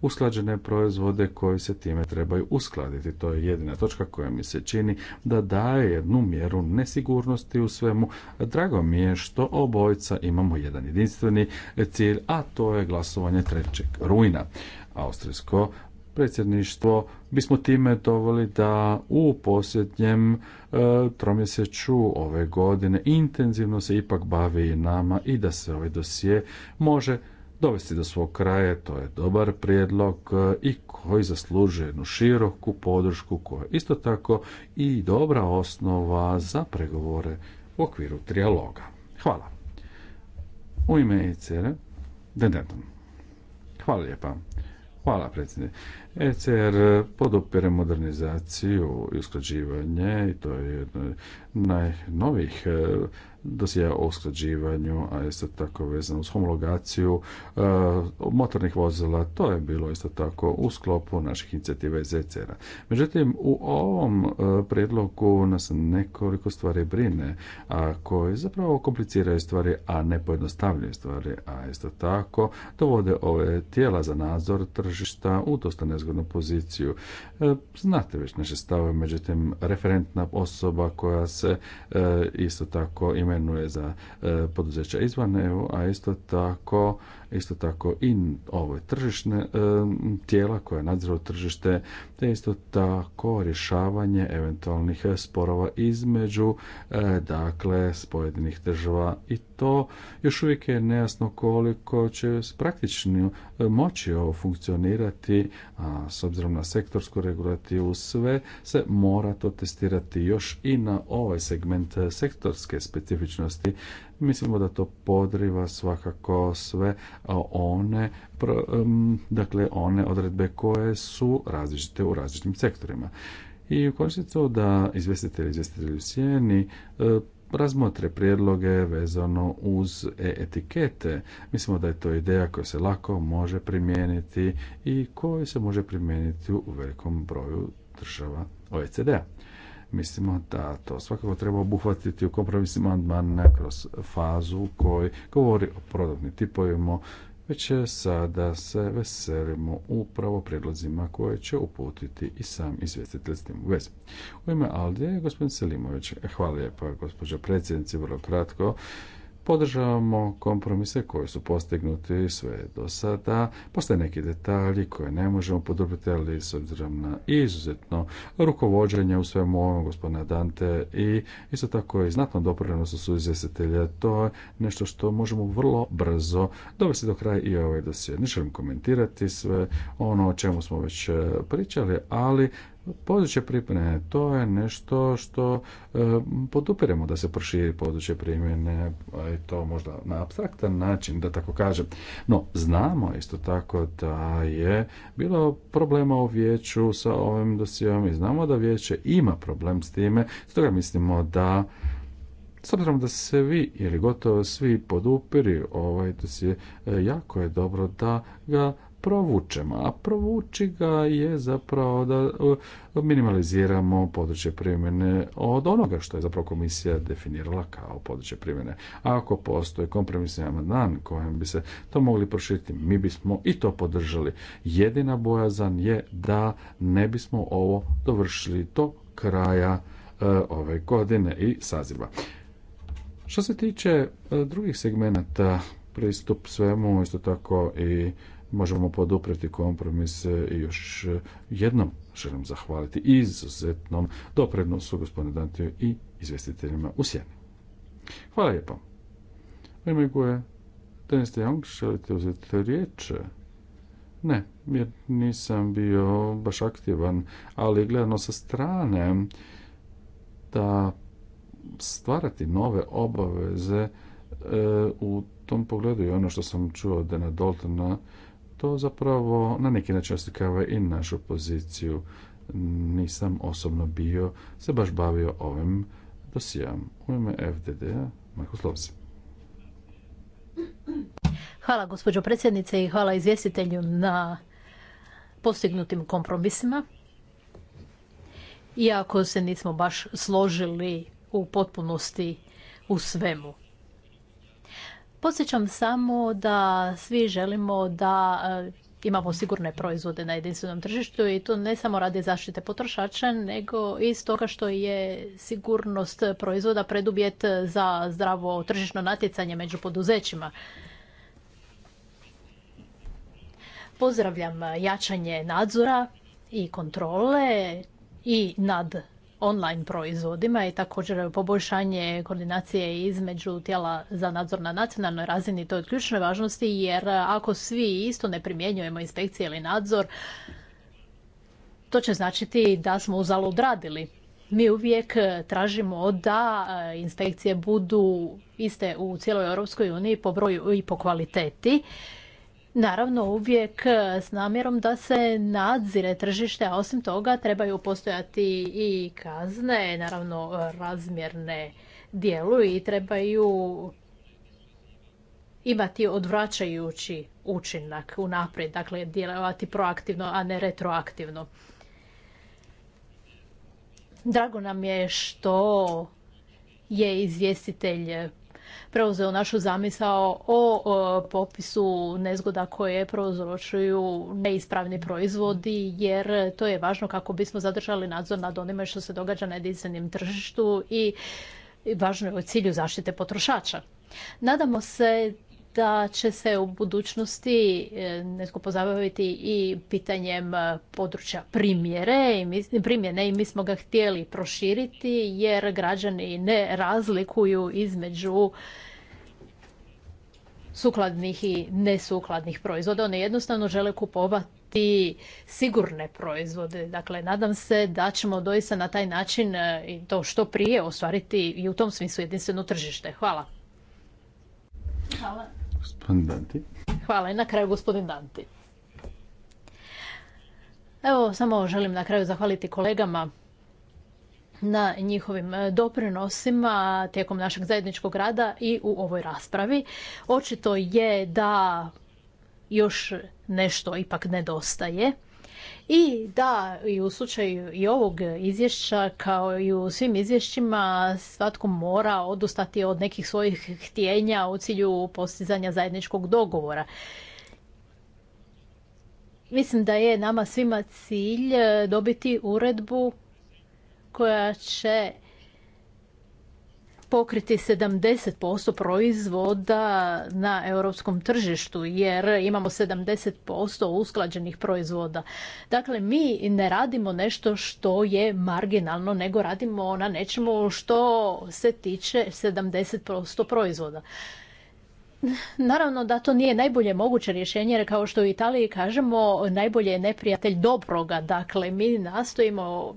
usklađene proizvode koji se time trebaju uskladiti. To je jedina točka koja mi se čini da daje jednu mjeru nesigurnosti u svemu. Drago mi je što obojca imamo jedan jedinstveni cilj, a to je glasovanje 3. rujna. Austrijsko predsjedništvo bismo time doveli da u posljednjem e, tromjesečju ove godine intenzivno se ipak bavi nama i da se ovaj dosije može dovesti do svog kraja. To je dobar prijedlog e, i koji zaslužuje jednu široku podršku koja je isto tako i dobra osnova za pregovore u okviru trijaloga. Hvala. U ime ICR e Hvala lijepa. Hvala predsjedniče. ECR podupire modernizaciju i usklađivanje i to je jedno najnovijih dosija o usklađivanju, a isto tako vezano s homologaciju eh, motornih vozila, to je bilo isto tako u sklopu naših inicijativa iz ECR-a. Međutim, u ovom eh, prijedlogu nas nekoliko stvari brine, a koje zapravo kompliciraju stvari, a ne pojednostavljaju stvari, a isto tako dovode ove tijela za nadzor tržišta u dosta nezgodnu poziciju. Eh, znate već naše stave, međutim, referentna osoba koja se isto tako ima pomenuje za e, poduzeća izvan EU, a isto tako isto tako i ove tržišne e, tijela koja nadziru tržište, te isto tako rješavanje eventualnih sporova između e, dakle pojedinih država i to još uvijek je nejasno koliko će praktično e, moći ovo funkcionirati, a s obzirom na sektorsku regulativu sve se mora to testirati još i na ovaj segment sektorske specifičnosti Mislimo da to podriva svakako sve one dakle one odredbe koje su različite u različitim sektorima. I u konačnici da izvestitelji izvjestitelji u sjeni e, razmotre prijedloge vezano uz e-etikete. Mislimo da je to ideja koja se lako može primijeniti i koju se može primijeniti u velikom broju država OECD-a. Mislimo da to svakako treba obuhvatiti u kompromisnim na kroz fazu koji govori o prodavnim tipovima, već sada se veselimo upravo predlozima koje će uputiti i sam izvjestitelj s tim u vezi. U ime Aldije, gospodin Selimović, hvala lijepa gospođo predsjednici, vrlo kratko. Podržavamo kompromise koji su postignuti sve do sada. Postoje neki detalji koje ne možemo podobiti, ali s obzirom na izuzetno rukovođenje u svemu ovom gospodine Dante i isto tako je znatno doprinos su izvjestitelja. To je nešto što možemo vrlo brzo dovesti do kraja i ovaj dosje. Ne želim komentirati sve ono o čemu smo već eh, pričali, ali Područje primjene, to je nešto što e, podupiremo da se proširi područje primjene, i to možda na abstraktan način, da tako kažem. No, znamo isto tako da je bilo problema u vijeću sa ovim dosijom i znamo da vijeće ima problem s time, stoga mislimo da s obzirom da se vi ili gotovo svi podupiri ovaj dosije, e, jako je dobro da ga provučemo, a provući ga je zapravo da e, minimaliziramo područje primjene od onoga što je zapravo komisija definirala kao područje primjene. ako postoji kompromisni amandman kojem bi se to mogli proširiti, mi bismo i to podržali. Jedina bojazan je da ne bismo ovo dovršili do kraja e, ove godine i saziva. Što se tiče e, drugih segmenata, pristup svemu, isto tako i možemo podupreti kompromis i još jednom želim zahvaliti izuzetnom doprinosu gospodine Dantiju i izvjestiteljima u Sjeni. Hvala lijepo. U ime koje Denis Jong želite uzeti riječ? Ne, jer nisam bio baš aktivan, ali gledano sa strane da stvarati nove obaveze e, u tom pogledu i ono što sam čuo da na Daltona to zapravo na neki način oslikava i našu poziciju. Nisam osobno bio, se baš bavio ovim dosijam. U ime FDD-a, Slovci. Hvala gospođo predsjednice i hvala izvjestitelju na postignutim kompromisima. Iako se nismo baš složili u potpunosti u svemu. Posjećam samo da svi želimo da e, imamo sigurne proizvode na jedinstvenom tržištu i to ne samo radi zaštite potrošača, nego i toga što je sigurnost proizvoda preduvjet za zdravo tržišno natjecanje među poduzećima. Pozdravljam jačanje nadzora i kontrole i nad online proizvodima i također poboljšanje koordinacije između tijela za nadzor na nacionalnoj razini. To je od ključne važnosti jer ako svi isto ne primjenjujemo inspekcije ili nadzor, to će značiti da smo uzalud radili. Mi uvijek tražimo da eh, inspekcije budu iste u cijeloj Europskoj uniji po broju i po kvaliteti Naravno, uvijek e, s namjerom da se nadzire tržište, a osim toga trebaju postojati i kazne, naravno razmjerne dijelu i trebaju imati odvraćajući učinak unaprijed, dakle djelovati proaktivno, a ne retroaktivno. Drago nam je što je izvjestitelj preuzeo našu zamisao o, popisu nezgoda koje prouzročuju neispravni proizvodi jer to je važno kako bismo zadržali nadzor nad onime što se događa na jedinstvenim tržištu i važno je u cilju zaštite potrošača. Nadamo se da će se u budućnosti e, netko pozabaviti i pitanjem e, područja primjere, primjene i mi smo ga htjeli proširiti jer građani ne razlikuju između sukladnih i nesukladnih proizvoda. Oni jednostavno žele kupovati sigurne proizvode. Dakle, nadam se da ćemo doista na taj način e, i to što prije ostvariti i u tom smislu jedinstveno tržište. Hvala. Hvala. Hvala i na kraju gospodin Danti. Evo, samo želim na kraju zahvaliti kolegama na njihovim e, doprinosima tijekom našeg zajedničkog rada i u ovoj raspravi. Očito je da još nešto ipak nedostaje. I da, i u slučaju i ovog izvješća, kao i u svim izvješćima, svatko mora odustati od nekih svojih htjenja u cilju postizanja zajedničkog dogovora. Mislim da je nama svima cilj e, dobiti uredbu koja će pokriti 70% proizvoda na europskom tržištu jer imamo 70% usklađenih proizvoda. Dakle, mi ne radimo nešto što je marginalno, nego radimo na nečemu što se tiče 70% proizvoda. Naravno da to nije najbolje moguće rješenje, jer kao što u Italiji kažemo, najbolje je neprijatelj dobroga. Dakle, mi nastojimo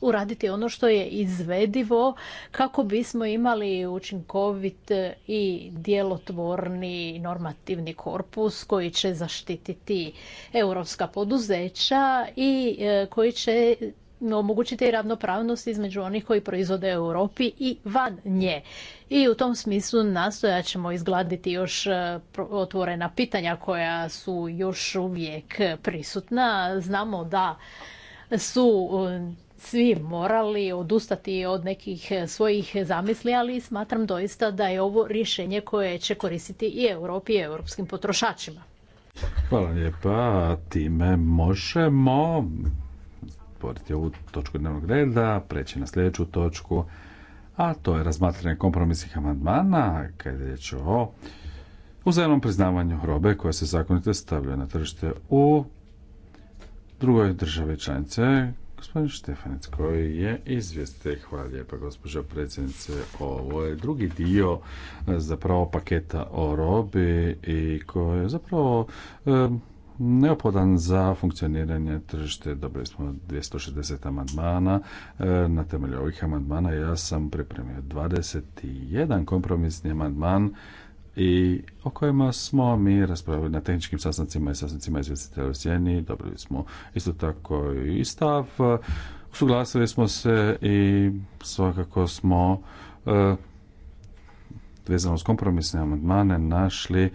uraditi ono što je izvedivo kako bismo imali učinkovit i djelotvorni normativni korpus koji će zaštititi europska poduzeća i e, koji će omogućiti ravnopravnost između onih koji proizvode u Europi i van nje. I u tom smislu nastojat ćemo izgladiti još e, otvorena pitanja koja su još uvijek prisutna. Znamo da su e, svi morali odustati od nekih svojih zamisli, ali smatram doista da je ovo rješenje koje će koristiti i Europi i europskim potrošačima. Hvala lijepa, time možemo otvoriti ovu točku dnevnog reda, preći na sljedeću točku, a to je razmatranje kompromisnih amandmana, kada je o uzajemnom priznavanju robe koja se zakonite stavlja na tržište u drugoj državi članice Gospodin Štefanec koji je izvijeste. hvala lijepa gospođo predsjednice, ovo je drugi dio e, zapravo paketa o robi i koji je zapravo neopodan neophodan za funkcioniranje tržište. Dobili smo 260 amandmana. E, na temelju ovih amandmana ja sam pripremio 21 kompromisni amandman i o kojima smo mi raspravili na tehničkim sastancima i sastancima izvjestitelja u Sjeni. Dobili smo isto tako i stav. Usuglasili smo se i svakako smo e, vezano s kompromisne amandmane našli e,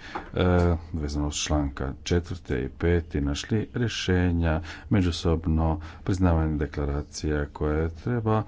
vezano s članka četvrte i peti našli rješenja međusobno priznavanje deklaracija koje treba e,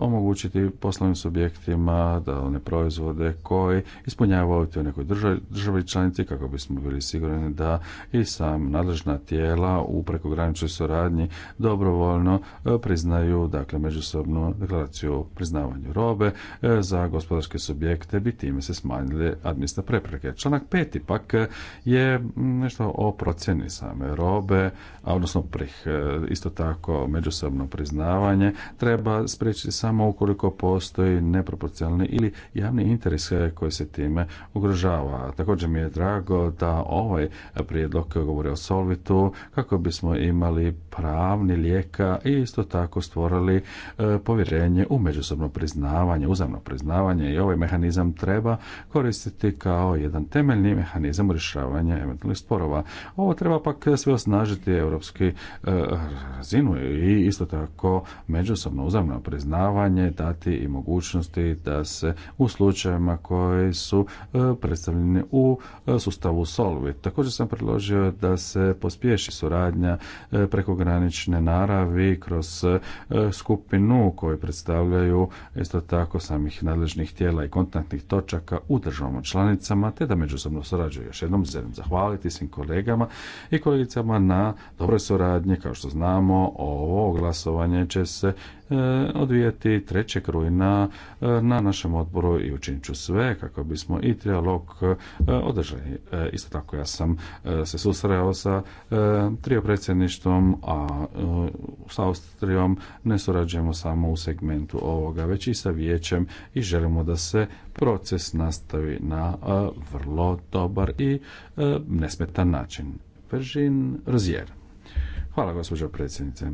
omogućiti poslovnim subjektima da one proizvode koji ispunjavaju u nekoj državi, članici kako bismo bili sigurni da i sam nadležna tijela u prekograničnoj suradnji dobrovoljno e, priznaju dakle međusobnu deklaraciju o priznavanju robe e, za gospodarske subjekte bi time se smanjile administra prepreke. Članak peti pak e, je mm, nešto o procjeni same robe, odnosno prih, e, isto tako međusobno priznavanje treba spriječiti samo ukoliko postoji neproporcionalni ili javni interes e, koji se time ugrožava. Također mi je drago da ovaj prijedlog govori o solvitu kako bismo imali pravni lijeka i isto tako stvorili povjerenje u međusobno priznavanje, uzamno priznavanje i ovaj mehanizam treba treba koristiti kao jedan temeljni mehanizam rješavanja eventualnih sporova. Ovo treba pak sve osnažiti europski e, razinu i isto tako međusobno uzavno priznavanje dati i mogućnosti da se u slučajevima koji su e, predstavljeni u e, sustavu Solvit. Također sam predložio da se pospješi suradnja prekogranične naravi kroz skupinu koju predstavljaju isto tako samih nadležnih tijela i kontaktnih točaka točaka u državama članicama, te da međusobno surađuju. Još jednom želim zahvaliti svim kolegama i kolegicama na dobroj suradnji. Kao što znamo, ovo glasovanje će se E, odvijati 3. rujna e, na našem odboru i učinit ću sve kako bismo i trijalog e, održali. Isto tako ja sam se susreo sa trio predsjedništvom, a s Austrijom ne surađujemo samo u segmentu ovoga, već i sa vijećem i želimo da se proces nastavi na vrlo dobar i nesmetan način. Pržin, Rozijer. Hvala gospođo predsjednice.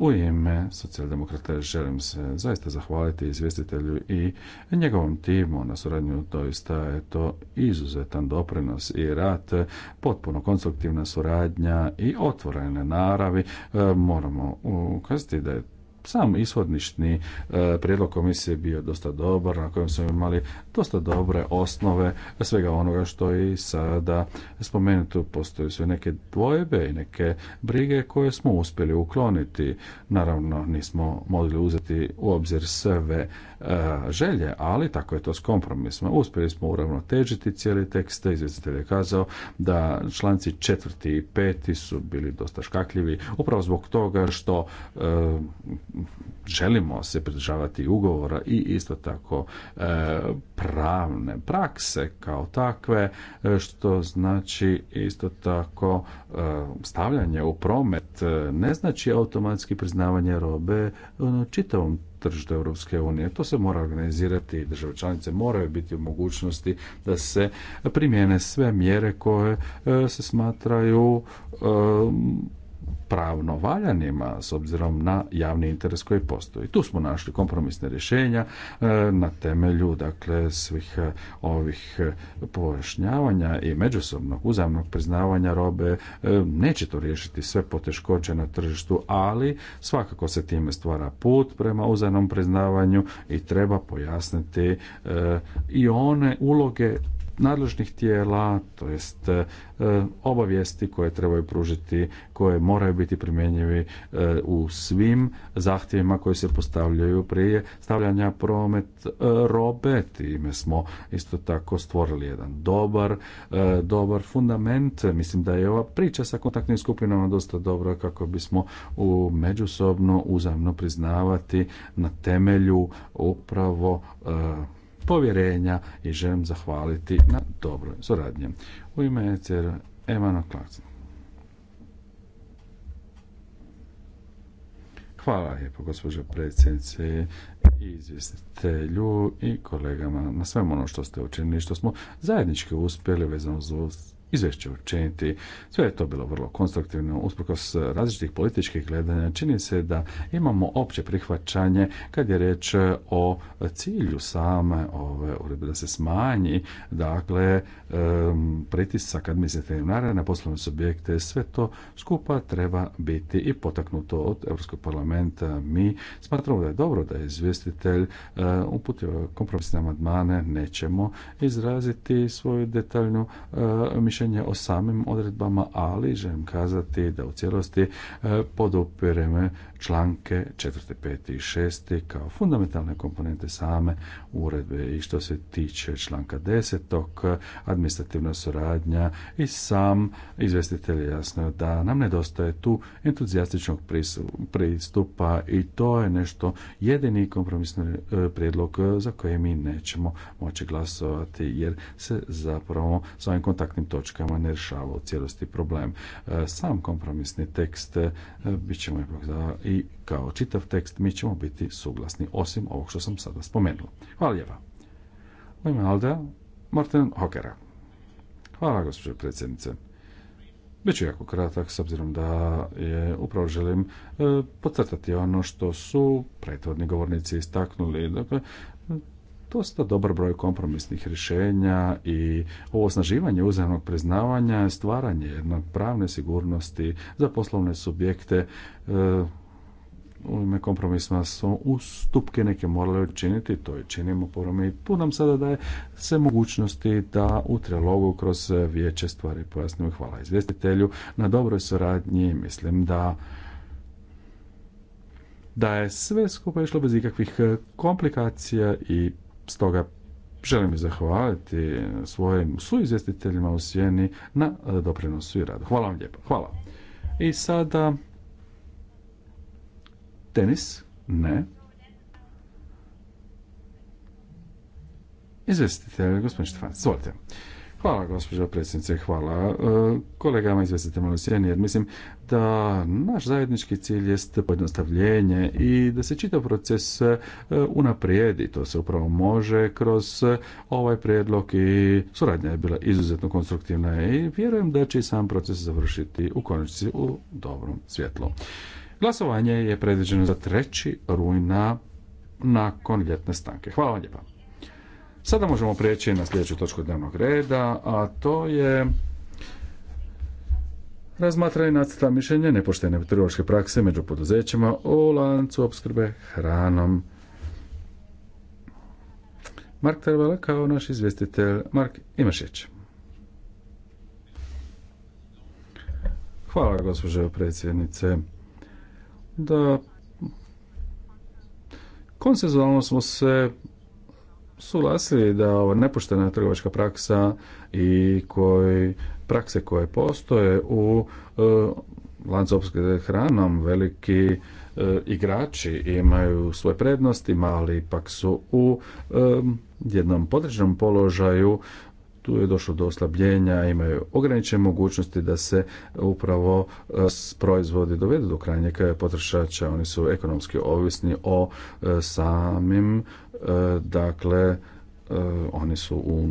U ime socijaldemokrata želim se zaista zahvaliti izvjestitelju i njegovom timu na suradnju. Doista je to izuzetan doprinos i rad, potpuno konstruktivna suradnja i otvorene naravi. E, moramo ukazati da je sam ishodnični e, prijedlog komisije bio dosta dobar, na kojem smo imali dosta dobre osnove svega onoga što je i sada spomenuto. Postoje sve neke dvojbe i neke brige koje smo uspjeli ukloniti. Naravno, nismo mogli uzeti u obzir sve e, želje, ali tako je to s kompromisima. Uspjeli smo uravnotežiti cijeli tekst. Izvjestitelj je kazao da članci četvrti i peti su bili dosta škakljivi, upravo zbog toga što e, želimo se pridržavati ugovora i isto tako e, pravne prakse kao takve, e, što znači isto tako e, stavljanje u promet ne znači automatski priznavanje robe na čitavom tržište Europske unije. To se mora organizirati i države članice moraju biti u mogućnosti da se primjene sve mjere koje se smatraju pravno valjanima s obzirom na javni interes koji postoji. Tu smo našli kompromisne rješenja e, na temelju dakle svih e, ovih e, pojašnjavanja i međusobnog uzajamnog priznavanja robe neće to riješiti sve poteškoće na tržištu, ali svakako se time stvara put prema uzajamnom priznavanju i treba pojasniti i one uloge nadležnih tijela, to jest e, obavijesti koje trebaju pružiti, koje moraju biti primjenjivi e, u svim zahtjevima koji se postavljaju prije stavljanja promet e, robe. Time smo isto tako stvorili jedan dobar, dobar fundament. Mislim da je ova priča sa kontaktnim skupinama dosta dobra kako bismo u međusobno uzajamno priznavati na temelju upravo povjerenja i želim zahvaliti na dobroj suradnji. U ime je Emano Hvala lijepo, gospođo predsjednice i izvjestitelju i kolegama na svemu ono što ste učinili, što smo zajednički uspjeli vezano za izvješće učiniti. Sve je to bilo vrlo konstruktivno, usprkos različitih političkih gledanja. Čini se da imamo opće prihvaćanje kad je reč o cilju same ove uredbe da se smanji, dakle, pritisak administrativnara na poslovne subjekte, sve to skupa treba biti i potaknuto od Europskog parlamenta. Mi smatramo da je dobro da je izvjestitelj uputio kompromisne amandmane, nećemo izraziti svoju detaljnu mišljenju mišljenje o samim odredbama, ali želim kazati da u cijelosti eh, podupireme eh, članke 4., 5. i 6. kao fundamentalne komponente same uredbe i što se tiče članka 10. administrativna suradnja i sam izvestitelj jasno da nam nedostaje tu entuzijastičnog pristupa i to je nešto jedini kompromisni e, prijedlog e, za koje mi nećemo moći glasovati jer se zapravo s ovim kontaktnim točkama ne rješava u cijelosti problem. E, sam kompromisni tekst bit ćemo ipak i kao čitav tekst mi ćemo biti suglasni osim ovog što sam sada spomenuo. Hvala lijepa. Martin Hokera. Hvala, gospođo predsjednice. Biću jako kratak, s obzirom da je, upravo želim e, podcrtati ono što su prethodni govornici istaknuli. Dakle, dosta dobar broj kompromisnih rješenja i ovo osnaživanje uzajamnog priznavanja, stvaranje jednog pravne sigurnosti za poslovne subjekte, e, u ime kompromisma smo ustupke neke morale učiniti, to je činimo porome i tu nam sada daje sve mogućnosti da u trilogu kroz vijeće stvari pojasnimo. Hvala izvjestitelju na dobroj suradnji, mislim da da je sve skupa išlo bez ikakvih komplikacija i stoga želim zahvaliti svojim suizvjestiteljima u Sjeni na doprinosu i radu. Hvala vam lijepo. Hvala. I sada Tenis? Ne. Izvestite, gospodin Štefan, Hvala, gospođo predsjednice, hvala e, kolegama izvestite malo sjeni, jer mislim da naš zajednički cilj jest pojednostavljenje i da se čitav proces e, unaprijedi. To se upravo može kroz e, ovaj prijedlog i suradnja je bila izuzetno konstruktivna i vjerujem da će i sam proces završiti u konačnici u dobrom svjetlu. Glasovanje je predviđeno za treći rujna nakon ljetne stanke. Hvala vam lijepa. Sada možemo prijeći na sljedeću točku dnevnog reda, a to je razmatranje nacrta mišljenja nepoštene trgovačke prakse među poduzećima o lancu opskrbe hranom. Mark Terbala kao naš izvjestitelj. Mark Imašić. Hvala, gospođo predsjednice da konsenzualno smo se suglasili da ova nepoštena trgovačka praksa i koji prakse koje postoje u e, hranom veliki e, igrači imaju svoje prednosti, mali ipak su u e, jednom podređenom položaju tu je došlo do oslabljenja, imaju ograničene mogućnosti da se upravo e, proizvodi dovedu do krajnjeg potrošača, oni su ekonomski ovisni o e, samim e, dakle Eh, oni su u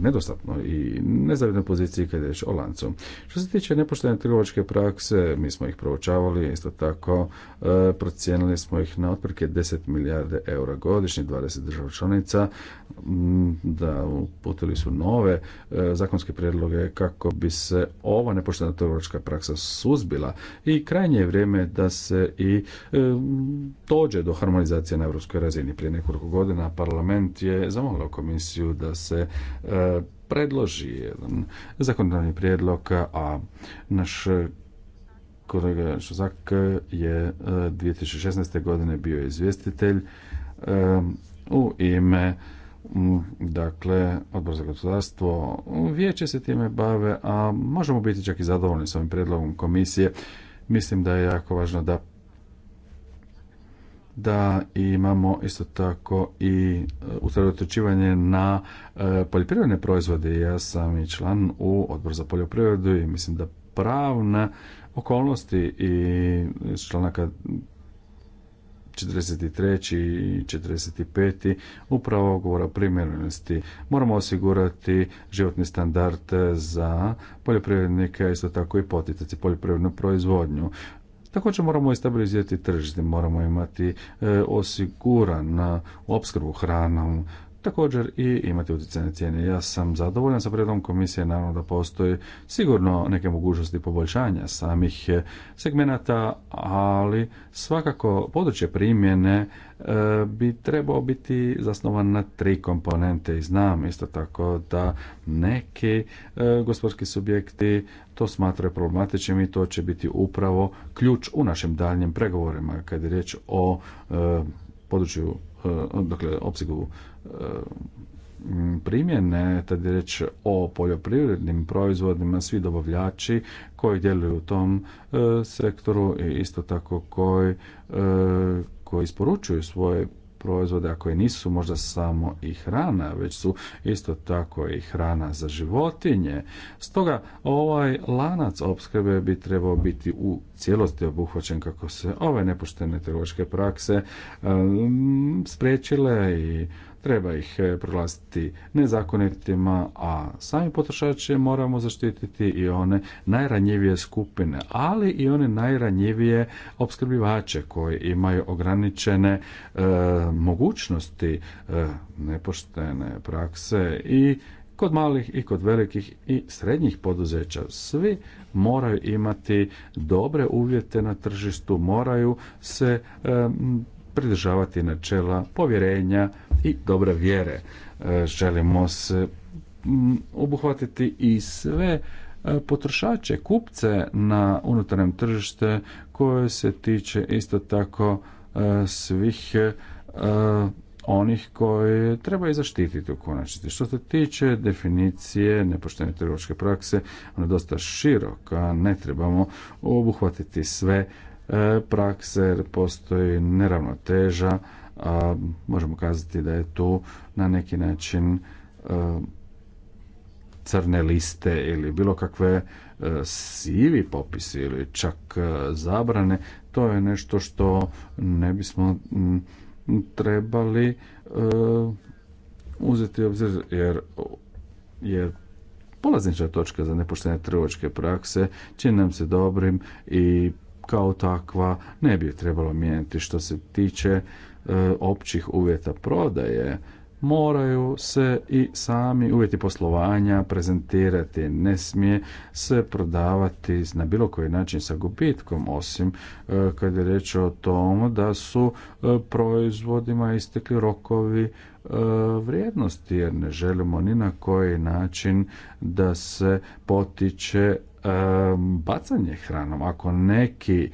nedostatnoj i nezavidnoj poziciji kada je o lancu. Što se tiče nepoštene trgovačke prakse, mi smo ih proučavali, isto tako eh, procijenili smo ih na otprilike 10 milijarde eura godišnje, 20 država članica, mm, da uputili su nove eh, zakonske prijedloge kako bi se ova nepoštena trgovačka praksa suzbila i krajnje je vrijeme da se i dođe do harmonizacije na europskoj razini. Prije nekoliko godina parlament je zamolio komisiju da se e, predloži jedan zakonodavni prijedlog, a naš kolega Šozak je 2016. E, godine bio izvjestitelj e, u ime dakle, odbor za gospodarstvo, vijeće se time bave, a možemo biti čak i zadovoljni s ovim predlogom komisije. Mislim da je jako važno da da imamo isto tako i e, usredotočivanje na e, poljoprivredne proizvode. Ja sam i član u odbor za poljoprivredu i mislim da pravna okolnosti i članaka 43. i 45. upravo govora o primjerenosti. Moramo osigurati životni standard za poljoprivrednike, isto tako i poticati poljoprivrednu proizvodnju. Također moramo i stabilizirati tržište, moramo imati e, osiguran opskrbu hranom, također i imati utjecajne cijene. Ja sam zadovoljan sa prijedlogom komisije, naravno da postoji sigurno neke mogućnosti poboljšanja samih eh, segmenata, ali svakako područje primjene eh, bi trebao biti zasnovan na tri komponente i znam isto tako da neki eh, gospodarski subjekti to smatraju problematičnim i to će biti upravo ključ u našim daljnjim pregovorima kad je riječ o području, dakle, opsegu Mm, primjene, tad je reč o poljoprivrednim proizvodima, svi dobavljači koji djeluju u tom e, sektoru i isto tako koji, e, koji isporučuju svoje proizvode, a koje nisu možda samo i hrana, već su isto tako i hrana za životinje. Stoga ovaj lanac opskrbe bi trebao biti u cijelosti obuhvaćen kako se ove nepoštene trgovačke prakse e, spriječile i treba ih e, proglasiti nezakonitima, a sami potrošači moramo zaštititi i one najranjivije skupine, ali i one najranjivije opskrbljivače koji imaju ograničene e, mogućnosti e, nepoštene prakse i kod malih i kod velikih i srednjih poduzeća. Svi moraju imati dobre uvjete na tržištu, moraju se pridržavati načela povjerenja, i dobre vjere. E, želimo se obuhvatiti i sve e, potrošače, kupce na unutarnjem tržište koje se tiče isto tako e, svih onih koje treba i zaštititi u konačnici. Što se tiče definicije nepoštene trgovačke prakse, ona je dosta široka, ne trebamo obuhvatiti sve prakse jer postoji neravnoteža a možemo kazati da je to na neki način e, crne liste ili bilo kakve e, sivi popisi ili čak e, zabrane, to je nešto što ne bismo trebali uzeti obzir jer, je polaznična točka za nepoštene trgovačke prakse čini nam se dobrim i kao takva ne bi trebalo mijenjati što se tiče E, općih uvjeta prodaje moraju se i sami uvjeti poslovanja prezentirati. Ne smije se prodavati na bilo koji način sa gubitkom, osim e, kad je reč o tom da su e, proizvodima istekli rokovi vrijednosti, jer ne želimo ni na koji način da se potiče bacanje hranom, ako neki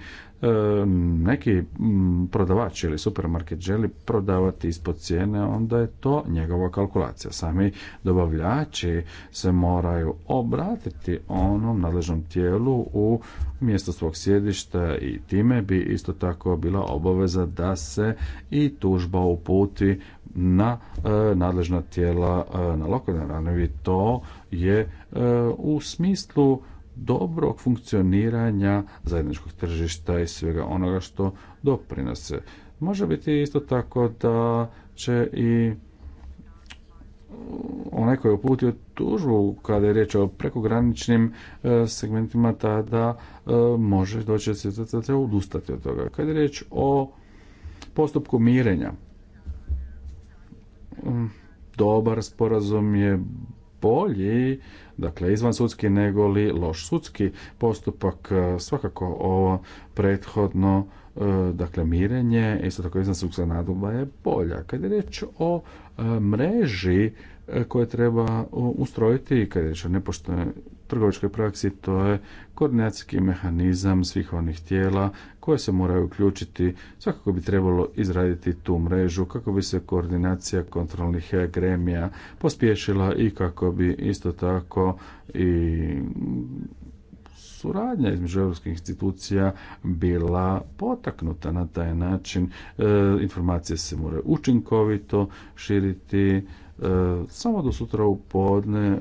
neki mm, prodavač ili supermarket želi prodavati ispod cijene, onda je to njegova kalkulacija. Sami dobavljači se moraju obratiti onom nadležnom tijelu u mjesto svog sjedišta i time bi isto tako bila obaveza da se i tužba uputi na e, nadležna tijela e, na lokalnoj ranovi. To je e, u smislu dobrog funkcioniranja zajedničkog tržišta i svega onoga što doprinose. Može biti isto tako da će i onaj koji je uputio tužbu kada je riječ o prekograničnim e, segmentima tada e, može doći da treba odustati od toga. Kada je riječ o postupku mirenja, dobar sporazum je bolji, dakle izvan sudski nego li loš sudski postupak. E, svakako ovo prethodno e, dakle mirenje, isto tako izvan sudska nadoba je bolja. Kad je riječ o e, mreži koje treba ustrojiti, kad je riječ o nepoštenoj trgovačkoj praksi, to je koordinacijski mehanizam svih onih tijela koje se moraju uključiti. Svakako bi trebalo izraditi tu mrežu kako bi se koordinacija kontrolnih gremija pospješila i kako bi isto tako i suradnja između europskih institucija bila potaknuta na taj način. E, informacije se moraju učinkovito širiti, E, samo do sutra u podne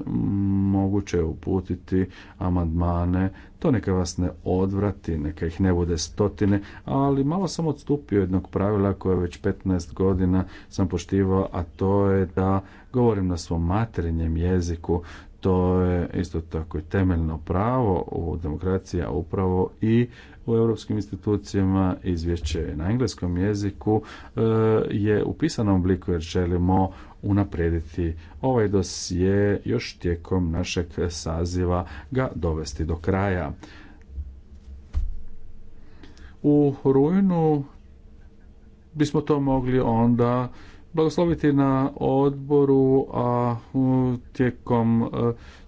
moguće je uputiti amandmane. To neka vas ne odvrati, neka ih ne bude stotine, ali malo sam odstupio jednog pravila koje već 15 godina sam poštivao, a to je da govorim na svom materinjem jeziku. To je isto tako i temeljno pravo u demokraciji, upravo i u europskim institucijama izvješće na engleskom jeziku e, je u pisanom obliku jer želimo unaprediti ovaj dosije još tijekom našeg saziva ga dovesti do kraja. U rujnu bismo to mogli onda blagosloviti na odboru, a tijekom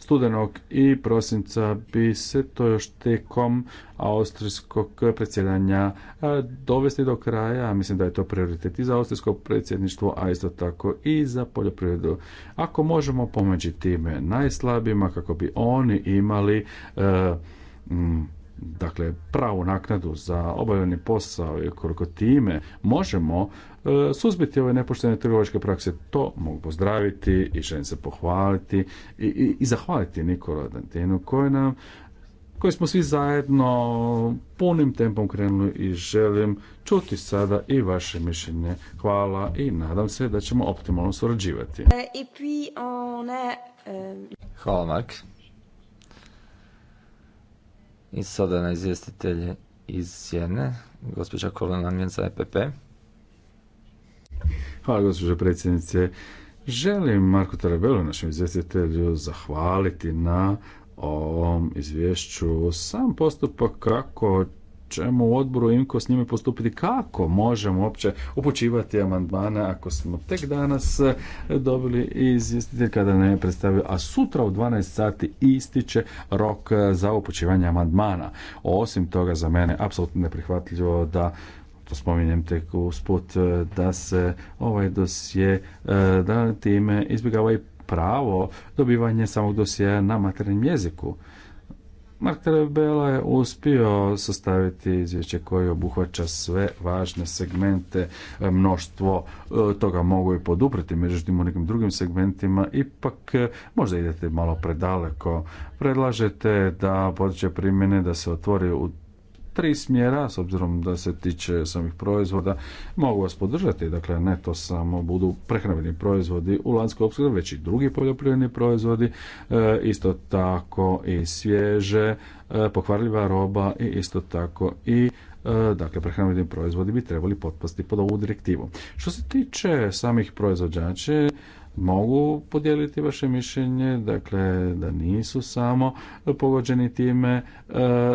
studenog i prosinca bi se to još tekom austrijskog predsjedanja dovesti do kraja. Mislim da je to prioritet i za austrijsko predsjedništvo, a isto tako i za poljoprivredu. Ako možemo pomoći time najslabijima kako bi oni imali e, dakle pravu naknadu za obavljeni posao i koliko time možemo E, suzbiti ove nepoštene trgovačke prakse. To mogu pozdraviti i želim se pohvaliti i, i, zahvaliti nikolu Dantinu koji nam koji smo svi zajedno punim tempom krenuli i želim čuti sada i vaše mišljenje. Hvala i nadam se da ćemo optimalno surađivati. E, e, Hvala Mark. I sada na izvjestitelje iz Sjene, gospođa Kolena Njenca EPP. Hvala, gospođo predsjednice. Želim Marku Tarabelu, našem izvjestitelju, zahvaliti na ovom izvješću. Sam postupak kako ćemo u odboru IMKO s njime postupiti, kako možemo uopće upućivati amandmane ako smo tek danas dobili izvjestitelj kada ne predstavio, a sutra u 12 sati ističe rok za upućivanje amandmana. Osim toga, za mene apsolutno neprihvatljivo da to spominjem tek usput, e, da se ovaj dosje, e, da time izbjegava i pravo dobivanje samog dosjeja na materinjem jeziku. Mark Tarabella je uspio sastaviti izvješće koje obuhvaća sve važne segmente, e, mnoštvo toga mogu i podupriti međutim u nekim drugim segmentima ipak možda idete malo predaleko. Predlažete da podiče primjene da se otvori u tri smjera, s obzirom da se tiče samih proizvoda, mogu vas podržati, dakle ne to samo budu prehrambeni proizvodi u lanskoj opskrbi, već i drugi poljoprivredni proizvodi, e, isto tako i svježe, e, pokvarljiva roba i isto tako i e, dakle prehrambeni proizvodi bi trebali potpasti pod ovu direktivu. Što se tiče samih proizvođača, mogu podijeliti vaše mišljenje, dakle da nisu samo pogođeni time e,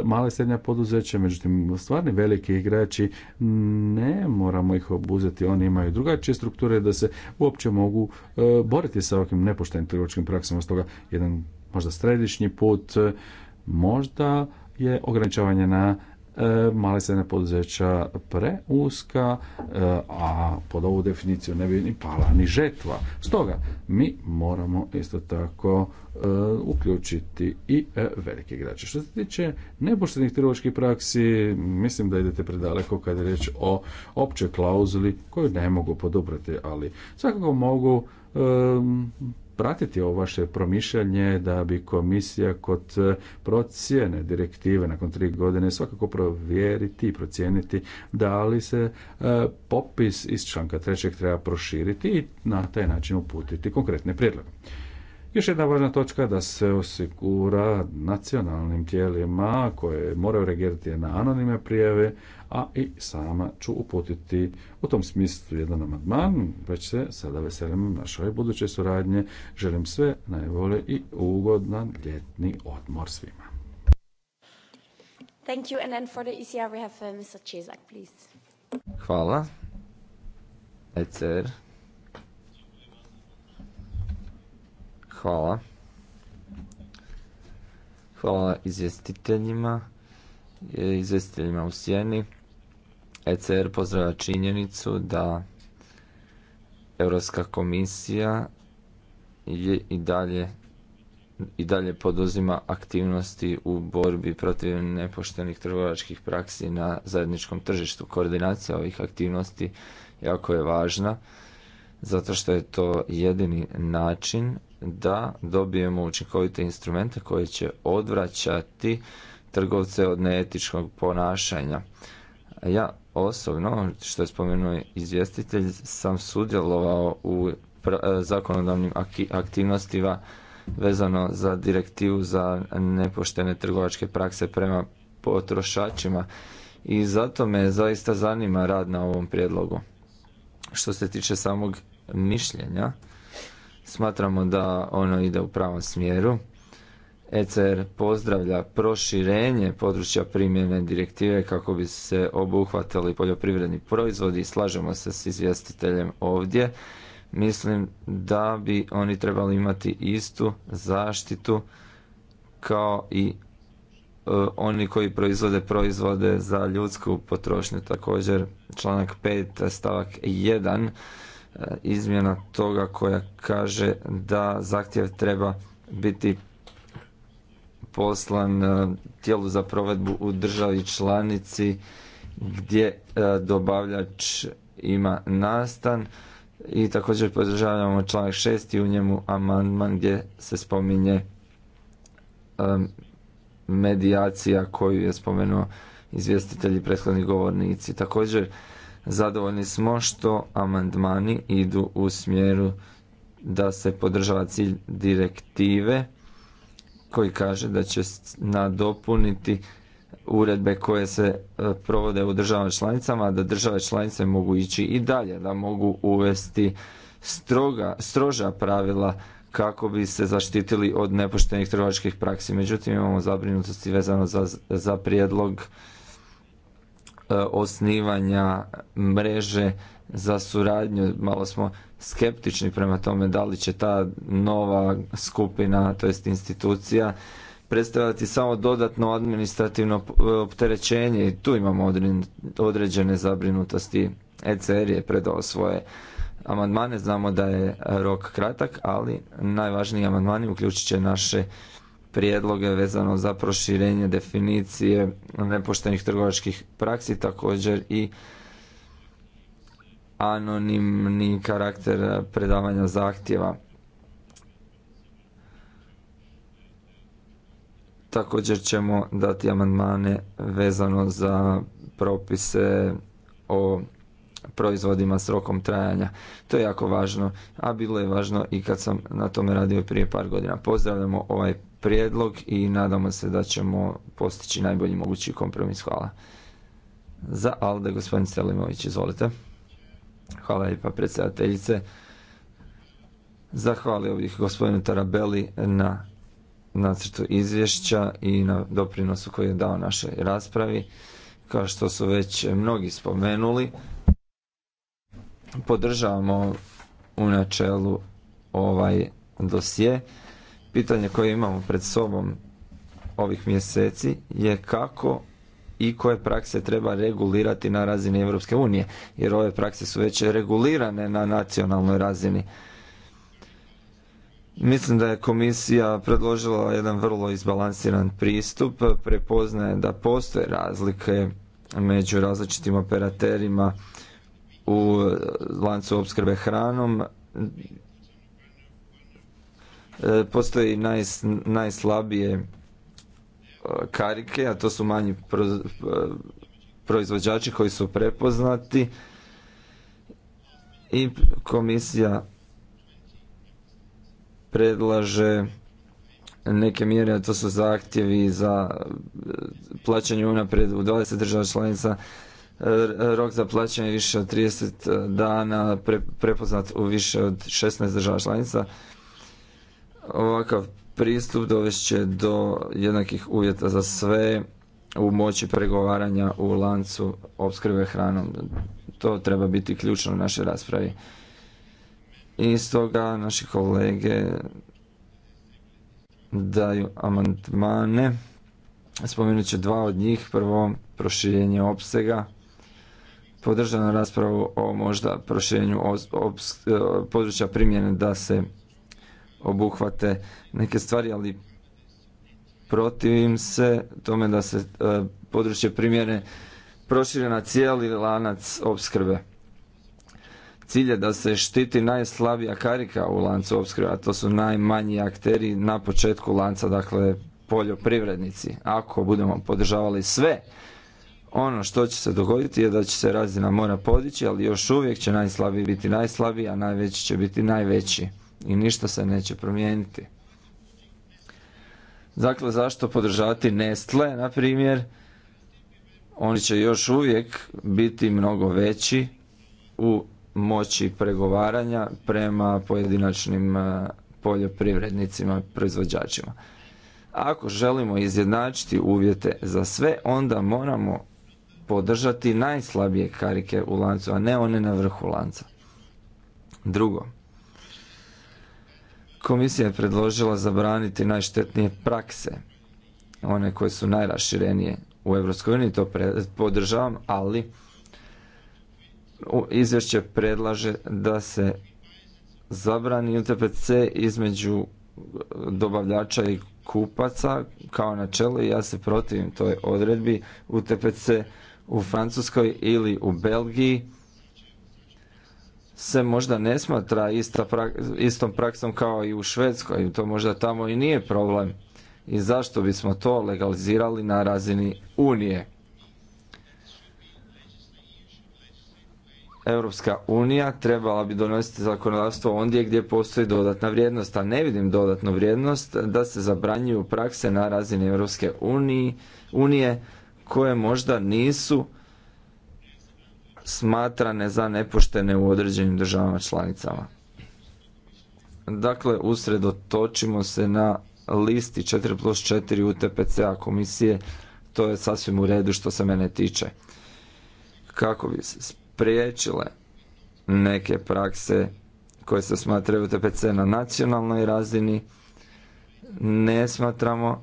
male i srednja poduzeća, međutim stvarni veliki igrači ne moramo ih obuzeti, oni imaju drugačije strukture da se uopće mogu e, boriti sa ovakvim nepoštenim trgovačkim praksama, stoga jedan možda središnji put, e, možda je ograničavanje na E, male ne poduzeća preuska, e, a pod ovu definiciju ne bi ni pala ni žetva. Stoga, mi moramo isto tako e, uključiti i velike igrače. Što se tiče nepoštenih trgovačkih praksi, mislim da idete predaleko kada je riječ o općoj klauzuli koju ne mogu podobrati, ali svakako mogu pratiti ovo vaše promišljanje da bi komisija kod e, procjene direktive nakon tri godine svakako provjeriti i procijeniti da li se e, popis iz članka trećeg treba proširiti i na taj način uputiti konkretne prijedloge. Još jedna važna točka da se osigura nacionalnim tijelima koje moraju reagirati na anonimne prijave, a i sama ću uputiti u tom smislu jedan amandman, već se sada veselim našoj budućoj suradnje. Želim sve najbolje i ugodan ljetni odmor svima. Hvala. E Hvala. Hvala izvjestiteljima, izvjestiteljima u sjeni. ECR pozdravlja činjenicu da Europska komisija i dalje i dalje poduzima aktivnosti u borbi protiv nepoštenih trgovačkih praksi na zajedničkom tržištu. Koordinacija ovih aktivnosti jako je važna zato što je to jedini način da dobijemo učinkovite instrumente koji će odvraćati trgovce od neetičkog ponašanja. Ja osobno, što je spomenuo izvjestitelj, sam sudjelovao u e, zakonodavnim aktivnostima vezano za direktivu za nepoštene trgovačke prakse prema potrošačima i zato me zaista zanima rad na ovom prijedlogu. Što se tiče samog mišljenja, Smatramo da ono ide u pravom smjeru. ECR pozdravlja proširenje područja primjene direktive kako bi se obuhvatili poljoprivredni proizvodi i slažemo se s izvjestiteljem ovdje. Mislim da bi oni trebali imati istu zaštitu kao i e, oni koji proizvode proizvode za ljudsku potrošnju. Također članak 5 stavak 1 E, izmjena toga koja kaže da zahtjev treba biti poslan e, tijelu za provedbu u državi članici gdje e, dobavljač ima nastan i također podržavamo članak 6 i u njemu amandman gdje se spominje medijacija koju je spomenuo izvjestitelji prethodni govornici. Također Zadovoljni smo što amandmani idu u smjeru da se podržava cilj direktive koji kaže da će nadopuniti uredbe koje se e, provode u državama članicama, da države članice mogu ići i dalje, da mogu uvesti stroga, stroža pravila kako bi se zaštitili od nepoštenih trgovačkih praksi. Međutim, imamo zabrinutosti vezano za, za prijedlog E, osnivanja mreže za suradnju. Malo smo skeptični prema tome da li će ta nova skupina, to jest institucija, predstavljati samo dodatno administrativno e, opterećenje i tu imamo određene zabrinutosti. ECR je predao svoje amandmane, znamo da je rok kratak, ali najvažniji amandmani uključit će naše prijedloge vezano za proširenje definicije nepoštenih trgovačkih praksi, također i anonimni karakter predavanja zahtjeva. Također ćemo dati amandmane vezano za propise o proizvodima s rokom trajanja. To je jako važno, a bilo je važno i kad sam na tome radio prije par godina. Pozdravljamo ovaj prijedlog i nadamo se da ćemo postići najbolji mogući kompromis. Hvala. Za Alde, gospodin Selimović, izvolite. Hvala pa predsjedateljice. Zahvalio bih gospodinu Tarabeli na nacrtu izvješća i na doprinosu koji je dao našoj raspravi. Kao što su već mnogi spomenuli, podržavamo u načelu ovaj dosje Pitanje koje imamo pred sobom ovih mjeseci je kako i koje prakse treba regulirati na razini Europske unije, jer ove prakse su već regulirane na nacionalnoj razini. Mislim da je komisija predložila jedan vrlo izbalansiran pristup, prepoznaje da postoje razlike među različitim operaterima u lancu opskrbe hranom E, postoji najslabije e, karike, a to su manji e, proizvođači koji su prepoznati i komisija predlaže neke mjere, a to su zahtjevi za plaćanje unaprijed u 20 država članica, rok za plaćanje više od 30 dana, prepoznat u više od 16 država članica. Ovakav pristup će do jednakih uvjeta za sve u moći pregovaranja u lancu opskrbe hranom. To treba biti ključno u našoj raspravi. I stoga naši kolege daju amandmane. Spomenut ću dva od njih. Prvo, proširenje opsega. Podržana raspravu o možda proširenju eh, područja primjene da se obuhvate neke stvari, ali protivim se tome da se e, područje primjene prošire na cijeli lanac opskrbe. Cilj je da se štiti najslabija karika u lancu opskrbe, a to su najmanji akteri na početku lanca, dakle poljoprivrednici. Ako budemo podržavali sve, ono što će se dogoditi je da će se razina mora podići, ali još uvijek će najslabiji biti najslabiji, a najveći će biti najveći i ništa se neće promijeniti. Dakle, zašto podržavati Nestle, na primjer? Oni će još uvijek biti mnogo veći u moći pregovaranja prema pojedinačnim e, poljoprivrednicima, proizvođačima. Ako želimo izjednačiti uvjete za sve, onda moramo podržati najslabije karike u lancu, a ne one na vrhu lanca. Drugo, Komisija je predložila zabraniti najštetnije prakse, one koje su najraširenije u EU, to podržavam, ali izvješće predlaže da se zabrani UTPC između dobavljača i kupaca kao načelo i ja se protivim toj odredbi UTPC u Francuskoj ili u Belgiji se možda ne smatra ista istom praksom kao i u Švedskoj, to možda tamo i nije problem. I zašto bismo to legalizirali na razini Unije? Europska unija trebala bi donositi zakonodavstvo ondje gdje postoji dodatna vrijednost, a ne vidim dodatnu vrijednost da se zabranjuju prakse na razini Europske unije koje možda nisu smatrane za nepoštene u određenim državama članicama. Dakle, usredotočimo se na listi 4 plus 4 UTPC-a komisije, to je sasvim u redu što se mene tiče. Kako bi se spriječile neke prakse koje se smatraju UTPC na nacionalnoj razini, ne smatramo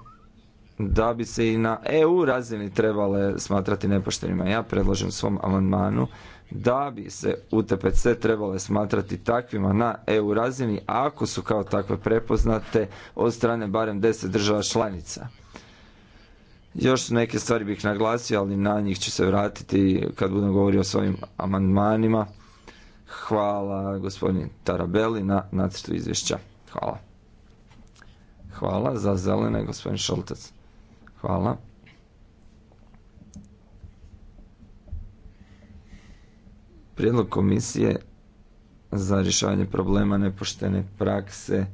da bi se i na EU razini trebale smatrati nepoštenima. Ja predlažem svom amandmanu da bi se UTPC trebale smatrati takvima na EU razini ako su kao takve prepoznate od strane barem 10 država članica. Još neke stvari bih naglasio, ali na njih ću se vratiti kad budem govorio o svojim amandmanima. Hvala gospodin Tarabeli na nacrtu izvješća. Hvala. Hvala za zelene, gospodin Šoltac. Hvala. Prijedlog komisije za rješavanje problema nepoštene prakse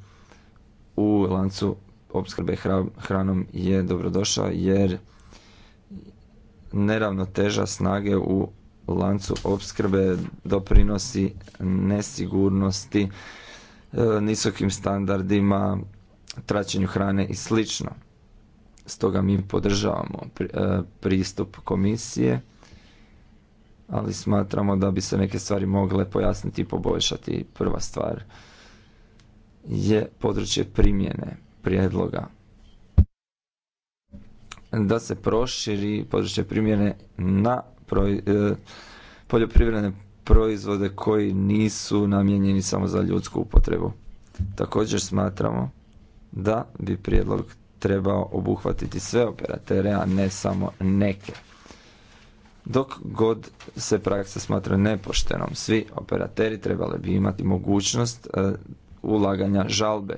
u lancu opskrbe hranom je dobrodošao jer neravnoteža snage u lancu opskrbe doprinosi nesigurnosti, e, nisokim standardima, traćenju hrane i slično. Stoga mi podržavamo e, pristup komisije, ali smatramo da bi se neke stvari mogle pojasniti i poboljšati. Prva stvar je područje primjene prijedloga. Da se proširi područje primjene na e, poljoprivredne proizvode koji nisu namijenjeni samo za ljudsku upotrebu. Također smatramo da bi prijedlog trebao obuhvatiti sve operatere, a ne samo neke. Dok god se praksa smatra nepoštenom, svi operateri trebali bi imati mogućnost e, ulaganja žalbe.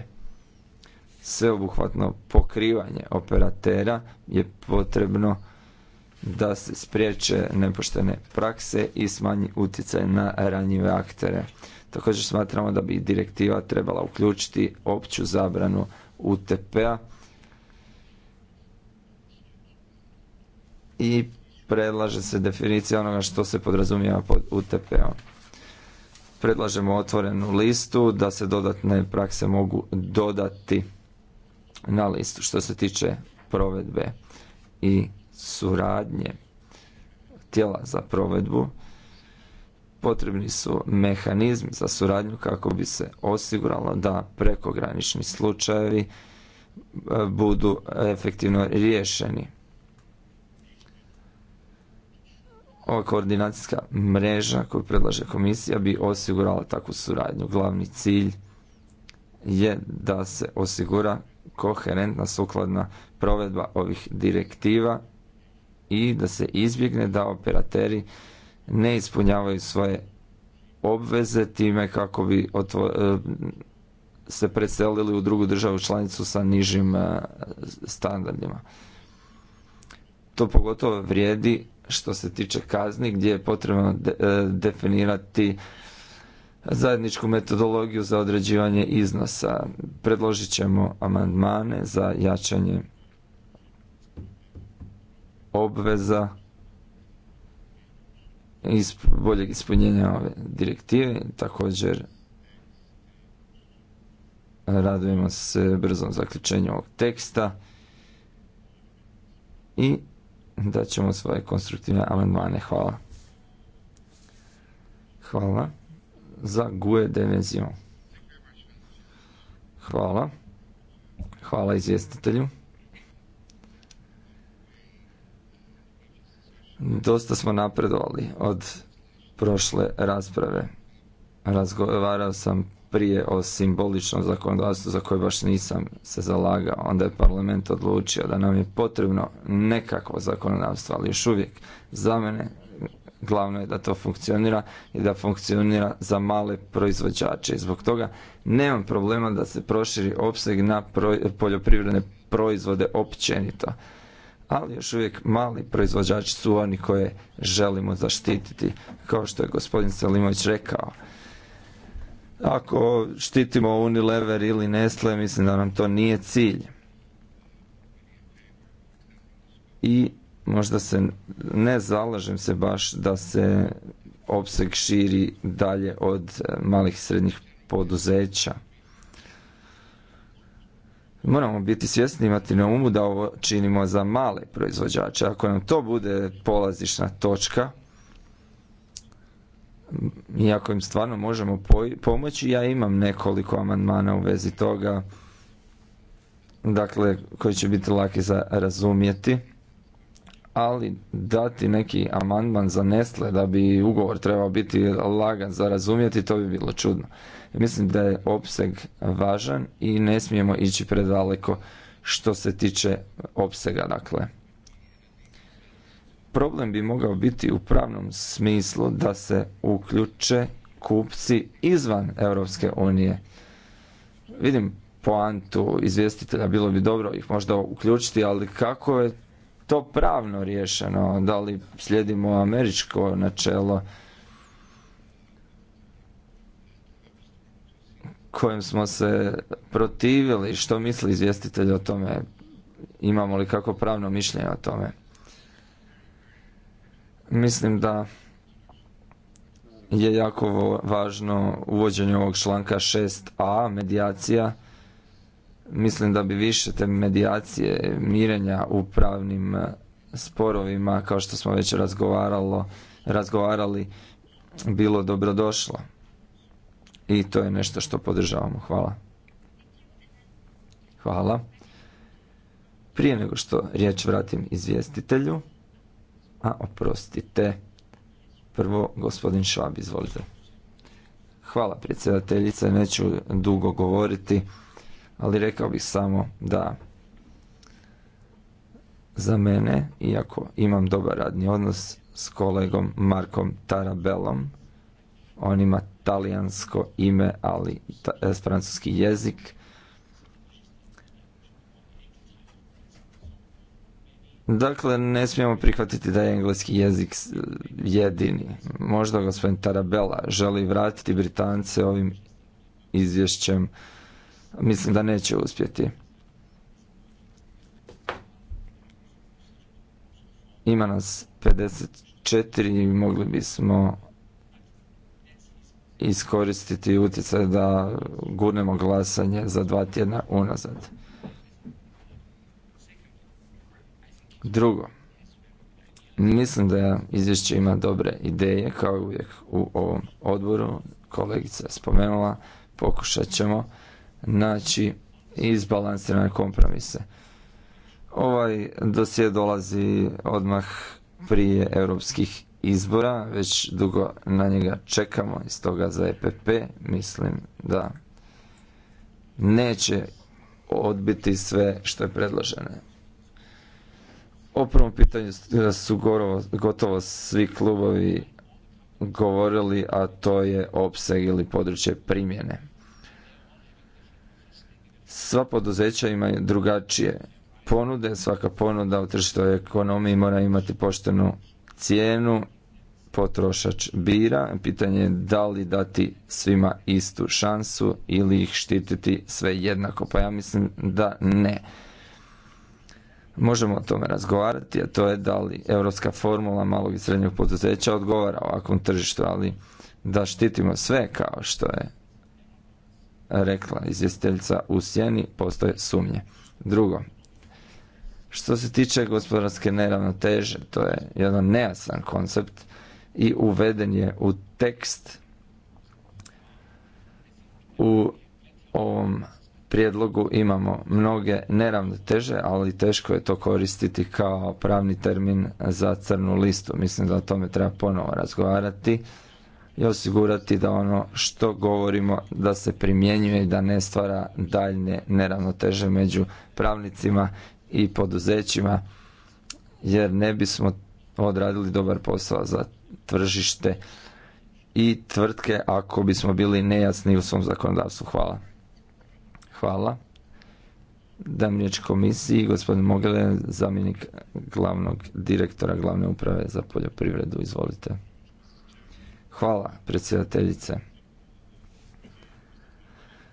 Sveobuhvatno pokrivanje operatera je potrebno da se spriječe nepoštene prakse i smanji utjecaj na ranjive aktere. Također smatramo da bi direktiva trebala uključiti opću zabranu UTP-a i predlaže se definicija onoga što se podrazumijeva pod UTP-om. Predlažemo otvorenu listu da se dodatne prakse mogu dodati na listu što se tiče provedbe i suradnje tijela za provedbu. Potrebni su mehanizmi za suradnju kako bi se osiguralo da prekogranični slučajevi e, budu efektivno riješeni Ova koordinacijska mreža koju predlaže komisija bi osigurala takvu suradnju. Glavni cilj je da se osigura koherentna sukladna provedba ovih direktiva i da se izbjegne da operateri ne ispunjavaju svoje obveze time kako bi e, se preselili u drugu državu članicu sa nižim e, standardima. To pogotovo vrijedi što se tiče kazni gdje je potrebno e, definirati zajedničku metodologiju za određivanje iznosa. Predložit ćemo amandmane za jačanje obveza isp, boljeg ispunjenja ove direktive. Također radujemo se brzom zaključenju ovog teksta i <laughs> da ćemo svoje konstruktivne amandmane. Hvala. Hvala. Za guje Demezio. Hvala. Hvala izvjestitelju. Dosta smo napredovali od prošle rasprave. Razgovarao sam prije o simboličnom zakonodavstvu za koje baš nisam se zalagao. Onda je parlament odlučio da nam je potrebno nekakvo zakonodavstvo, ali još uvijek za mene glavno je da to funkcionira i da funkcionira za male proizvođače. I zbog toga nemam problema da se proširi opseg na poljoprivredne proizvode općenito. Ali još uvijek mali proizvođači su oni koje želimo zaštititi, kao što je gospodin Selimović rekao. Ako štitimo Unilever ili Nestle, mislim da nam to nije cilj. I možda se ne zalažem se baš da se opseg širi dalje od malih i srednjih poduzeća. Moramo biti svjesni imati na umu da ovo činimo za male proizvođače. Ako nam to bude polazišna točka, i ako im stvarno možemo pomoći, ja imam nekoliko amandmana u vezi toga, dakle, koji će biti laki za razumjeti, ali dati neki amandman za Nestle da bi ugovor trebao biti lagan za razumjeti, to bi bilo čudno. Mislim da je opseg važan i ne smijemo ići predaleko što se tiče opsega, dakle problem bi mogao biti u pravnom smislu da se uključe kupci izvan Europske unije. Vidim poantu izvjestitelja, bilo bi dobro ih možda uključiti, ali kako je to pravno riješeno? Da li slijedimo američko načelo kojem smo se protivili? Što misli izvjestitelj o tome? Imamo li kako pravno mišljenje o tome? Mislim da je jako važno uvođenje ovog članka 6a, medijacija. Mislim da bi više te medijacije mirenja u pravnim e, sporovima, kao što smo već razgovaralo, razgovarali, bilo dobrodošlo. I to je nešto što podržavamo. Hvala. Hvala. Prije nego što riječ vratim izvjestitelju, a oprostite, prvo gospodin Švab, izvolite. Hvala predsjedateljice, neću dugo govoriti, ali rekao bih samo da za mene, iako imam dobar radni odnos s kolegom Markom Tarabelom, on ima talijansko ime, ali eh, francuski jezik, Dakle, ne smijemo prihvatiti da je engleski jezik jedini. Možda gospodin Tarabela želi vratiti Britance ovim izvješćem. Mislim da neće uspjeti. Ima nas 54 i mogli bismo iskoristiti utjecaj da gurnemo glasanje za dva tjedna unazad. Drugo, mislim da izvješće ima dobre ideje, kao i uvijek u ovom odboru, kolegica je spomenula, pokušat ćemo naći izbalansirane kompromise. Ovaj dosje dolazi odmah prije europskih izbora, već dugo na njega čekamo iz toga za EPP, mislim da neće odbiti sve što je predloženo. O prvom pitanju su gotovo svi klubovi govorili, a to je opseg ili područje primjene. Sva poduzeća imaju drugačije ponude, svaka ponuda u tržištoj ekonomiji mora imati poštenu cijenu, potrošač bira, pitanje je da li dati svima istu šansu ili ih štititi sve jednako, pa ja mislim da ne. Možemo o tome razgovarati, a to je da li europska formula malog i srednjeg poduzeća odgovara ovakvom tržištu, ali da štitimo sve kao što je rekla izvjestiteljica u sjeni, postoje sumnje. Drugo, što se tiče gospodarske neravnoteže, to je jedan nejasan koncept i uveden je u tekst u ovom prijedlogu imamo mnoge neravnoteže, ali teško je to koristiti kao pravni termin za crnu listu. Mislim da o tome treba ponovo razgovarati i osigurati da ono što govorimo da se primjenjuje i da ne stvara daljne neravnoteže među pravnicima i poduzećima jer ne bismo odradili dobar posao za tržište i tvrtke ako bismo bili nejasni u svom zakonodavstvu. Hvala. Hvala. Dam riječ komisiji, gospodin Mogele, zamjenik glavnog direktora glavne uprave za poljoprivredu. Izvolite. Hvala, predsjedateljice.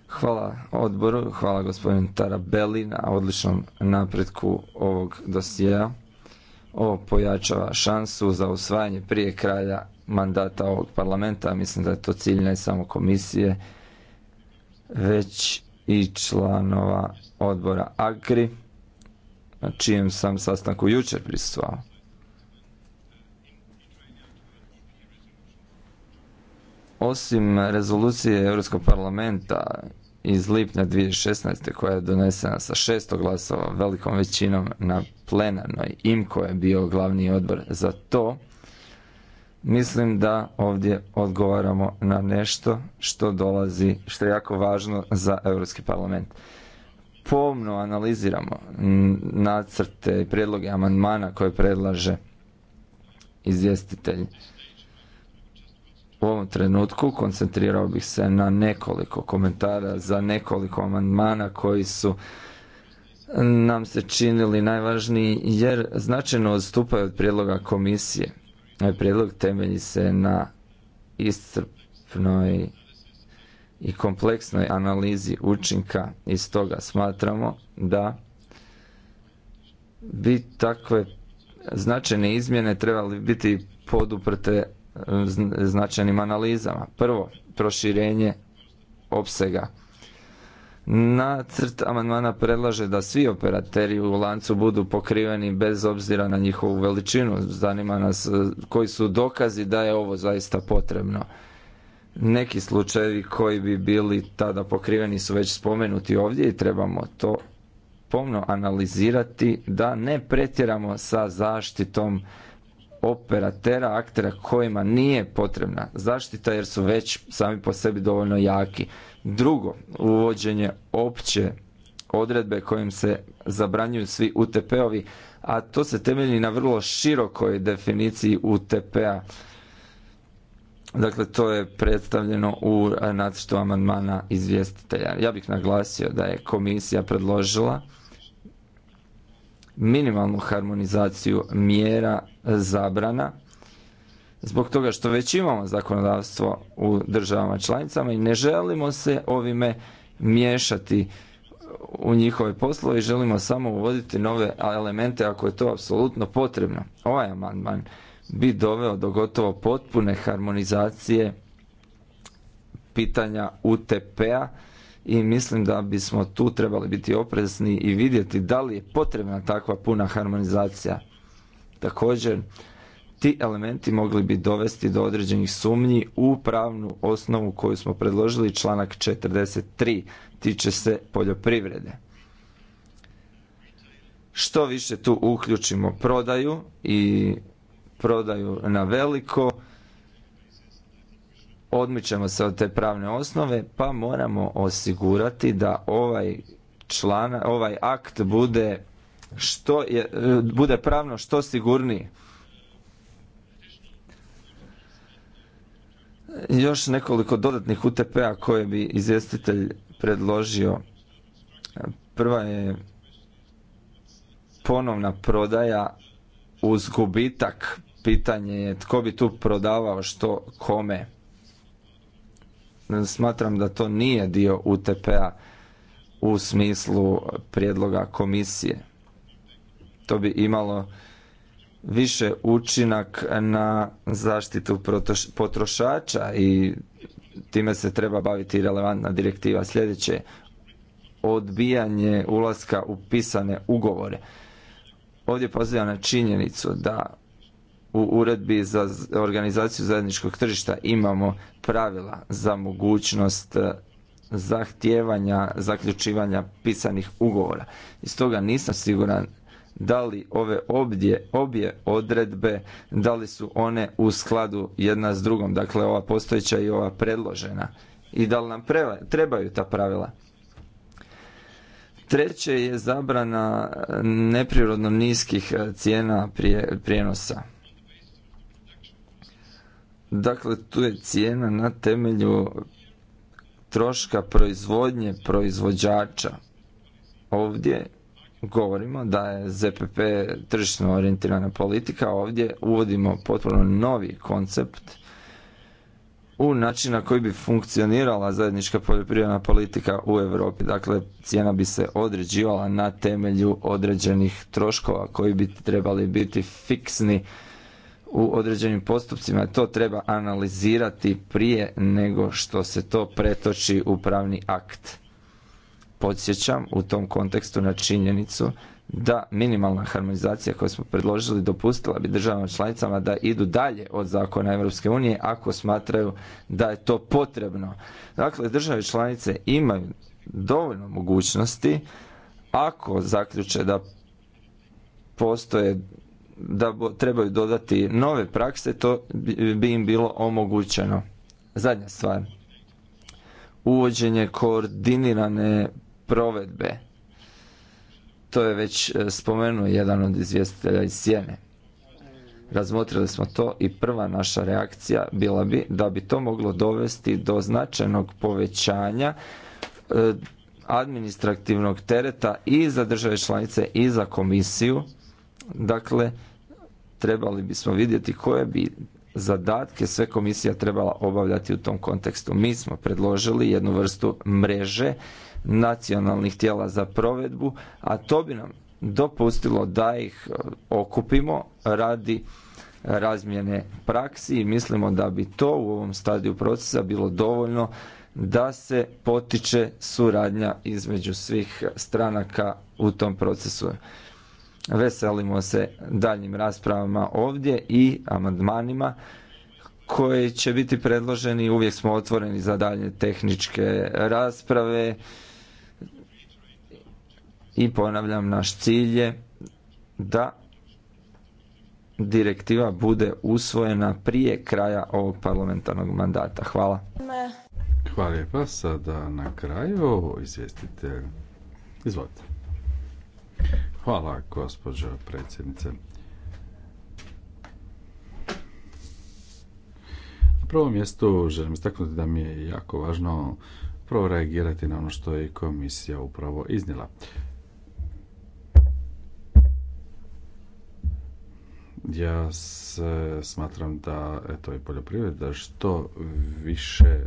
Hvala odboru, hvala gospodinu Tarabeli na odličnom napretku ovog dosijeja. Ovo pojačava šansu za usvajanje prije kralja mandata ovog parlamenta. Mislim da je to cilj ne samo komisije, već i članova odbora Agri, na čijem sam sastanku jučer prisustvao. Osim rezolucije Europskog parlamenta iz lipnja 2016. koja je donesena sa šesto glasova velikom većinom na plenarnoj, IMKO je bio glavni odbor za to, Mislim da ovdje odgovaramo na nešto što dolazi, što je jako važno za Europski parlament. Pomno analiziramo nacrte i prijedloge amandmana koje predlaže izvjestitelj. U ovom trenutku koncentrirao bih se na nekoliko komentara za nekoliko amandmana koji su nam se činili najvažniji jer značajno odstupaju od prijedloga komisije. Ovaj prijedlog temelji se na iscrpnoj i kompleksnoj analizi učinka i stoga smatramo da bi takve značajne izmjene trebali biti poduprte e, značajnim analizama. Prvo, proširenje opsega Nacrt amandmana predlaže da svi operateri u lancu budu pokriveni bez obzira na njihovu veličinu. Zanima nas e, koji su dokazi da je ovo zaista potrebno. Neki slučajevi koji bi bili tada pokriveni su već spomenuti ovdje i trebamo to pomno analizirati da ne pretjeramo sa zaštitom operatera, aktera kojima nije potrebna zaštita jer su već sami po sebi dovoljno jaki. Drugo, uvođenje opće odredbe kojim se zabranjuju svi UTP-ovi, a to se temelji na vrlo širokoj definiciji UTP-a. Dakle, to je predstavljeno u nacrtu amandmana izvjestitelja. Ja bih naglasio da je komisija predložila minimalnu harmonizaciju mjera zabrana zbog toga što već imamo zakonodavstvo u državama članicama i ne želimo se ovime miješati u njihove poslove i želimo samo uvoditi nove elemente ako je to apsolutno potrebno. Ovaj amandman bi doveo do gotovo potpune harmonizacije pitanja UTP-a i mislim da bismo tu trebali biti oprezni i vidjeti da li je potrebna takva puna harmonizacija. Također, ti elementi mogli bi dovesti do određenih sumnji u pravnu osnovu koju smo predložili članak 43 tiče se poljoprivrede. Što više tu uključimo prodaju i prodaju na veliko, odmičemo se od te pravne osnove, pa moramo osigurati da ovaj člana, ovaj akt bude što e, bude pravno što sigurniji. Još nekoliko dodatnih UTP-a koje bi izvjestitelj predložio. Prva je ponovna prodaja uz gubitak. Pitanje je tko bi tu prodavao što kome. Smatram da to nije dio UTP-a u smislu prijedloga komisije to bi imalo više učinak na zaštitu potrošača i time se treba baviti relevantna direktiva. Sljedeće, odbijanje ulaska u pisane ugovore. Ovdje pozivam na činjenicu da u uredbi za organizaciju zajedničkog tržišta imamo pravila za mogućnost e, zahtijevanja zaključivanja pisanih ugovora. Iz toga nisam siguran da li ove obje, obje odredbe, da li su one u skladu jedna s drugom, dakle ova postojeća i ova predložena i da li nam trebaju ta pravila. Treće je zabrana neprirodno niskih e, cijena prijenosa. Dakle, tu je cijena na temelju troška proizvodnje proizvođača. Ovdje govorimo da je ZPP tržišno orijentirana politika, ovdje uvodimo potpuno novi koncept u način na koji bi funkcionirala zajednička poljoprivredna politika u Europi. Dakle, cijena bi se određivala na temelju određenih troškova koji bi trebali biti fiksni u određenim postupcima. To treba analizirati prije nego što se to pretoči u pravni akt. Podsjećam u tom kontekstu na činjenicu da minimalna harmonizacija koju smo predložili dopustila bi državama članicama da idu dalje od zakona Europske unije ako smatraju da je to potrebno. Dakle, države članice imaju dovoljno mogućnosti ako zaključe da postoje da trebaju dodati nove prakse, to bi im bilo omogućeno. Zadnja stvar. Uvođenje koordinirane provedbe. To je već e, spomenuo jedan od izvjestitelja iz Sjene. Razmotrili smo to i prva naša reakcija bila bi da bi to moglo dovesti do značajnog povećanja e, administrativnog tereta i za države članice i za komisiju. Dakle, trebali bismo vidjeti koje bi zadatke sve komisija trebala obavljati u tom kontekstu. Mi smo predložili jednu vrstu mreže nacionalnih tijela za provedbu, a to bi nam dopustilo da ih e, okupimo radi razmjene praksi i mislimo da bi to u ovom stadiju procesa bilo dovoljno da se potiče suradnja između svih stranaka u tom procesu. Veselimo se daljnjim raspravama ovdje i amandmanima koji će biti predloženi. Uvijek smo otvoreni za dalje tehničke rasprave i ponavljam, naš cilj je da direktiva bude usvojena prije kraja ovog parlamentarnog mandata. Hvala. Hvala lijepa. Sada na kraju Izvijestite Izvolite. Hvala, gospođo predsjednice. Na prvom mjestu želim istaknuti da mi je jako važno prvo reagirati na ono što je komisija upravo iznijela. Ja se smatram da eto i poljoprivreda što više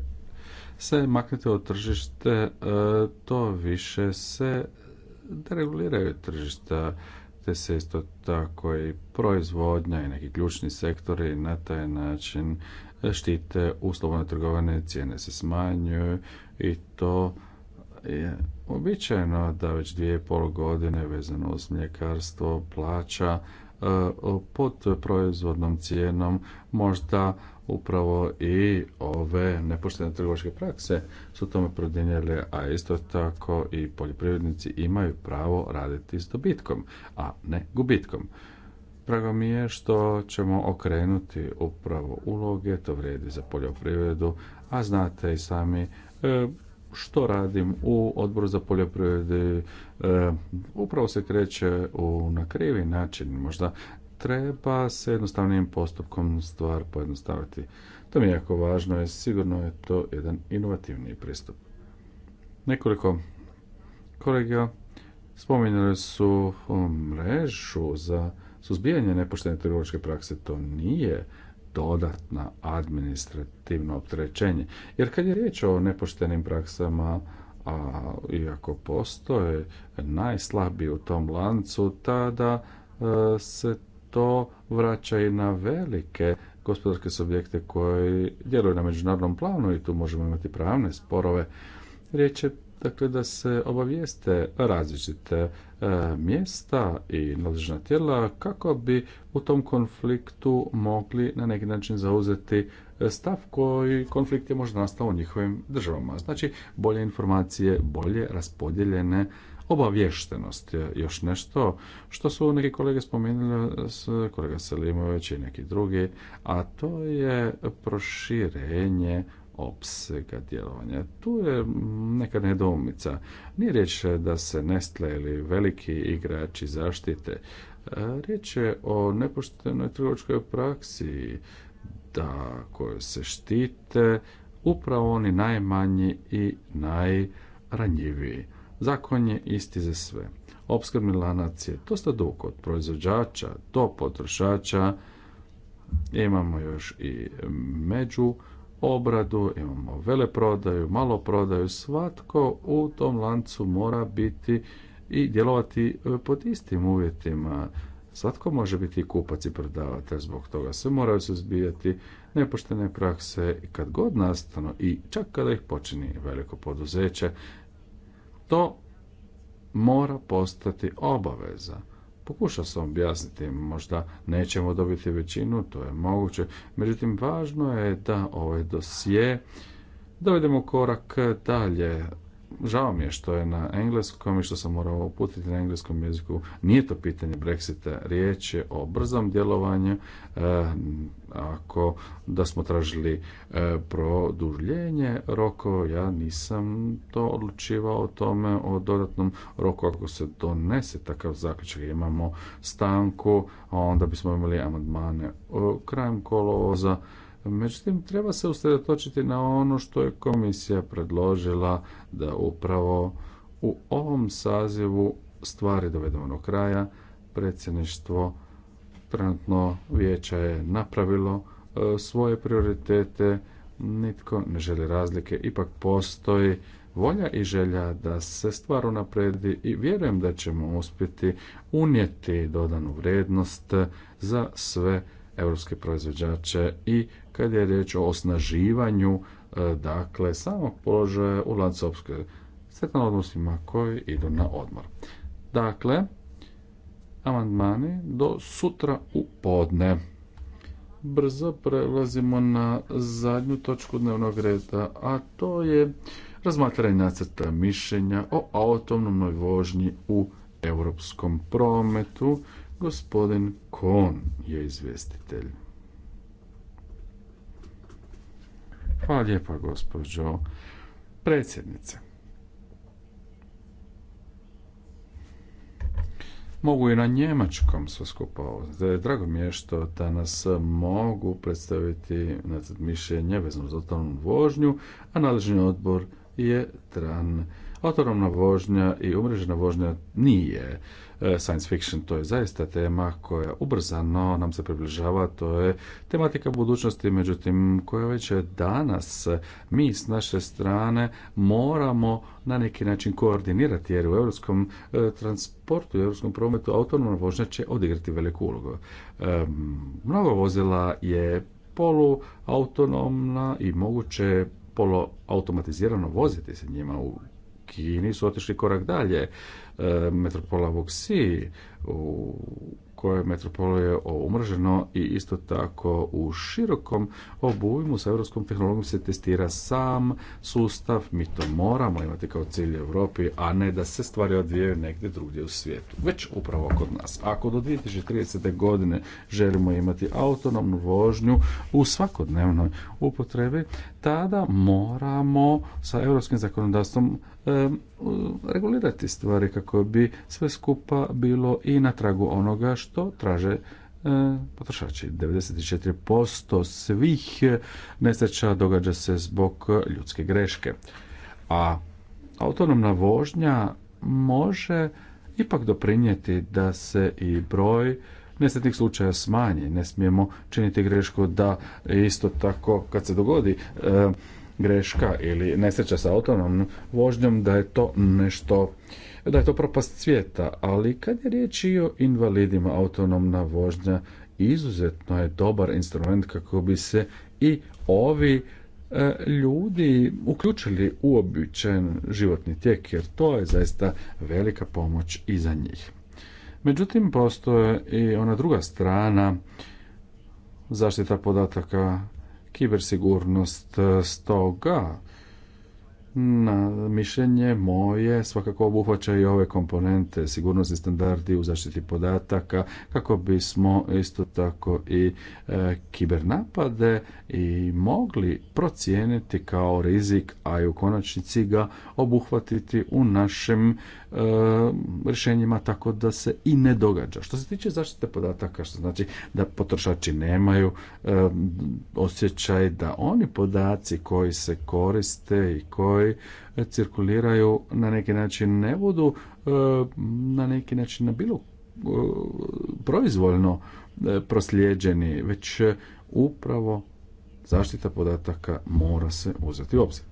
se maknete od tržište, e, to više se dereguliraju tržišta, te se isto tako i proizvodnja i neki ključni sektori na taj način štite uslovne trgovine, cijene se smanjuju i to je običajno da već dvije i pol godine vezano uz mljekarstvo plaća E, pod proizvodnom cijenom možda upravo i ove nepoštene trgovačke prakse su tome prodinjeli, a isto tako i poljoprivrednici imaju pravo raditi s dobitkom, a ne gubitkom. Drago mi je što ćemo okrenuti upravo uloge, to vrijedi za poljoprivredu, a znate i sami e, što radim u odboru za poljoprivredu eh, upravo se kreće u na krivi način možda treba se jednostavnim postupkom stvar pojednostaviti to mi je jako važno jer sigurno je to jedan inovativni pristup nekoliko kolega spominjali su um, mrežu za suzbijanje nepoštene trgovačke prakse to nije dodatna administrativno opterećenje. Jer kad je riječ o nepoštenim praksama, a iako postoje najslabiji u tom lancu, tada e, se to vraća i na velike gospodarske subjekte koji djeluju na međunarodnom planu i tu možemo imati pravne sporove. Riječ je dakle da se obavijeste različite e, mjesta i nadležna tijela kako bi u tom konfliktu mogli na neki način zauzeti e, stav koji konflikt je možda nastao u njihovim državama. Znači, bolje informacije, bolje raspodjeljene obavještenost. Još nešto što su neki kolege spomenuli, kolega Selimović i neki drugi, a to je proširenje opsega djelovanja. Tu je neka nedoumica. Nije riječ da se Nestle ili veliki igrači zaštite. E, riječ je o nepoštenoj trgovačkoj praksi da koje se štite upravo oni najmanji i najranjiviji. Zakon je isti za sve. Opskrbni lanac je dosta dug od proizvođača do potrošača. Imamo još i među obradu, imamo veleprodaju, maloprodaju, svatko u tom lancu mora biti i djelovati e, pod istim uvjetima. Svatko može biti kupac i prodavatelj, zbog toga se moraju se zbijati nepoštene prakse i kad god nastanu i čak kada ih počini veliko poduzeće, to mora postati obaveza. Pokušao sam objasniti, možda nećemo dobiti većinu, to je moguće. Međutim, važno je da ovaj dosje dovedemo korak dalje Žao mi je što je na engleskom i što sam morao uputiti na engleskom jeziku. Nije to pitanje Brexita, riječ je o brzom djelovanju. E, ako da smo tražili e, produljenje rokova, ja nisam to odlučivao o tome, o dodatnom roku ako se donese takav zaključak. Imamo stanku, onda bismo imali amandmane e, krajem kolovoza. Međutim, treba se usredotočiti na ono što je komisija predložila da upravo u ovom sazivu stvari dovedemo do kraja. Predsjedništvo trenutno vijeća je napravilo e, svoje prioritete, nitko ne želi razlike, ipak postoji volja i želja da se stvar unapredi i vjerujem da ćemo uspjeti unijeti dodanu vrijednost za sve europske proizvođače i kad je riječ o osnaživanju e, dakle samog položaja u lancu opskrbe odnosima koji idu na odmor. Dakle, amandmani do sutra u podne. Brzo prelazimo na zadnju točku dnevnog reda, a to je razmatranje nacrta mišljenja o autonomnoj vožnji u europskom prometu. Gospodin Kon je izvjestitelj. Hvala lijepa, gospođo predsjednice. Mogu i na njemačkom sve skupa. Drago mi je što danas mogu predstaviti mišljenje vezano za vožnju, a nadležni odbor je tran Autonomna vožnja i umrežena vožnja nije e, science fiction, to je zaista tema koja ubrzano nam se približava, to je tematika budućnosti, međutim koja već je danas mi s naše strane moramo na neki način koordinirati jer u europskom e, transportu, u europskom prometu autonomna vožnja će odigrati veliku ulogu. E, mnogo vozila je poluautonomna i moguće poluautomatizirano voziti se njima u Kini su otišli korak dalje. E, Metropola Vuxi u kojoj metropolo je umrženo i isto tako u širokom obujmu sa europskom tehnologijom se testira sam sustav. Mi to moramo imati kao cilj u Europi, a ne da se stvari odvijaju negdje drugdje u svijetu, već upravo kod nas. Ako do 2030. godine želimo imati autonomnu vožnju u svakodnevnoj upotrebi, tada moramo sa europskim zakonodavstvom regulirati stvari kako bi sve skupa bilo i na tragu onoga što traže potrošači. 94% svih nesreća događa se zbog ljudske greške. A autonomna vožnja može ipak doprinijeti da se i broj nesretnih slučaja smanji. Ne smijemo činiti grešku da isto tako kad se dogodi greška ili nesreća sa autonomnom vožnjom da je to nešto da je to propast svijeta, ali kad je riječ i o invalidima, autonomna vožnja izuzetno je dobar instrument kako bi se i ovi e, ljudi uključili u običajen životni tijek, jer to je zaista velika pomoć i za njih. Međutim, postoje i ona druga strana zaštita podataka kibersigurnost. E, stoga, na mišljenje moje svakako obuhvaća i ove komponente sigurnosni standardi u zaštiti podataka kako bismo isto tako i e, kibernapade i mogli procijeniti kao rizik, a i u konačnici ga obuhvatiti u našem E, rješenjima tako da se i ne događa. Što se tiče zaštite podataka, što znači da potrošači nemaju e, osjećaj da oni podaci koji se koriste i koji cirkuliraju na neki način ne budu e, na neki način na bilo proizvoljno proslijeđeni, već upravo zaštita podataka mora se uzeti u obzir.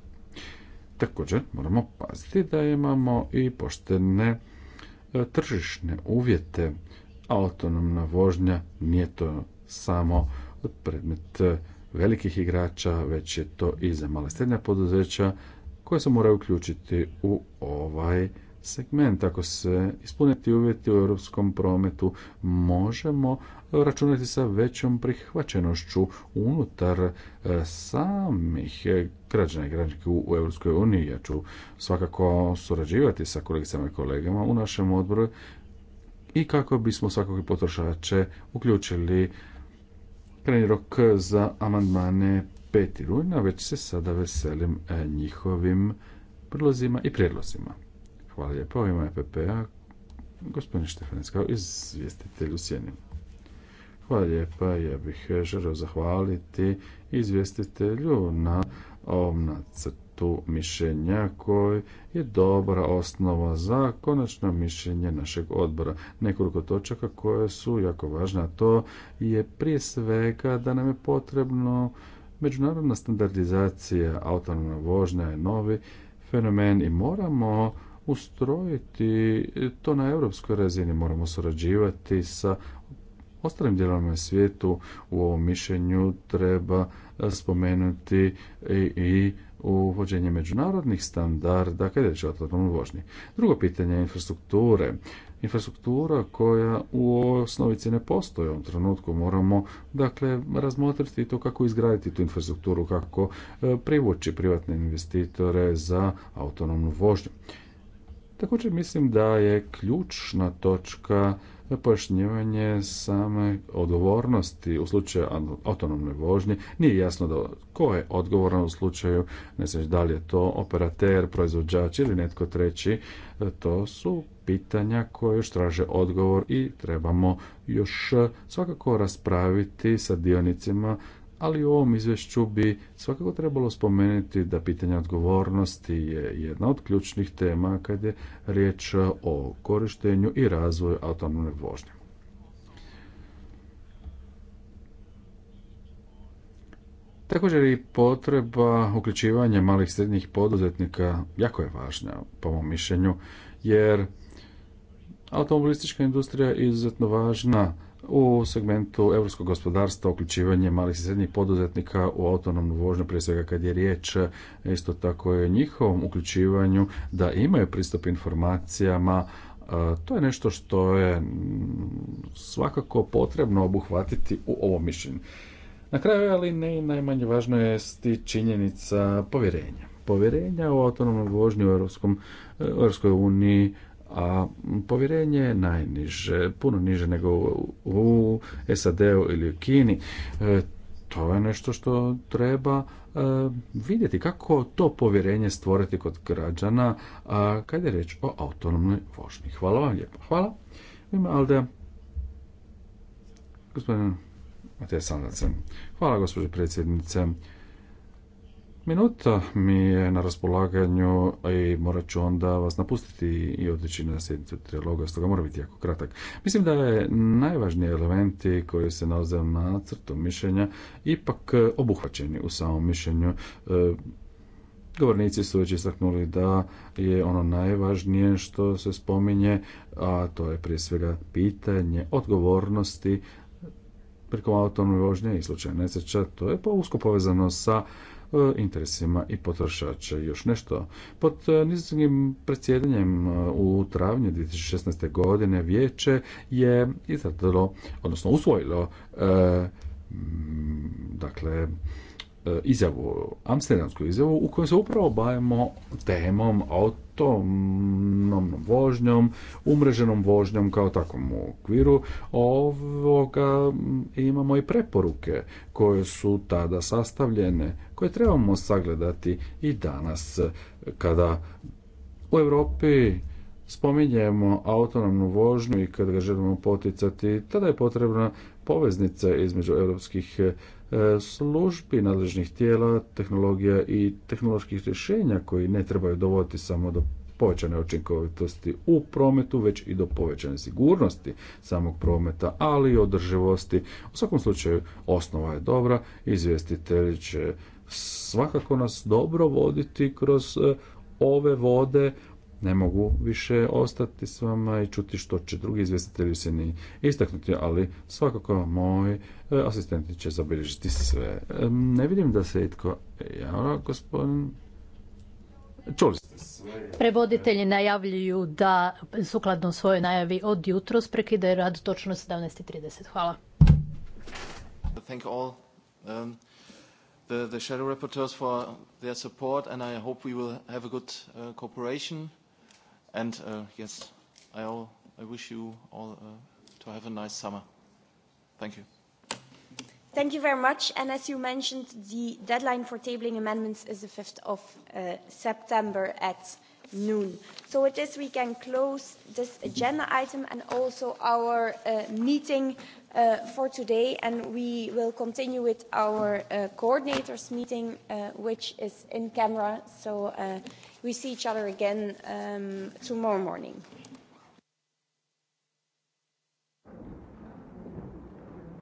Također moramo paziti da imamo i poštene e, tržišne uvjete. Autonomna vožnja nije to samo predmet e, velikih igrača, već je to i za male srednja poduzeća koje se moraju uključiti u ovaj segment. Ako se ispuniti uvjeti u europskom prometu, možemo računati sa većom prihvaćenošću unutar e, samih građana i građanke u Europskoj uniji. Ja ću svakako surađivati sa kolegicama i kolegama u našem odboru i kako bismo svakog potrošače uključili krajnji rok za amandmane 5. rujna, već se sada veselim e, njihovim prilozima i prijedlozima. Hvala lijepo, ima epp PPA gospodin Štefanec kao izvjestitelj u Hvala lijepa, ja bih eh, želio zahvaliti izvjestitelju na ovom nacrtu mišljenja koji je dobra osnova za konačno mišljenje našeg odbora. Nekoliko točaka koje su jako važne, a to je prije svega da nam je potrebno međunarodna standardizacija autonomna vožnja je novi fenomen i moramo ustrojiti to na europskoj razini, moramo surađivati sa ostalim dijelovima svijetu u ovom mišljenju treba e, spomenuti i, uvođenje međunarodnih standarda kada je riječ o autonomnoj vožnji. Drugo pitanje je infrastrukture. Infrastruktura koja u osnovici ne postoji u ovom trenutku. Moramo dakle razmotriti to kako izgraditi tu infrastrukturu, kako e, privući privatne investitore za autonomnu vožnju. Također mislim da je ključna točka pojašnjivanje same odgovornosti u slučaju autonomne vožnje. Nije jasno da ko je odgovoran u slučaju, ne znaš da li je to operater, proizvođač ili netko treći. E, to su pitanja koje još traže odgovor i trebamo još e, svakako raspraviti sa dionicima ali u ovom izvješću bi svakako trebalo spomenuti da pitanje odgovornosti je jedna od ključnih tema kad je riječ o korištenju i razvoju autonomne vožnje. Također i potreba uključivanja malih srednjih poduzetnika jako je važna po mom mišljenju jer automobilistička industrija je izuzetno važna u segmentu europskog gospodarstva uključivanje malih i srednjih poduzetnika u autonomnu vožnju, prije svega kad je riječ e, isto tako i o njihovom uključivanju da imaju pristup informacijama, e, to je nešto što je svakako potrebno obuhvatiti u ovom mišljenju. Na kraju, ali ne i najmanje važno je sti činjenica povjerenja. Povjerenja u autonomnu vožnju u e, Europskoj uniji a povjerenje je najniže, puno niže nego u SAD-u ili u Kini. E, to je nešto što treba e, vidjeti kako to povjerenje stvoriti kod građana a, kad je reč o autonomnoj vožnji. Hvala vam lijepo. Hvala. Ima Alde. Gospodin Matija Sandac. Hvala gospođo predsjednice minuta mi je na raspolaganju i morat ću onda vas napustiti i otići na sjednicu triloga, stoga mora biti jako kratak. Mislim da je najvažniji elementi koji se nalaze na crtu mišljenja ipak obuhvaćeni u samom mišljenju. E, govornici su već istaknuli da je ono najvažnije što se spominje, a to je prije svega pitanje odgovornosti prilikom autonome vožnje i slučaja nesreća. To je usko povezano sa E, interesima i potrošača. Još nešto, pod e, nizim predsjedanjem e, u travnju 2016. godine vijeće je izradilo, odnosno usvojilo dakle E, izjavu, amsterdamsku izjavu u kojoj se upravo bavimo temom autonomnom vožnjom, umreženom vožnjom kao takvom u okviru ovoga imamo i preporuke koje su tada sastavljene, koje trebamo sagledati i danas kada u Europi spominjemo autonomnu vožnju i kada ga želimo poticati, tada je potrebna poveznica između europskih E, službi nadležnih tijela, tehnologija i tehnoloških rješenja koji ne trebaju dovoditi samo do povećane učinkovitosti u prometu, već i do povećane sigurnosti samog prometa, ali i održivosti. U svakom slučaju, osnova je dobra, izvjestitelj će svakako nas dobro voditi kroz e, ove vode, ne mogu više ostati s vama i čuti što će drugi izvjestitelji se ni istaknuti, ali svakako moj e, asistent će zabilježiti sve. E, ne vidim da se itko javlja, gospodin Čuli Prevoditelji najavljuju da sukladno svojoj najavi od jutros prekidaju rad točno 17.30. Hvala. Thank all um, the, the shadow for support and I hope we will have a good uh, cooperation. And uh, yes, I, all, I wish you all uh, to have a nice summer. Thank you. Thank you very much. And as you mentioned, the deadline for tabling amendments is the 5th of uh, September at noon. So with this, we can close this agenda item and also our uh, meeting uh, for today. And we will continue with our uh, coordinators meeting, uh, which is in camera. So. Uh, We see each other again um, tomorrow morning.